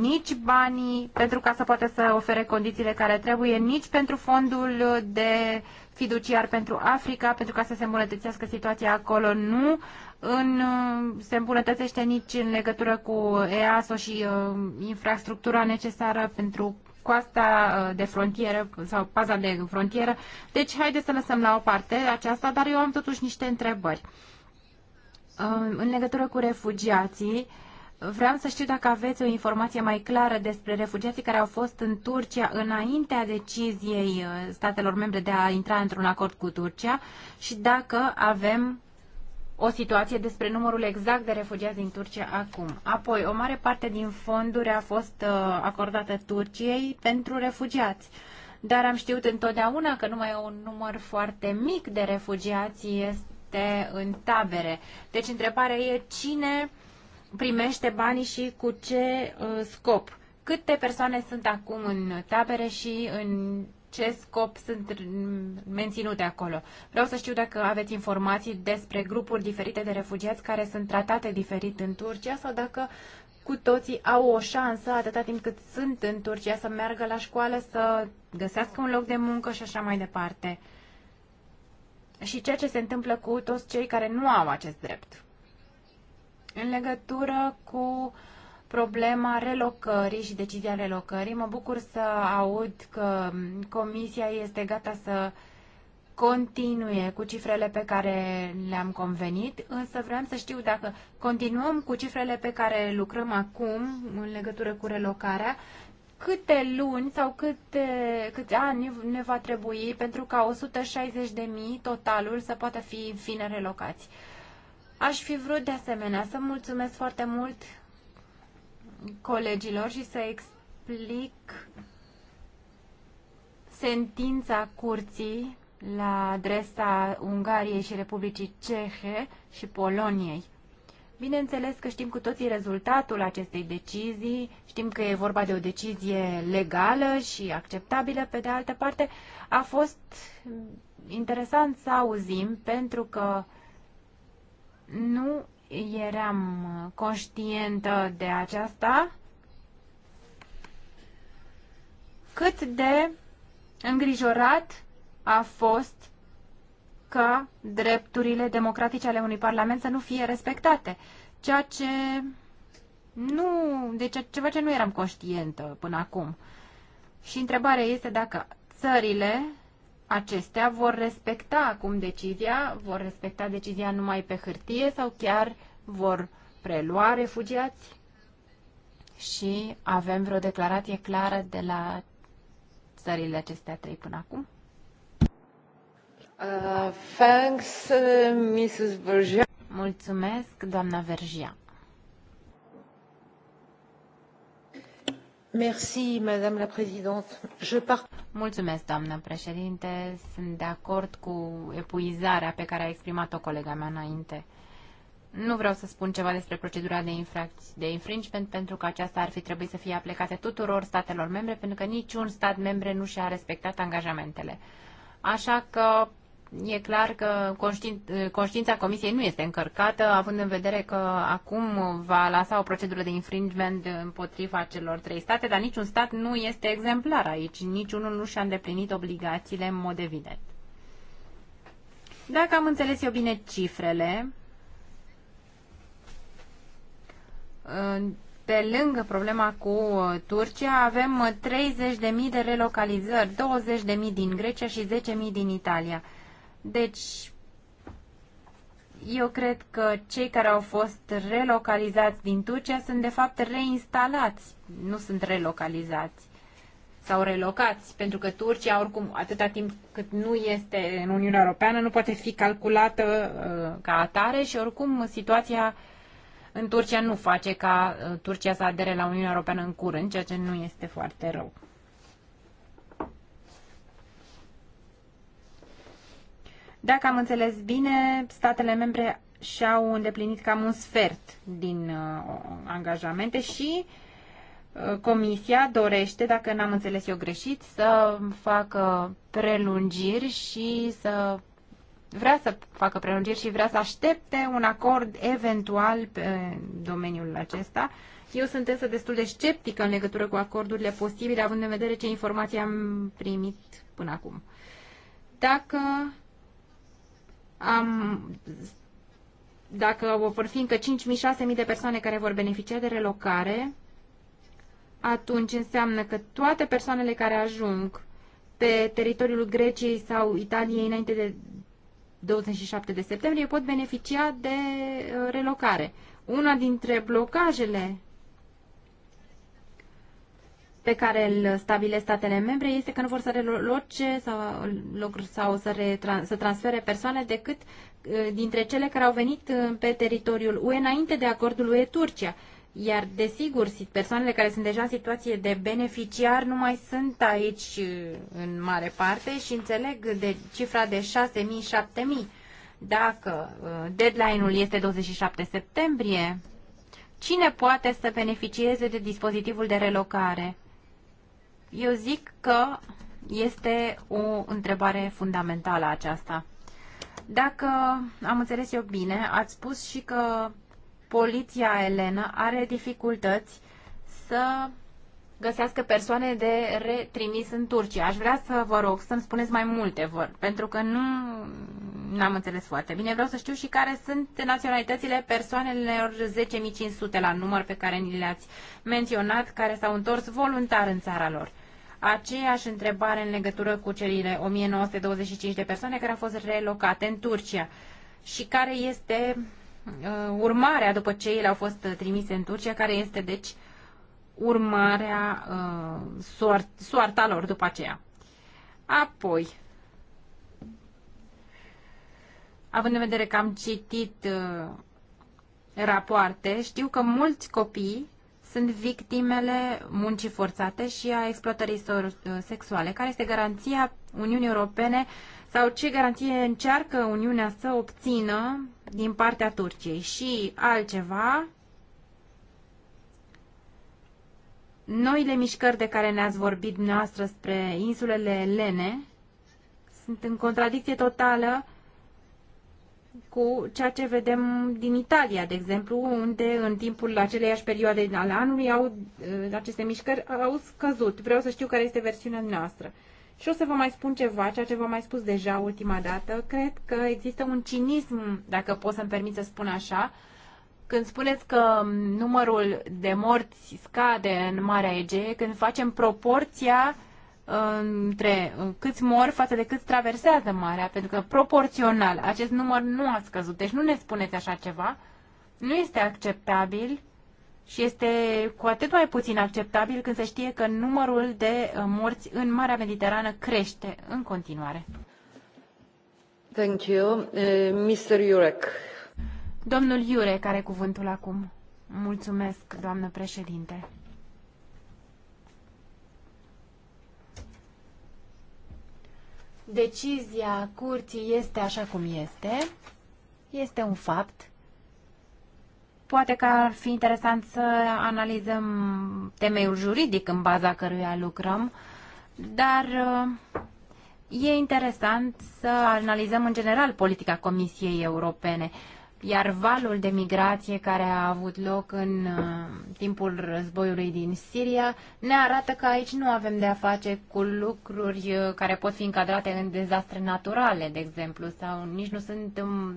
nici banii pentru ca să poată să ofere condițiile care trebuie, nici pentru fondul de fiduciar pentru Africa, pentru ca să se îmbunătățească situația acolo, nu în, uh, se îmbunătățește nici în legătură cu EASO și uh, infrastructura necesară pentru coasta uh, de frontieră sau paza de frontieră. Deci haideți să lăsăm la o parte aceasta, dar eu am totuși niște întrebări. Uh, în legătură cu refugiații, vreau să știu dacă aveți o informație mai clară despre refugiații care au fost în Turcia înaintea deciziei uh, statelor membre de a intra într-un acord cu Turcia și dacă avem o situație despre numărul exact de refugiați din Turcia acum. Apoi, o mare parte din fonduri a fost uh, acordată Turciei pentru refugiați. Dar am știut întotdeauna că numai un număr foarte mic de refugiați este în tabere. Deci, întrebarea e cine primește banii și cu ce uh, scop. Câte persoane sunt acum în tabere și în ce scop sunt menținute acolo. Vreau să știu dacă aveți informații despre grupuri diferite de refugiați care sunt tratate diferit în Turcia sau dacă cu toții au o șansă, atâta timp cât sunt în Turcia, să meargă la școală, să găsească un loc de muncă și așa mai departe. Și ceea ce se întâmplă cu toți cei care nu au acest drept. În legătură cu uh, problema relocării și decizia relocării. Mă bucur să aud că Comisia este gata să continue cu cifrele pe care le-am convenit, însă vreau să știu dacă continuăm cu cifrele pe care lucrăm acum în legătură cu relocarea, câte luni sau câte, câte ani ne va trebui pentru ca 160.000 totalul să poată fi în fine relocați. Aș fi vrut de asemenea să mulțumesc foarte mult colegilor și să explic sentința curții la adresa Ungariei și Republicii Cehe și Poloniei. Bineînțeles că știm cu toții rezultatul acestei decizii, știm că e vorba de o decizie legală și acceptabilă. Pe de altă parte, a fost interesant să auzim pentru că nu eram uh, conștientă de aceasta, cât de îngrijorat a fost ca drepturile democratice ale unui parlament să nu fie respectate, ceea ce nu, deci ceva ce nu eram conștientă până acum. Și întrebarea este dacă țările acestea vor respecta acum decizia, vor respecta decizia numai pe hârtie sau chiar vor prelua refugiați? Și avem vreo declarație clară de la țările acestea trei până acum? Uh, thanks, uh, Mrs. Mulțumesc, doamna Vergia. Mulțumesc, doamnă președinte. Sunt de acord cu epuizarea pe care a exprimat-o colega mea înainte. Nu vreau să spun ceva despre procedura de, de infringement, pentru că aceasta ar fi trebuit să fie aplicată tuturor statelor membre, pentru că niciun stat membre nu și-a respectat angajamentele. Așa că e clar că conștiința Comisiei nu este încărcată, având în vedere că acum va lansa o procedură de infringement împotriva celor trei state, dar niciun stat nu este exemplar aici, niciunul nu și-a îndeplinit obligațiile în mod evident. Dacă am înțeles eu bine cifrele, pe lângă problema cu Turcia, avem 30.000 de relocalizări, 20.000 din Grecia și 10.000 din Italia. Deci, eu cred că cei care au fost relocalizați din Turcia sunt de fapt reinstalați, nu sunt relocalizați sau relocați, pentru că Turcia, oricum, atâta timp cât nu este în Uniunea Europeană, nu poate fi calculată uh, ca atare și, oricum, situația în Turcia nu face ca uh, Turcia să adere la Uniunea Europeană în curând, ceea ce nu este foarte rău. Dacă am înțeles bine, statele membre și-au îndeplinit cam un sfert din uh, angajamente și uh, Comisia dorește, dacă n-am înțeles eu greșit, să facă prelungiri și să vrea să facă prelungiri și vrea să aștepte un acord eventual pe domeniul acesta. Eu sunt însă destul de sceptică în legătură cu acordurile posibile, având în vedere ce informații am primit până acum. Dacă am, dacă vor fi încă 5.000-6.000 de persoane care vor beneficia de relocare, atunci înseamnă că toate persoanele care ajung pe teritoriul Greciei sau Italiei înainte de 27 de septembrie pot beneficia de uh, relocare. Una dintre blocajele pe care îl stabilesc statele membre este că nu vor să reloce sau, sau să, retran, să transfere persoane decât uh, dintre cele care au venit uh, pe teritoriul UE înainte de acordul UE-Turcia. Iar, desigur, persoanele care sunt deja în situație de beneficiar nu mai sunt aici uh, în mare parte și înțeleg de cifra de 6.000-7.000. Dacă deadline-ul este 27 septembrie, cine poate să beneficieze de dispozitivul de relocare? Eu zic că este o întrebare fundamentală aceasta. Dacă am înțeles eu bine, ați spus și că poliția Elena are dificultăți să găsească persoane de retrimis în Turcia. Aș vrea să vă rog să-mi spuneți mai multe, vor, pentru că nu am înțeles foarte bine. Vreau să știu și care sunt naționalitățile persoanelor 10.500 la număr pe care ni le-ați menționat, care s-au întors voluntar în țara lor. Aceeași întrebare în legătură cu cerile 1925 de persoane care au fost relocate în Turcia și care este uh, urmarea după ce ele au fost trimise în Turcia, care este deci uh, urmarea uh, soart, soarta lor după aceea. Apoi, având în vedere că am citit uh, rapoarte, știu că mulți copii sunt victimele muncii forțate și a exploatării uh, sexuale. Care este garanția Uniunii Europene sau ce garanție încearcă Uniunea să obțină din partea Turciei? Și altceva, Noile mișcări de care ne-ați vorbit dumneavoastră spre insulele Elene sunt în contradicție totală cu ceea ce vedem din Italia, de exemplu, unde în timpul aceleiași perioade al anului au, aceste mișcări au scăzut. Vreau să știu care este versiunea noastră. Și o să vă mai spun ceva, ceea ce v-am mai spus deja ultima dată. Cred că există un cinism, dacă pot să-mi permit să spun așa, uh, când spuneți că numărul de morți scade în Marea Egee, când facem proporția uh, între uh, câți mor față de câți traversează marea, pentru că proporțional acest număr nu a scăzut. Deci nu ne spuneți așa ceva. Nu este acceptabil și este cu atât mai puțin acceptabil când se știe că numărul de uh, morți în Marea Mediterană crește în continuare. Thank you. Uh, Mr. Jurek. Domnul Iure, care cuvântul acum. Mulțumesc, doamnă președinte. Decizia curții este așa cum este. Este un fapt. Poate că ar fi interesant să analizăm temeiul juridic în baza căruia lucrăm, dar uh, e interesant să analizăm în general politica Comisiei Europene iar valul de migrație care a avut loc în uh, timpul războiului din Siria ne arată că aici nu avem de a face cu lucruri uh, care pot fi încadrate în dezastre naturale, de exemplu, sau nici nu sunt um,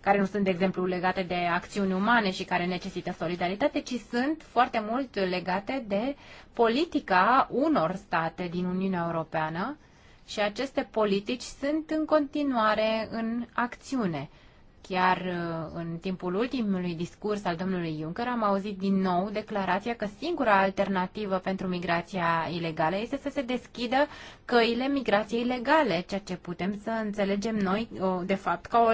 care nu sunt, de exemplu, legate de acțiuni umane și care necesită solidaritate, ci sunt foarte mult legate de politica unor state din Uniunea Europeană și aceste politici sunt în continuare în acțiune. Chiar uh, în timpul ultimului discurs al domnului Juncker am auzit din nou declarația că singura alternativă pentru migrația ilegală este să se deschidă căile migrației legale, ceea ce putem să înțelegem noi, de fapt, ca o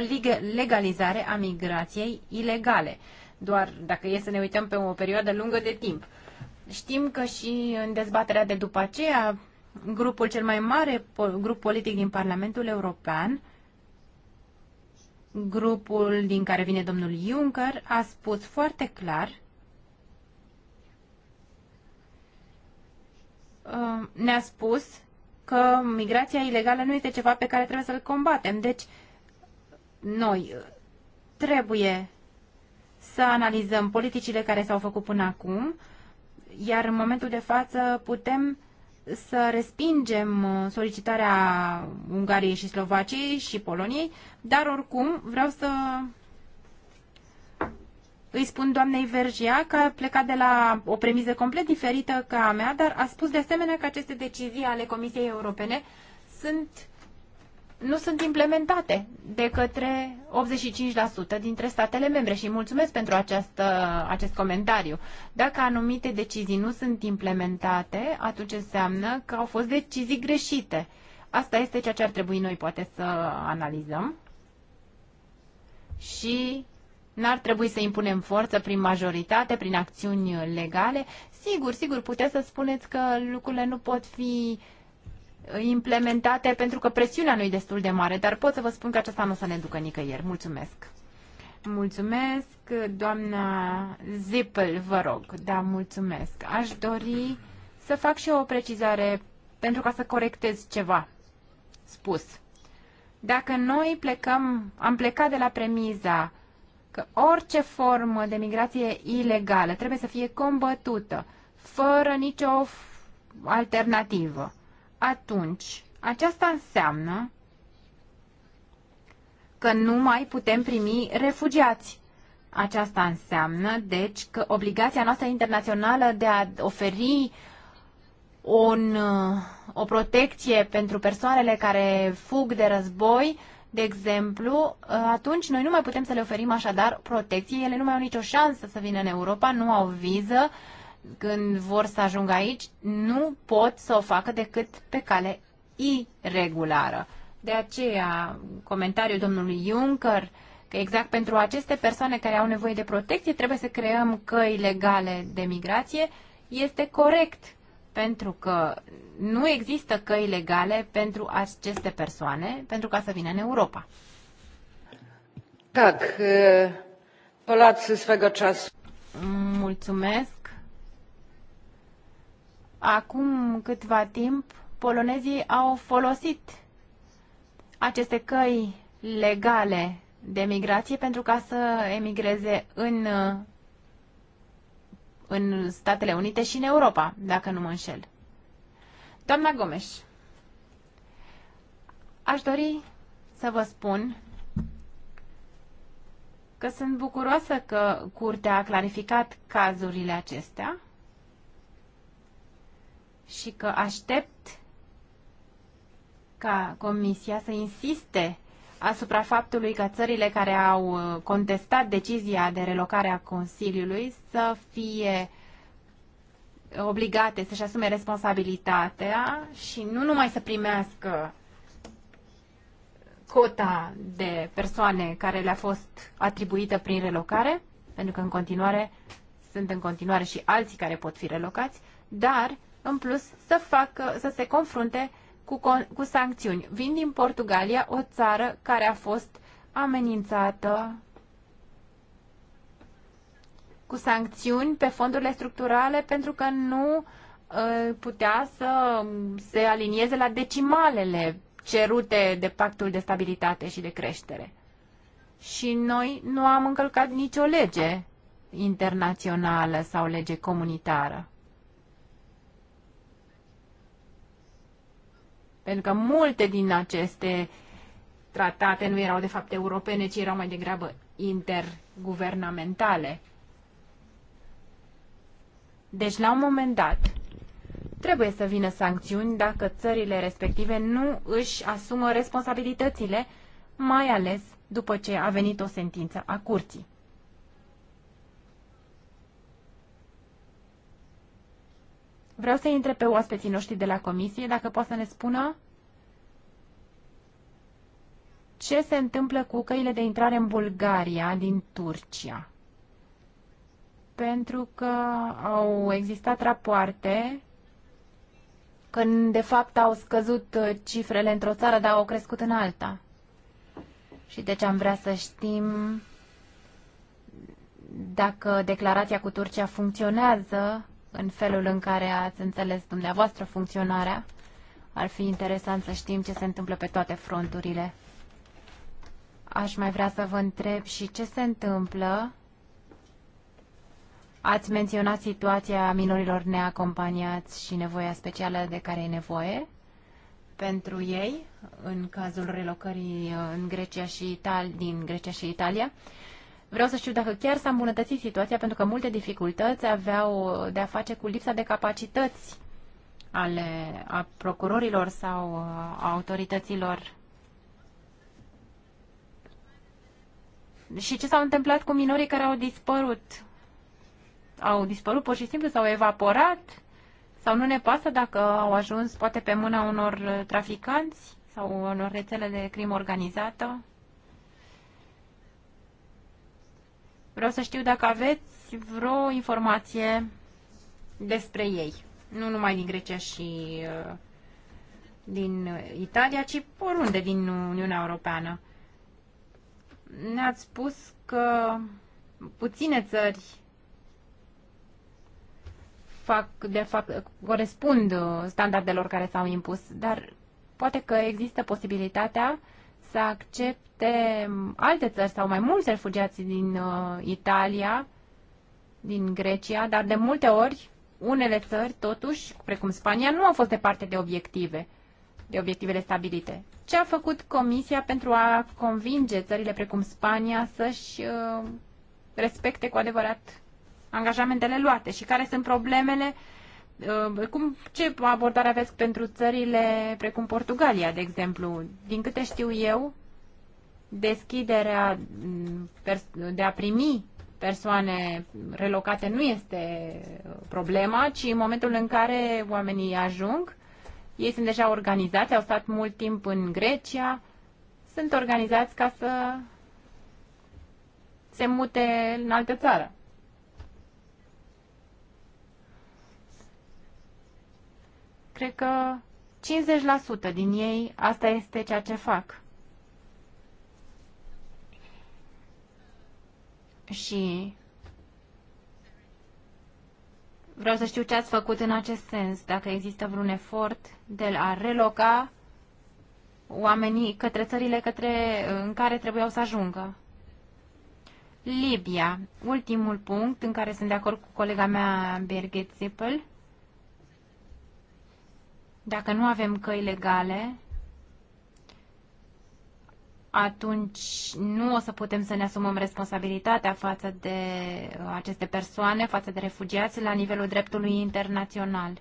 legalizare a migrației ilegale, doar dacă e să ne uităm pe o perioadă lungă de timp. Știm că și în dezbaterea de după aceea, grupul cel mai mare, grup politic din Parlamentul European, Grupul din care vine domnul Juncker a spus foarte clar uh, ne-a spus că migrația ilegală nu este ceva pe care trebuie să-l combatem. Deci, noi trebuie să analizăm politicile care s-au făcut până acum, iar în momentul de față putem să respingem uh, solicitarea Ungariei și Slovaciei și Poloniei, dar oricum vreau să îi spun doamnei Vergia că a plecat de la o premiză complet diferită ca a mea, dar a spus de asemenea că aceste decizii ale Comisiei Europene sunt nu sunt implementate de către 85% dintre statele membre și mulțumesc pentru această, acest comentariu. Dacă anumite decizii nu sunt implementate, atunci înseamnă că au fost decizii greșite. Asta este ceea ce ar trebui noi poate să analizăm și n-ar trebui să impunem forță prin majoritate, prin acțiuni legale. Sigur, sigur, puteți să spuneți că lucrurile nu pot fi uh, implementate pentru că presiunea nu e destul de mare, dar pot să vă spun că aceasta nu o să ne ducă nicăieri. Mulțumesc! Mulțumesc, doamna Zippel, vă rog. Da, mulțumesc. Aș dori să fac și eu o precizare pentru ca să corectez ceva spus. Dacă noi plecăm, am plecat de la premiza că orice formă de migrație ilegală trebuie să fie combătută fără nicio alternativă atunci aceasta înseamnă că nu mai putem primi refugiați. Aceasta înseamnă, deci, că obligația noastră internațională de a oferi un, o protecție pentru persoanele care fug de război, de exemplu, atunci noi nu mai putem să le oferim așadar protecție, ele nu mai au nicio șansă să vină în Europa, nu au viză, uh, când vor să ajungă aici, nu pot să o facă decât pe cale iregulară. De aceea, comentariul domnului Juncker, că exact pentru aceste persoane care au nevoie de protecție trebuie să creăm căi legale de migrație, este corect, pentru că nu există căi legale pentru aceste persoane pentru ca să vină în Europa. Tak, Polacy swego czasu. Mulțumesc. Acum câtva timp, polonezii au folosit aceste căi legale de migrație pentru ca să emigreze în, în Statele Unite și în Europa, dacă nu mă înșel. Doamna Gomes, aș dori să vă spun că sunt bucuroasă că Curtea a clarificat cazurile acestea și că aștept ca Comisia să insiste asupra faptului că țările care au uh, contestat decizia de relocare a Consiliului să fie obligate să-și asume responsabilitatea și nu numai să primească cota de persoane care le-a fost atribuită prin relocare, pentru că în continuare sunt în continuare și alții care pot fi relocați, dar în plus, să, facă, să se confrunte cu, cu sancțiuni. Vin din Portugalia, o țară care a fost amenințată cu sancțiuni pe fondurile structurale pentru că nu uh, putea să se alinieze la decimalele cerute de pactul de stabilitate și de creștere. Și noi nu am încălcat nicio lege internațională sau lege comunitară. pentru că multe din aceste tratate nu erau de fapt europene, ci erau mai degrabă interguvernamentale. Deci, la un moment dat, trebuie să vină sancțiuni dacă țările respective nu își asumă responsabilitățile, mai ales după ce a venit o sentință a curții. Vreau să intre pe oaspeții noștri de la comisie, dacă poate să ne spună ce se întâmplă cu căile de intrare în Bulgaria din Turcia. Pentru că au existat rapoarte când de fapt au scăzut uh, cifrele într-o țară, dar au crescut în alta. Și deci am vrea să știm dacă declarația cu Turcia funcționează în felul în care ați înțeles dumneavoastră funcționarea. Ar fi interesant să știm ce se întâmplă pe toate fronturile. Aș mai vrea să vă întreb și ce se întâmplă. Ați menționat situația minorilor neacompaniați și nevoia specială de care e nevoie pentru ei în cazul relocării uh, în Grecia și Italia din Grecia și Italia. Vreau să știu dacă chiar s-a îmbunătățit situația, pentru că multe dificultăți aveau de a face cu lipsa de capacități ale a procurorilor sau a autorităților. Și ce s-a întâmplat cu minorii care au dispărut? Au dispărut pur și simplu, s-au evaporat? Sau nu ne pasă dacă au ajuns poate pe mâna unor traficanți sau unor rețele de crimă organizată? Vreau să știu dacă aveți vreo informație despre ei, nu numai din Grecia și uh, din Italia, ci oriunde din Uniunea Europeană. Ne-ați spus că puține țări fac, de fapt, corespund uh, standardelor care s-au impus, dar poate că există posibilitatea să accepte alte țări sau mai mulți refugiați din uh, Italia, din Grecia, dar de multe ori unele țări, totuși, precum Spania, nu au fost departe de obiective, de obiectivele stabilite. Ce a făcut Comisia pentru a convinge țările precum Spania să-și uh, respecte cu adevărat angajamentele luate și care sunt problemele uh, Uh, cum, ce abordare aveți pentru țările precum Portugalia, de exemplu? Din câte știu eu, deschiderea mm, de a primi persoane relocate nu este problema, ci în momentul în care oamenii ajung, ei sunt deja organizați, au stat mult timp în Grecia, sunt organizați ca să se mute în altă țară. cred că 50% din ei, asta este ceea ce fac. Și vreau să știu ce ați făcut în acest sens, dacă există vreun efort de a reloca oamenii către țările către, în care trebuiau să ajungă. Libia, ultimul punct în care sunt de acord cu colega mea Birgit Zippel. Dacă nu avem căi legale, atunci nu o să putem să ne asumăm responsabilitatea față de uh, aceste persoane, față de refugiați, la nivelul dreptului internațional.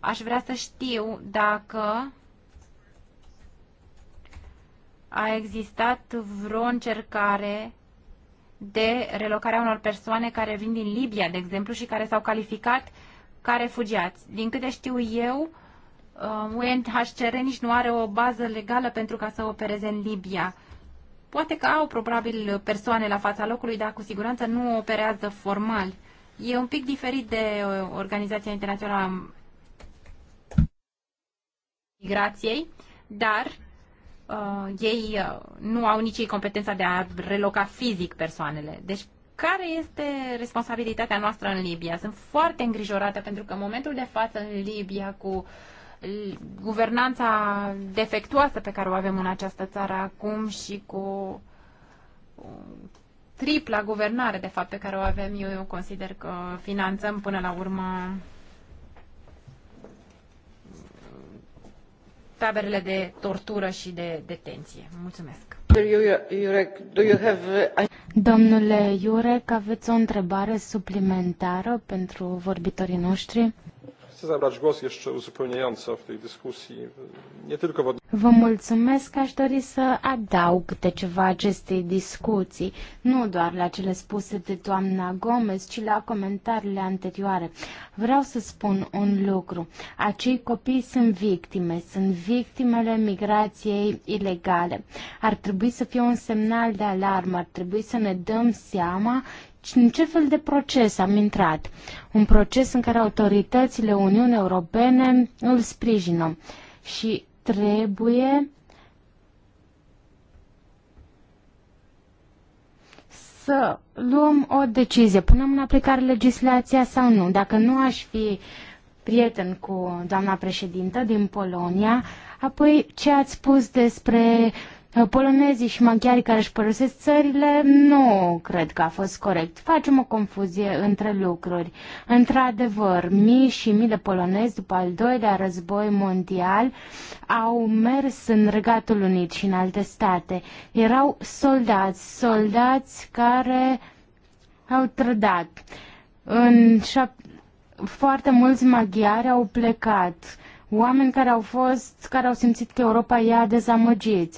Aș vrea să știu dacă a existat vreo încercare de relocarea unor persoane care vin din Libia, de exemplu, și care s-au calificat ca refugiați. Din câte știu eu, uh, UNHCR uh, nici nu are o bază legală pentru ca să opereze în Libia. Poate că au probabil persoane la fața locului, dar cu siguranță nu operează formal. E un pic diferit de uh, Organizația Internațională a Migrației, dar uh, ei uh, nu au nici competența de a reloca fizic persoanele. Deci care este responsabilitatea noastră în Libia? Sunt foarte îngrijorată pentru că în momentul de față în Libia cu uh, guvernanța defectuoasă pe care o avem în această țară acum și cu tripla guvernare, de fapt, pe care o avem, eu consider că finanțăm până la urmă taberele de tortură și de detenție. Mulțumesc. Uh, Domnule Iurec, aveți o întrebare suplimentară pentru vorbitorii noștri? Chcę zabrać głos jeszcze uzupełniająco w tej dyskusji, nie tylko w Vă mulțumesc, aș dori să adaug de ceva acestei discuții, nu doar la cele spuse de doamna Gomez, ci la comentariile anterioare. Vreau să spun un lucru. Acei copii sunt victime, sunt victimele migrației ilegale. Ar trebui să fie un semnal de alarmă, ar trebui să ne dăm seama în ce fel de proces am intrat? Un proces în care autoritățile Uniunii Europene îl sprijină și trebuie să luăm o decizie. Punem în aplicare legislația sau nu? Dacă nu aș fi prieten cu doamna președintă din Polonia, apoi ce ați spus despre uh, Uh, polonezii și maghiari care își părăsesc țările, nu cred că a fost corect. Facem o confuzie între lucruri. Într-adevăr, mii și mii de polonezi după al doilea război mondial au mers în Regatul Unit și în alte state. Erau soldați, soldați care au trădat. În șap- foarte mulți maghiari au plecat oameni care au fost, care au simțit că Europa i-a dezamăgit.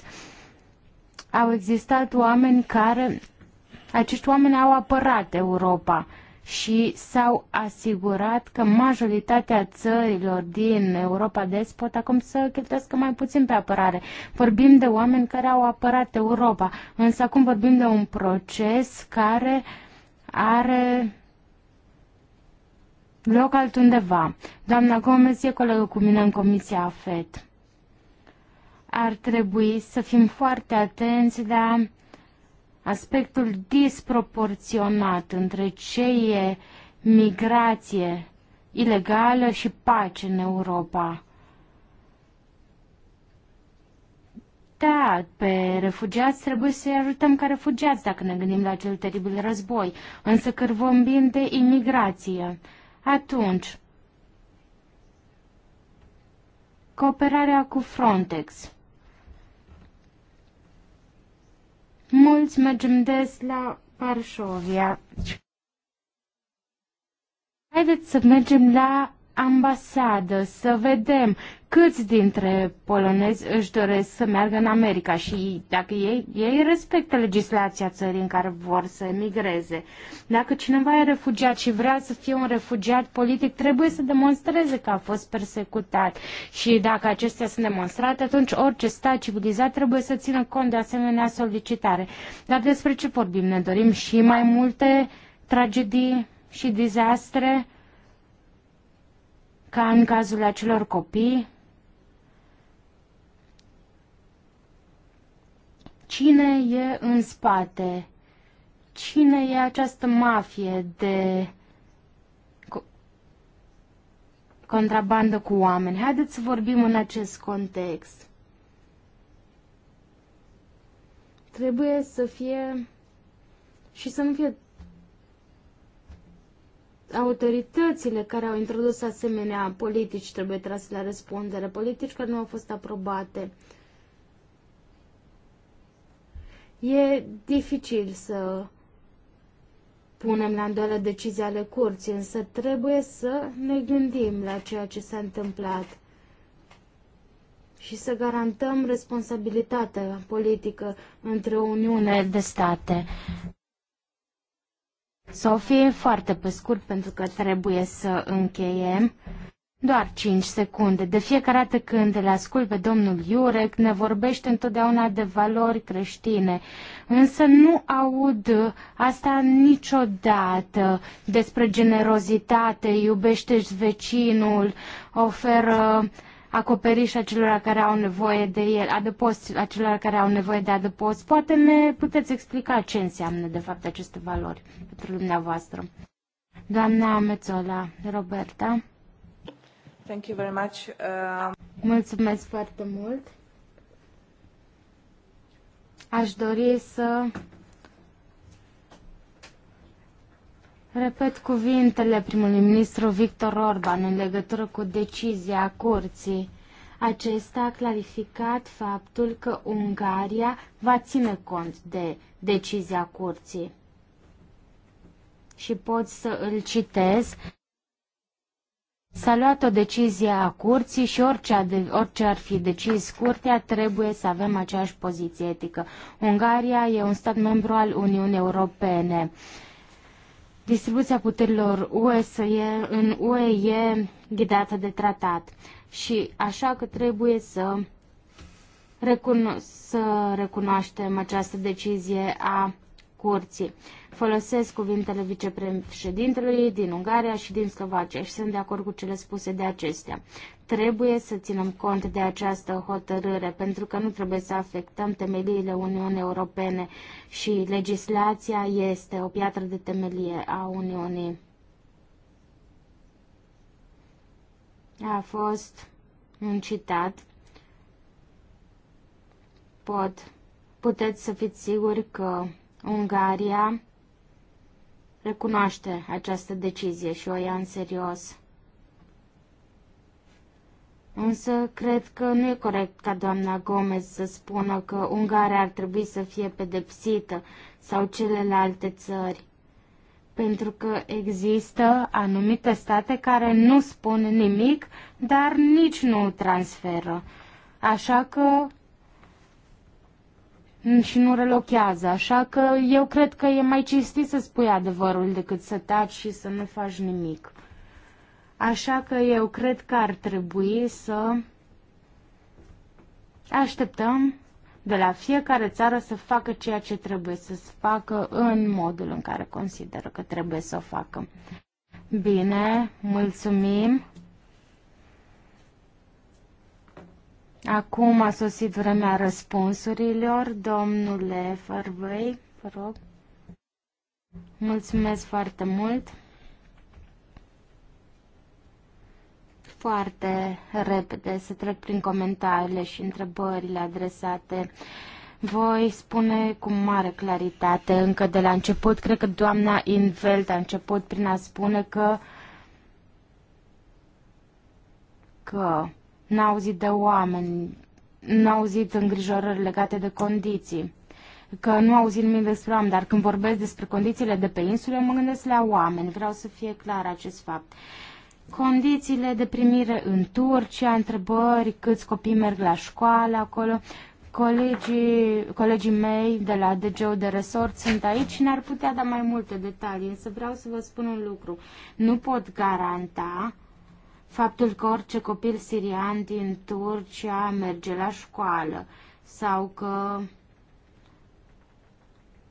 Au existat oameni care, acești oameni au apărat Europa și s-au asigurat că majoritatea țărilor din Europa de Est pot acum să cheltuiască mai puțin pe apărare. Vorbim de oameni care au apărat Europa, însă acum vorbim de un proces care are loc altundeva. Doamna Gomez e colegă cu mine în Comisia AFET ar trebui să fim foarte atenți la aspectul disproporționat între ce e migrație ilegală și pace în Europa. Da, pe refugiați trebuie să-i ajutăm ca refugiați dacă ne gândim la acel teribil război, însă când vorbim de imigrație, atunci cooperarea cu Frontex Mulți mergem des la Varșovia. Haideți să mergem la ambasadă, să vedem câți dintre polonezi își doresc să meargă în America și dacă ei, ei respectă legislația țării în care vor să emigreze. Dacă cineva e refugiat și vrea să fie un refugiat politic, trebuie să demonstreze că a fost persecutat. Și dacă acestea sunt demonstrate, atunci orice stat civilizat trebuie să țină cont de asemenea solicitare. Dar despre ce vorbim? Ne dorim și mai multe tragedii și dezastre? ca în cazul acelor copii, cine e în spate? Cine e această mafie de contrabandă cu oameni? Haideți să vorbim în acest context. Trebuie să fie și să nu fie autoritățile care au introdus asemenea politici trebuie trase la răspundere, politici care nu au fost aprobate. E dificil să punem la îndoială decizia ale curții, însă trebuie să ne gândim la ceea ce s-a întâmplat și să garantăm responsabilitatea politică între o Uniune de state. Sofie, foarte pe scurt, pentru că trebuie să încheiem. Doar 5 secunde. De fiecare dată când le ascult pe domnul Iurec, ne vorbește întotdeauna de valori creștine, însă nu aud asta niciodată despre generozitate, iubește vecinul, oferă uh, acoperiș acelora care au nevoie de el, adăpost acelora care au nevoie de adăpost. Poate ne puteți explica ce înseamnă de fapt aceste valori pentru dumneavoastră. Doamna Mețola, Roberta. Thank you very much. Uh... Mulțumesc foarte mult. Aș dori să Repet cuvintele primului ministru Victor Orban în legătură cu decizia curții. Acesta a clarificat faptul că Ungaria va ține cont de decizia curții. Și pot să îl citez. S-a luat o decizie a curții și orice, orice ar fi decis curtea, trebuie să avem aceeași poziție etică. Ungaria e un stat membru al Uniunii Europene. Uh, distribuția puterilor UE, e, în UE e ghidată de tratat și așa că trebuie să, recuno- să recunoaștem această decizie a curții. Folosesc cuvintele vicepreședintelui din Ungaria și din Slovacia și sunt de acord cu cele spuse de acestea. Trebuie să ținem cont de această hotărâre, pentru că nu trebuie să afectăm temeliile Uniunii Europene și legislația este o piatră de temelie a Uniunii. A fost un citat. Pot. Puteți să fiți siguri că Ungaria recunoaște această decizie și o ia în serios. Însă cred că nu e corect ca doamna Gomez să spună că Ungaria ar trebui să fie pedepsită sau celelalte țări. Pentru că există anumite state care nu spun nimic, dar nici nu transferă. Așa că și nu relochează, așa că eu cred că e mai cistit să spui adevărul decât să taci și să nu faci nimic. Așa că eu cred că ar trebui să așteptăm de la fiecare țară să facă ceea ce trebuie să facă în modul în care consideră că trebuie să o facă. Bine, mulțumim. Acum a sosit vremea răspunsurilor. Domnule Farvei, vă rog. Mulțumesc foarte mult. foarte repede să trec prin comentariile și întrebările adresate. Voi spune cu mare claritate încă de la început, cred că doamna Invelt a început prin a spune că că n-a auzit de oameni, n-a auzit îngrijorări legate de condiții că nu auzit nimic despre oameni, dar când vorbesc despre condițiile de pe insulă, mă gândesc la oameni. Vreau să fie clar acest fapt condițiile de primire în Turcia, întrebări câți copii merg la școală acolo. Colegii, colegii mei de la DGO de resort sunt aici și ne-ar putea da mai multe detalii, însă vreau să vă spun un lucru. Nu pot garanta faptul că orice copil sirian din Turcia merge la școală sau că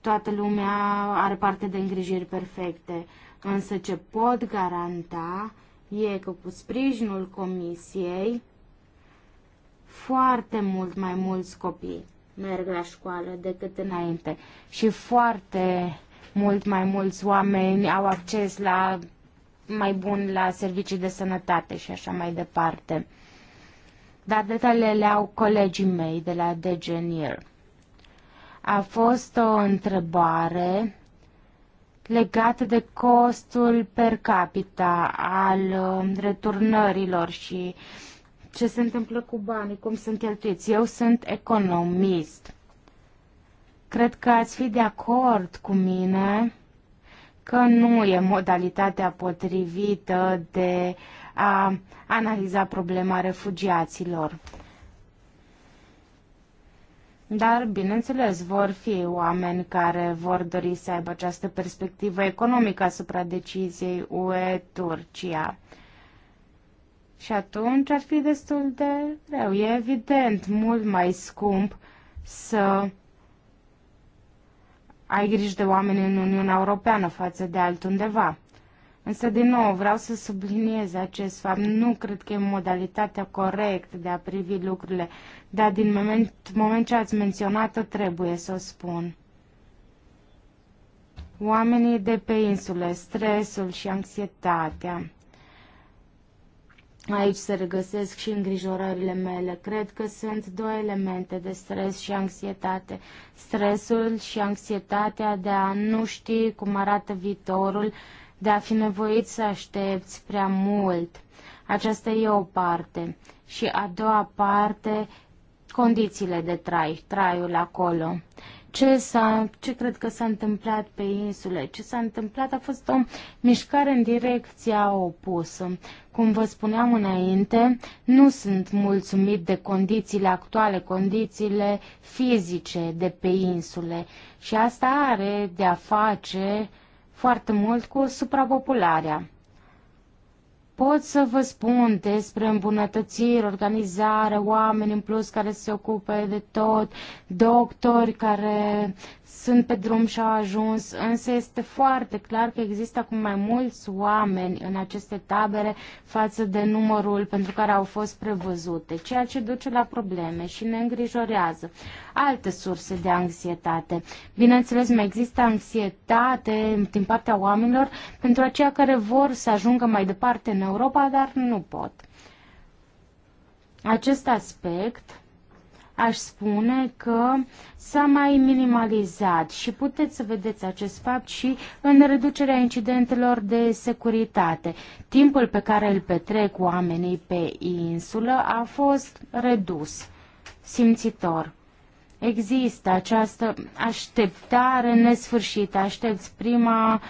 toată lumea are parte de îngrijiri perfecte. Însă ce pot garanta e că cu sprijinul comisiei, foarte mult mai mulți copii merg la școală decât înainte și foarte mult mai mulți oameni au acces la mai bun la servicii de sănătate și așa mai departe. Dar detaliile le au colegii mei de la Degenier. A fost o întrebare legate de costul per capita al um, returnărilor și ce se întâmplă cu banii, cum sunt cheltuiți. Eu sunt economist. Cred că ați fi de acord cu mine că nu e modalitatea potrivită de a analiza problema refugiaților. Dar, bineînțeles, vor fi oameni care vor dori să aibă această perspectivă economică asupra deciziei UE-Turcia. Și atunci ar fi destul de greu. E evident mult mai scump să ai grijă de oameni în Uniunea Europeană față de altundeva. Însă, din nou, vreau să subliniez acest fapt. Nu cred că e modalitatea corectă de a privi lucrurile, dar din moment, moment ce ați menționat-o, trebuie să o spun. Oamenii de pe insule, stresul și anxietatea. Aici se regăsesc și îngrijorările mele. Cred că sunt două elemente de stres și anxietate. Stresul și anxietatea de a nu ști cum arată viitorul, de a fi nevoit să aștepți prea mult. Aceasta e o parte. Și a doua parte, condițiile de trai, traiul acolo. Ce, s-a, ce cred că s-a întâmplat pe insule? Ce s-a întâmplat a fost o mișcare în direcția opusă. Cum vă spuneam înainte, nu sunt mulțumit de condițiile actuale, condițiile fizice de pe insule. Și asta are de a face uh, foarte mult cu suprapopularea. Pot să vă spun despre îmbunătățiri, organizare, oameni în plus care se ocupe de tot, doctori care sunt pe drum și au ajuns, însă este foarte clar că există acum mai mulți oameni în aceste tabere față de numărul pentru care au fost prevăzute, ceea ce duce la probleme și ne îngrijorează. Alte surse de anxietate. Bineînțeles, mai există anxietate din partea oamenilor pentru aceia care vor să ajungă mai departe în Europa, dar nu pot. Acest aspect aș spune că s-a mai minimalizat și puteți să vedeți acest fapt și în reducerea incidentelor de securitate. Timpul pe care îl petrec oamenii pe insulă a fost redus, simțitor. Există această așteptare nesfârșită, aștepți prima uh,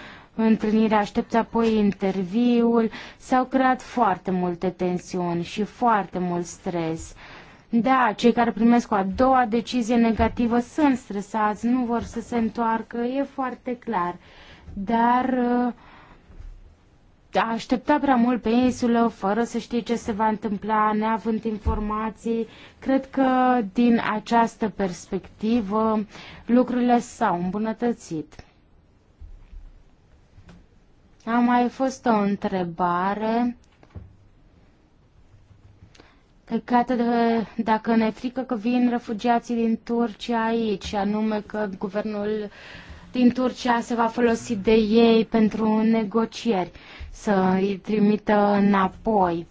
întâlnire, aștepți apoi interviul. S-au creat foarte multe tensiuni și foarte mult stres. Da, cei care primesc o a doua decizie negativă sunt stresați, nu vor să se întoarcă, e foarte clar. Dar uh, a aștepta prea mult pe insulă, fără să știi ce se va întâmpla, neavând informații, cred că din această perspectivă lucrurile s-au îmbunătățit. A mai fost o întrebare legată de dacă ne frică că vin refugiații din Turcia aici, anume că guvernul din Turcia se va folosi de ei pentru negocieri, să îi trimită înapoi.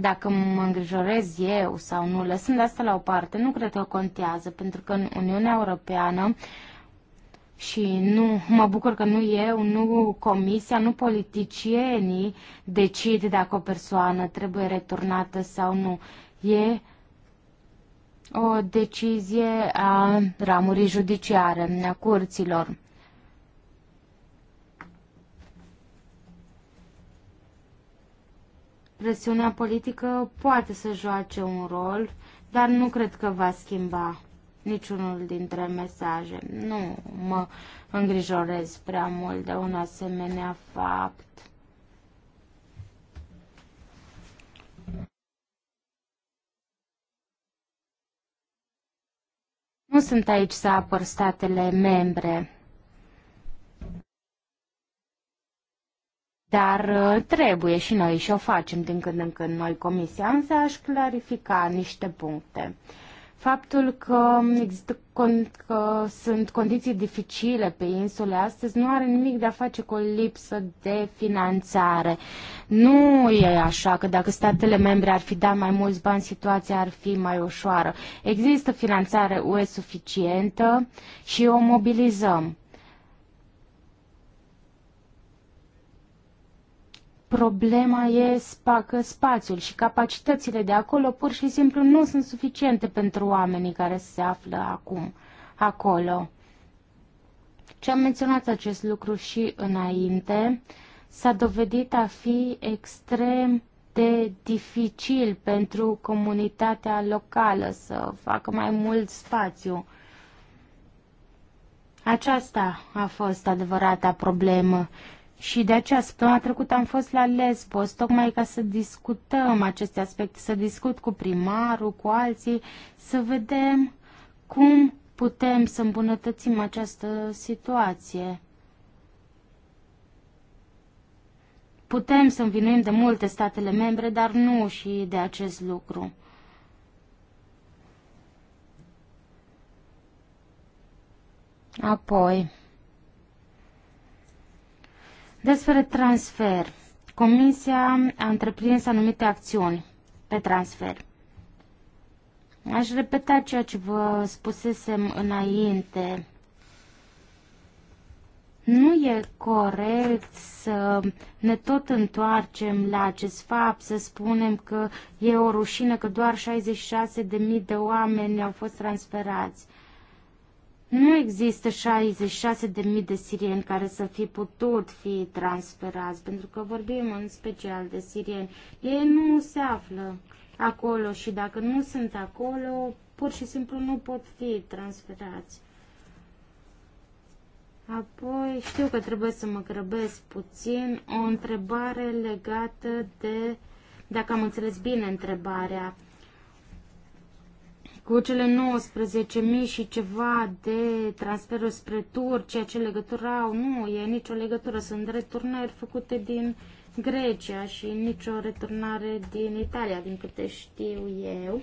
Dacă mă îngrijorez eu sau nu, lăsând asta la o parte, nu cred că contează, pentru că în Uniunea Europeană și nu, mă bucur că nu eu, nu comisia, nu politicienii decid dacă o persoană trebuie returnată sau nu. E o decizie a ramurii judiciare, a curților. Presiunea politică poate să joace un rol, dar nu cred că va schimba niciunul dintre mesaje. Nu mă îngrijorez prea mult de un asemenea fapt. Nu sunt aici să apăr statele membre. Dar uh, trebuie și noi și o facem din când în când noi comisia, însă aș clarifica niște puncte. Faptul că, există, că sunt condiții dificile pe insule astăzi nu are nimic de a face cu o lipsă de finanțare. Nu e așa că dacă statele membre ar fi dat mai mulți bani, situația ar fi mai ușoară. Există finanțare UE suficientă și o mobilizăm Problema e spacă spațiul și capacitățile de acolo pur și simplu nu sunt suficiente pentru oamenii care se află acum acolo. Ce am menționat acest lucru și înainte. S-a dovedit a fi extrem de dificil pentru comunitatea locală să facă mai mult spațiu. Aceasta a fost adevărata problemă și de aceea, săptămâna trecută am fost la Lesbos, tocmai ca să discutăm aceste aspecte, să discut cu primarul, cu alții, să vedem cum putem să îmbunătățim această situație. Putem să învinuim de multe statele membre, dar nu și de acest lucru. Apoi... Despre transfer. Comisia a întreprins anumite acțiuni pe transfer. Aș repeta ceea ce vă spusesem înainte. Nu e corect să ne tot întoarcem la acest fapt, să spunem că e o rușine că doar 66.000 de oameni au fost transferați. Nu există 66.000 de sirieni care să fi putut fi transferați, pentru că vorbim în special de sirieni. Ei nu se află acolo și dacă nu sunt acolo, pur și simplu nu pot fi transferați. Apoi, știu că trebuie să mă grăbesc puțin, o întrebare legată de, dacă am înțeles bine întrebarea, cu cele 19.000 și ceva de transferuri spre Turcia, ce legătură au? Nu, e nicio legătură. Sunt returnări făcute din Grecia și nicio returnare din Italia, din câte știu eu.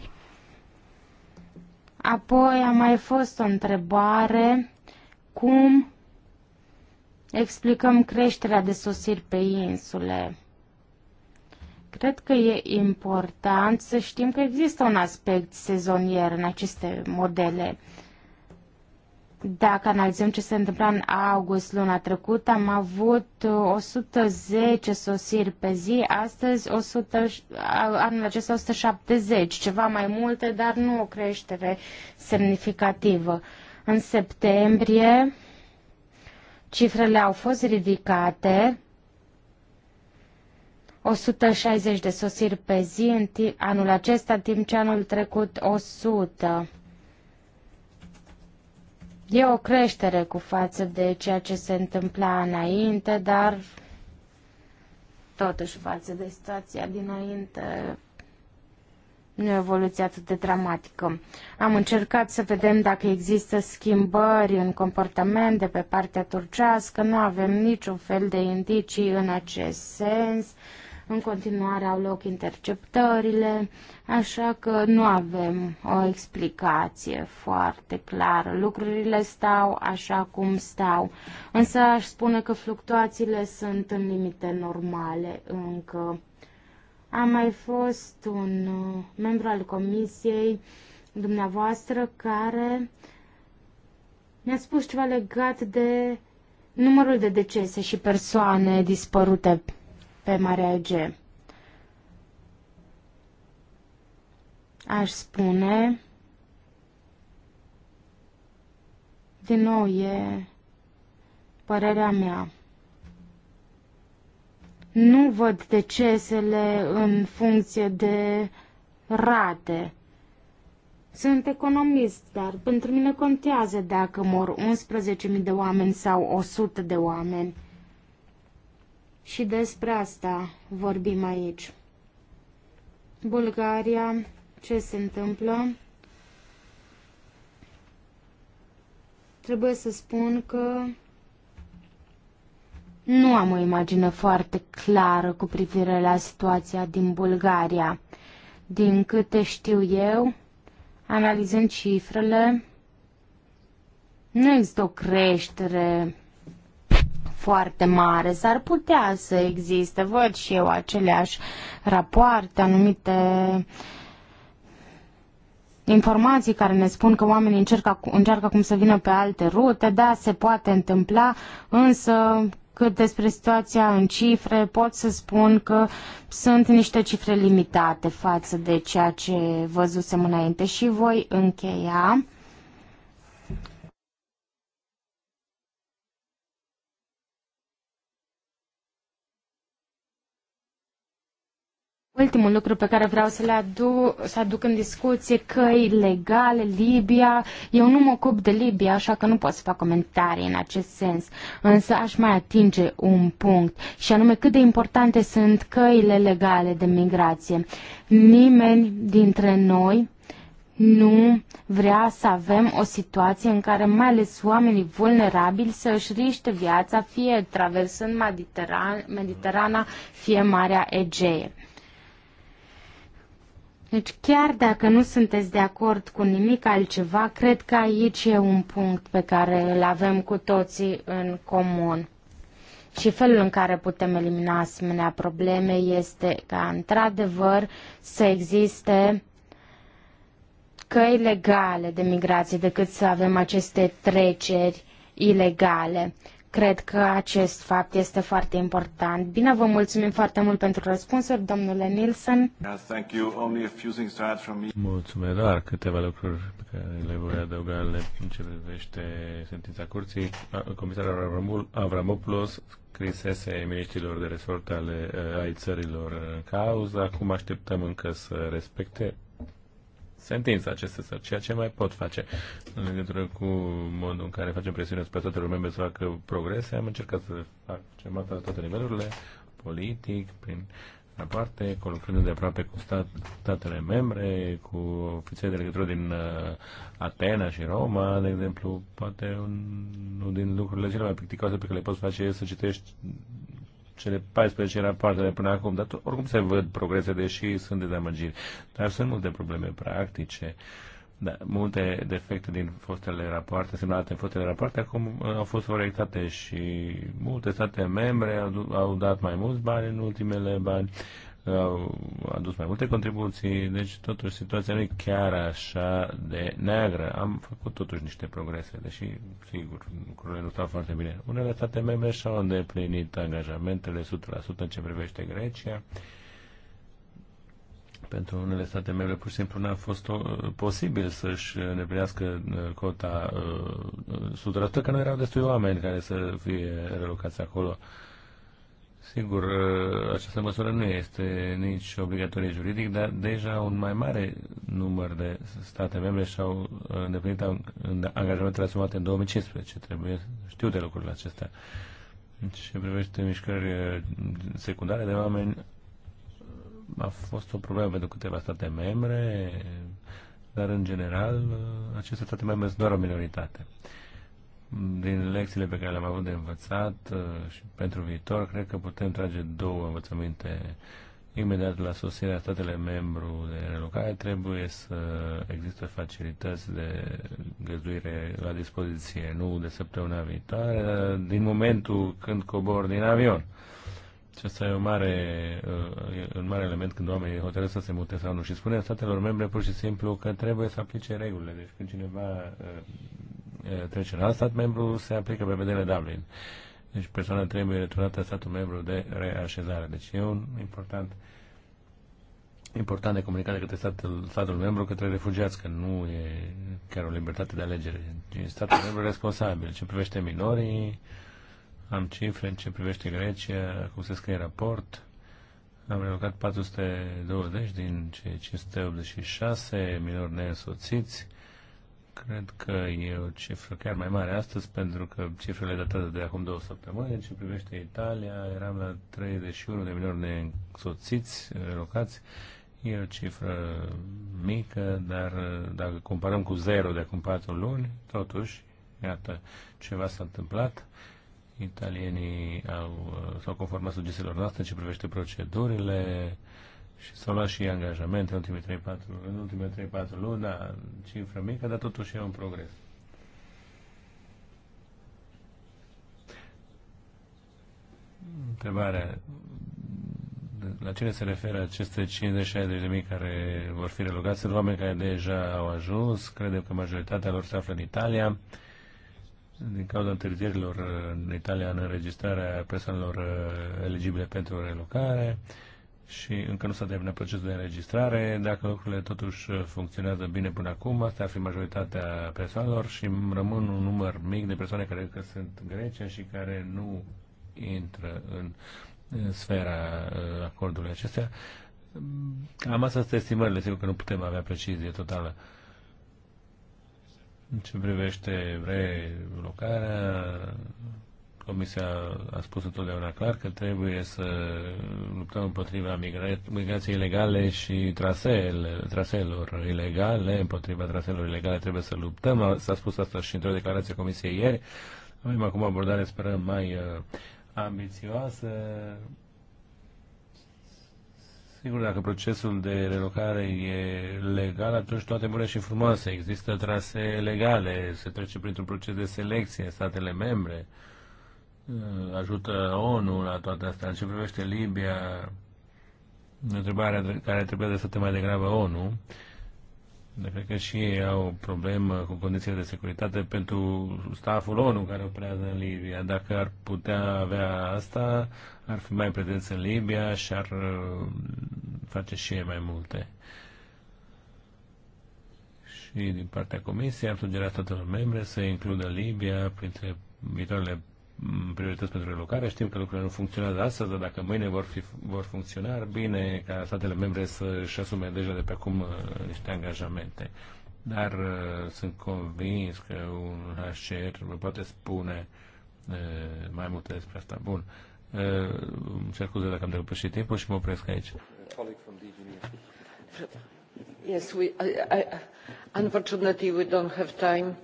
Apoi a mai fost o întrebare. Cum explicăm creșterea de sosiri pe insule? Cred că e important să știm că există un aspect sezonier în aceste modele. Dacă analizăm ce se întâmpla în august luna trecută, am avut 110 sosiri pe zi, astăzi 100, anul acesta 170, ceva mai multe, dar nu o creștere semnificativă. În septembrie cifrele au fost ridicate, 160 de sosiri pe zi în anul acesta, în timp ce anul trecut 100. E o creștere cu față de ceea ce se întâmpla înainte, dar totuși față de situația dinainte nu e evoluție atât de dramatică. Am încercat să vedem dacă există schimbări în comportament de pe partea turcească, nu avem niciun fel de indicii în acest sens. În continuare au loc interceptările, așa că nu avem o explicație foarte clară. Lucrurile stau așa cum stau, însă aș spune că fluctuațiile sunt în limite normale încă. A mai fost un uh, membru al comisiei dumneavoastră care mi a spus ceva legat de numărul de decese și persoane dispărute pe Marea Ege. Aș spune, din nou e părerea mea. Nu văd decesele în funcție de rate. Sunt economist, dar pentru mine contează dacă mor 11.000 de oameni sau 100 de oameni. Și despre asta vorbim aici. Bulgaria, ce se întâmplă? Trebuie să spun că nu am o imagine foarte clară cu privire la situația din Bulgaria. Din câte știu eu, analizând cifrele, nu există o creștere foarte mare. S-ar putea să existe, văd și eu aceleași rapoarte, anumite informații care ne spun că oamenii încercă, încearcă cum să vină pe alte rute, da, se poate întâmpla, însă cât despre situația în cifre, pot să spun că sunt niște cifre limitate față de ceea ce văzusem înainte și voi încheia Ultimul lucru pe care vreau să le aduc, să aduc în discuție, căi legale, Libia. Eu nu mă ocup de Libia, așa că nu pot să fac comentarii în acest sens. Însă aș mai atinge un punct, și anume cât de importante sunt căile legale de migrație. Nimeni dintre noi nu vrea să avem o situație în care mai ales oamenii vulnerabili să își riște viața, fie traversând Mediterana, fie Marea Egee. Deci chiar dacă nu sunteți de acord cu nimic altceva, cred că aici e un punct pe care îl avem cu toții în comun. Și felul în care putem elimina asemenea probleme este ca, într-adevăr, să existe căi legale de migrație decât să avem aceste treceri ilegale. Cred că acest fapt este foarte important. Bine, vă mulțumim foarte mult pentru răspunsuri, domnule Nilsson. Mulțumesc, doar câteva lucruri pe care le voi adăuga le, în ce privește sentința curții. Comisarul Avramopoulos scrisese miniștilor de resort ale eh, ai țărilor în cauză. Acum așteptăm încă să respecte sentința aceste țări, ceea ce mai pot face. În legătură cu modul în care facem presiune asupra statelor membre să facă progrese, am încercat să facem asta la toate nivelurile, politic, prin aparte lucrând de aproape cu stat, statele membre, cu ofițeri de legătură din uh, Atena și Roma, de exemplu, poate unul din lucrurile cele mai plicticoase pe care le poți face e să citești cele 14 rapoartele de până acum, dar oricum se văd progrese, deși sunt dezamăgiri. Dar sunt multe probleme practice. Da, multe defecte din fostele rapoarte, semnalate în fostele rapoarte, acum uh, au fost corectate și multe state membre au, au dat mai mulți bani în ultimele bani au adus mai multe contribuții, deci totuși situația nu e chiar așa de neagră. Am făcut totuși niște progrese, deși, sigur, lucrurile nu stau foarte bine. Unele state membre și-au îndeplinit angajamentele 100% în ce privește Grecia. Pentru unele state membre pur și simplu n-a fost posibil să-și îndeplinească uh, cota 100%, uh, că nu erau destui oameni care să fie relocați acolo. Uh, Sigur, ă, această măsură nu este nici obligatorie juridic, dar deja un mai mare număr de state membre și-au ă, îndeplinit angajamentele asumate în 2015. Trebuie știu de lucrurile acestea. Ce privește mișcări ă, secundare de oameni, a fost o problemă pentru câteva state membre, dar în general aceste state membre sunt doar o minoritate din lecțiile pe care le-am avut de învățat uh, și pentru viitor, cred că putem trage două învățăminte imediat la sosirea statele membru de relocare trebuie să existe facilități de găzduire la dispoziție, nu de săptămâna viitoare, dar din momentul când cobor din avion. Și asta e un mare, uh, un mare element când oamenii hotărăsc să se mute sau nu. Și spune statelor membre pur și simplu că trebuie să aplice regulile. Deci când cineva uh, Eh, trece la alt stat membru, se aplică vederea Dublin. Deci persoana trebuie returnată statul membru de reașezare. Deci e un important important de comunicare către statul, statul membru către refugiați, că nu e chiar o libertate de alegere. E statul membru responsabil. Ce privește minorii, am cifre ce privește Grecia, cum se scrie raport. Am relocat 420 din cei 586 minori neînsoțiți. Cred că e o cifră chiar mai mare astăzi, pentru că cifrele datează de acum două săptămâni. În ce privește Italia, eram la 31 de milioane de soțiți relocați. Eh, e o cifră mică, dar eh, dacă comparăm cu zero de acum patru luni, totuși, iată, ceva s-a întâmplat. Italienii au, eh, s-au conformat sugestiilor noastre în ce privește procedurile, și s-au luat și angajamente în ultimele 3-4, în ultimele 3-4 luni, da, cifră mică, dar totuși e un progres. Întrebarea, la cine se referă aceste 50-60 de mii care vor fi relogați? Sunt oameni care deja au ajuns, credem că majoritatea lor se află în Italia, din cauza întârzierilor în Italia în înregistrarea persoanelor uh, eligibile pentru relocare și încă nu s-a terminat procesul de înregistrare. Dacă lucrurile totuși funcționează bine până acum, asta ar fi majoritatea persoanelor și rămân un număr mic de persoane care că sunt grece și care nu intră în sfera uh, acordului acestea. Am asta sunt estimările, sigur că nu putem avea precizie totală. În ce privește relocarea, Comisia a spus întotdeauna clar că trebuie să luptăm împotriva migra migrației ilegale și traseele, traseelor ilegale, împotriva traseelor ilegale trebuie să luptăm. S-a spus asta și într-o declarație Comisiei ieri. Avem acum o abordare, sperăm, mai uh, ambițioasă. Sigur, dacă procesul de relocare e legal, atunci toate bune și frumoase. Există trasee legale, se trece printr-un proces de selecție în statele membre. Uh, Uh, ajută ONU la toate astea. În ce privește Libia, întrebarea care trebuie adresată mai degrabă ONU, de cred că și ei au o problemă cu condițiile de securitate pentru staful ONU care operează în Libia. Dacă ar putea avea asta, ar fi mai prezenți în Libia și ar uh, face și ei mai multe. Și din partea Comisiei am sugerat statelor membre să includă Libia printre viitoarele Mm, priorități pentru relocare. Știm că lucrurile nu funcționează astăzi, dar dacă mâine vor, fi, vor funcționa, ar bine ca statele membre să-și asume deja de pe acum uh, niște angajamente. Dar uh, sunt convins că un HCR vă poate spune uh, mai multe despre asta. Bun. îmi cer scuze dacă am depășit timpul și mă opresc aici. Yes, we, I, I, unfortunately we don't have time.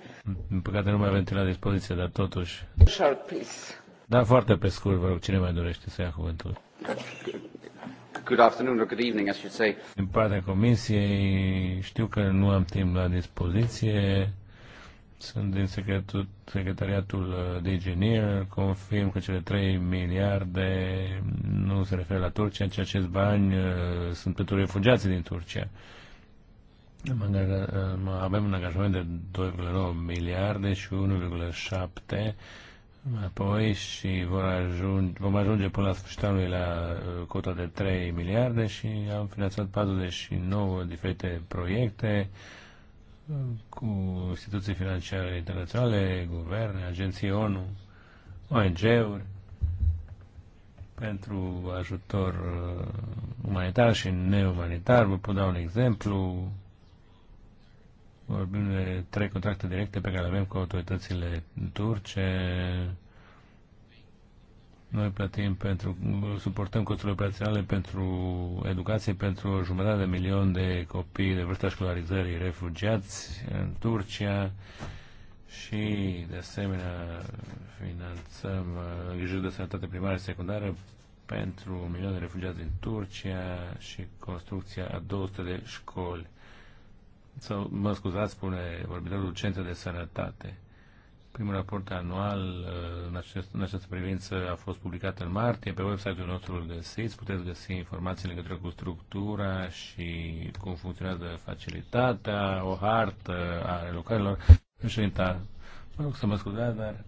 În păcate nu mai avem timp la dispoziție, dar totuși... Short, please. Da, foarte pe scurt, vă rog, cine mai dorește să ia cuvântul? Good afternoon or good evening, as you say. Din partea comisiei, știu că nu am timp la dispoziție. Sunt din secretul, secretariatul uh, de engineer, confirm că cele 3 miliarde nu se referă la Turcia, ci acești bani uh, sunt pentru refugiații din Turcia. Avem un angajament de 2,9 miliarde și 1,7 apoi și vor ajunge, vom ajunge până la sfârșitul anului la uh, cota de 3 miliarde și am finanțat 49 diferite proiecte uh, cu instituții financiare internaționale, guverne, agenții ONU, ONG-uri pentru ajutor uh, umanitar și neumanitar. Vă pot da un exemplu vorbim de trei contracte directe pe care le avem cu autoritățile turce. Noi plătim pentru, suportăm costurile operaționale pentru educație pentru jumătate de milion de copii de vârsta școlarizării refugiați în Turcia și, de asemenea, finanțăm uh, îngrijiri de sănătate primară și secundară pentru un milion de refugiați din Turcia și construcția a 200 de școli sau, mă scuzați, spune vorbitorul Centrul de Sănătate. Primul raport anual uh, în, acest, în această privință a fost publicat în martie. Pe website-ul nostru îl găsiți. Puteți găsi informații în legătură cu structura și cum funcționează facilitatea, o hartă a relocărilor. Președinta, mă rog să mă scuzați, dar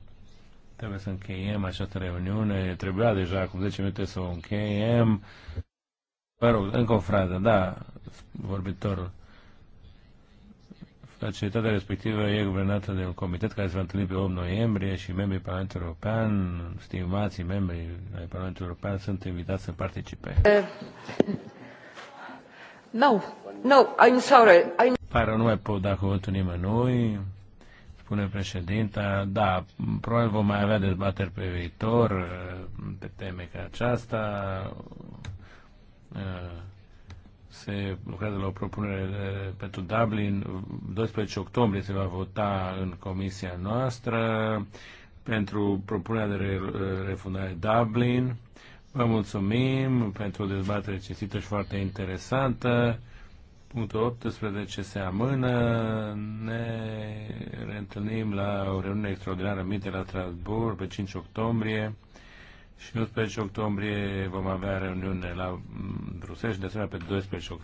trebuie să încheiem această reuniune. Trebuia deja acum 10 minute să o încheiem. Mă rog, încă o frază, da, vorbitorul. Facilitatea respectivă e guvernată de un comitet care se va întâlni pe 8 noiembrie și membrii Parlamentului European, stimații membrii ai Parlamentului European, sunt invitați să participe. Uh, no, no, I'm sorry. I'm... Pară, nu mai pot da cuvântul nimănui spune președinta, da, probabil vom mai avea dezbateri pe viitor eh, pe teme ca aceasta. Eh, se lucrează la o propunere eh, pentru Dublin. 12 octombrie se va vota în comisia noastră pentru propunerea de eh, refundare Dublin. Vă mulțumim pentru o dezbatere cinstită și foarte interesantă. Punctul 18 se amână. Ne reîntâlnim la o reuniune extraordinară minte la Strasbourg pe 5 octombrie și 11 octombrie vom avea reuniune la mm, Bruxelles de asemenea pe 12 octombrie.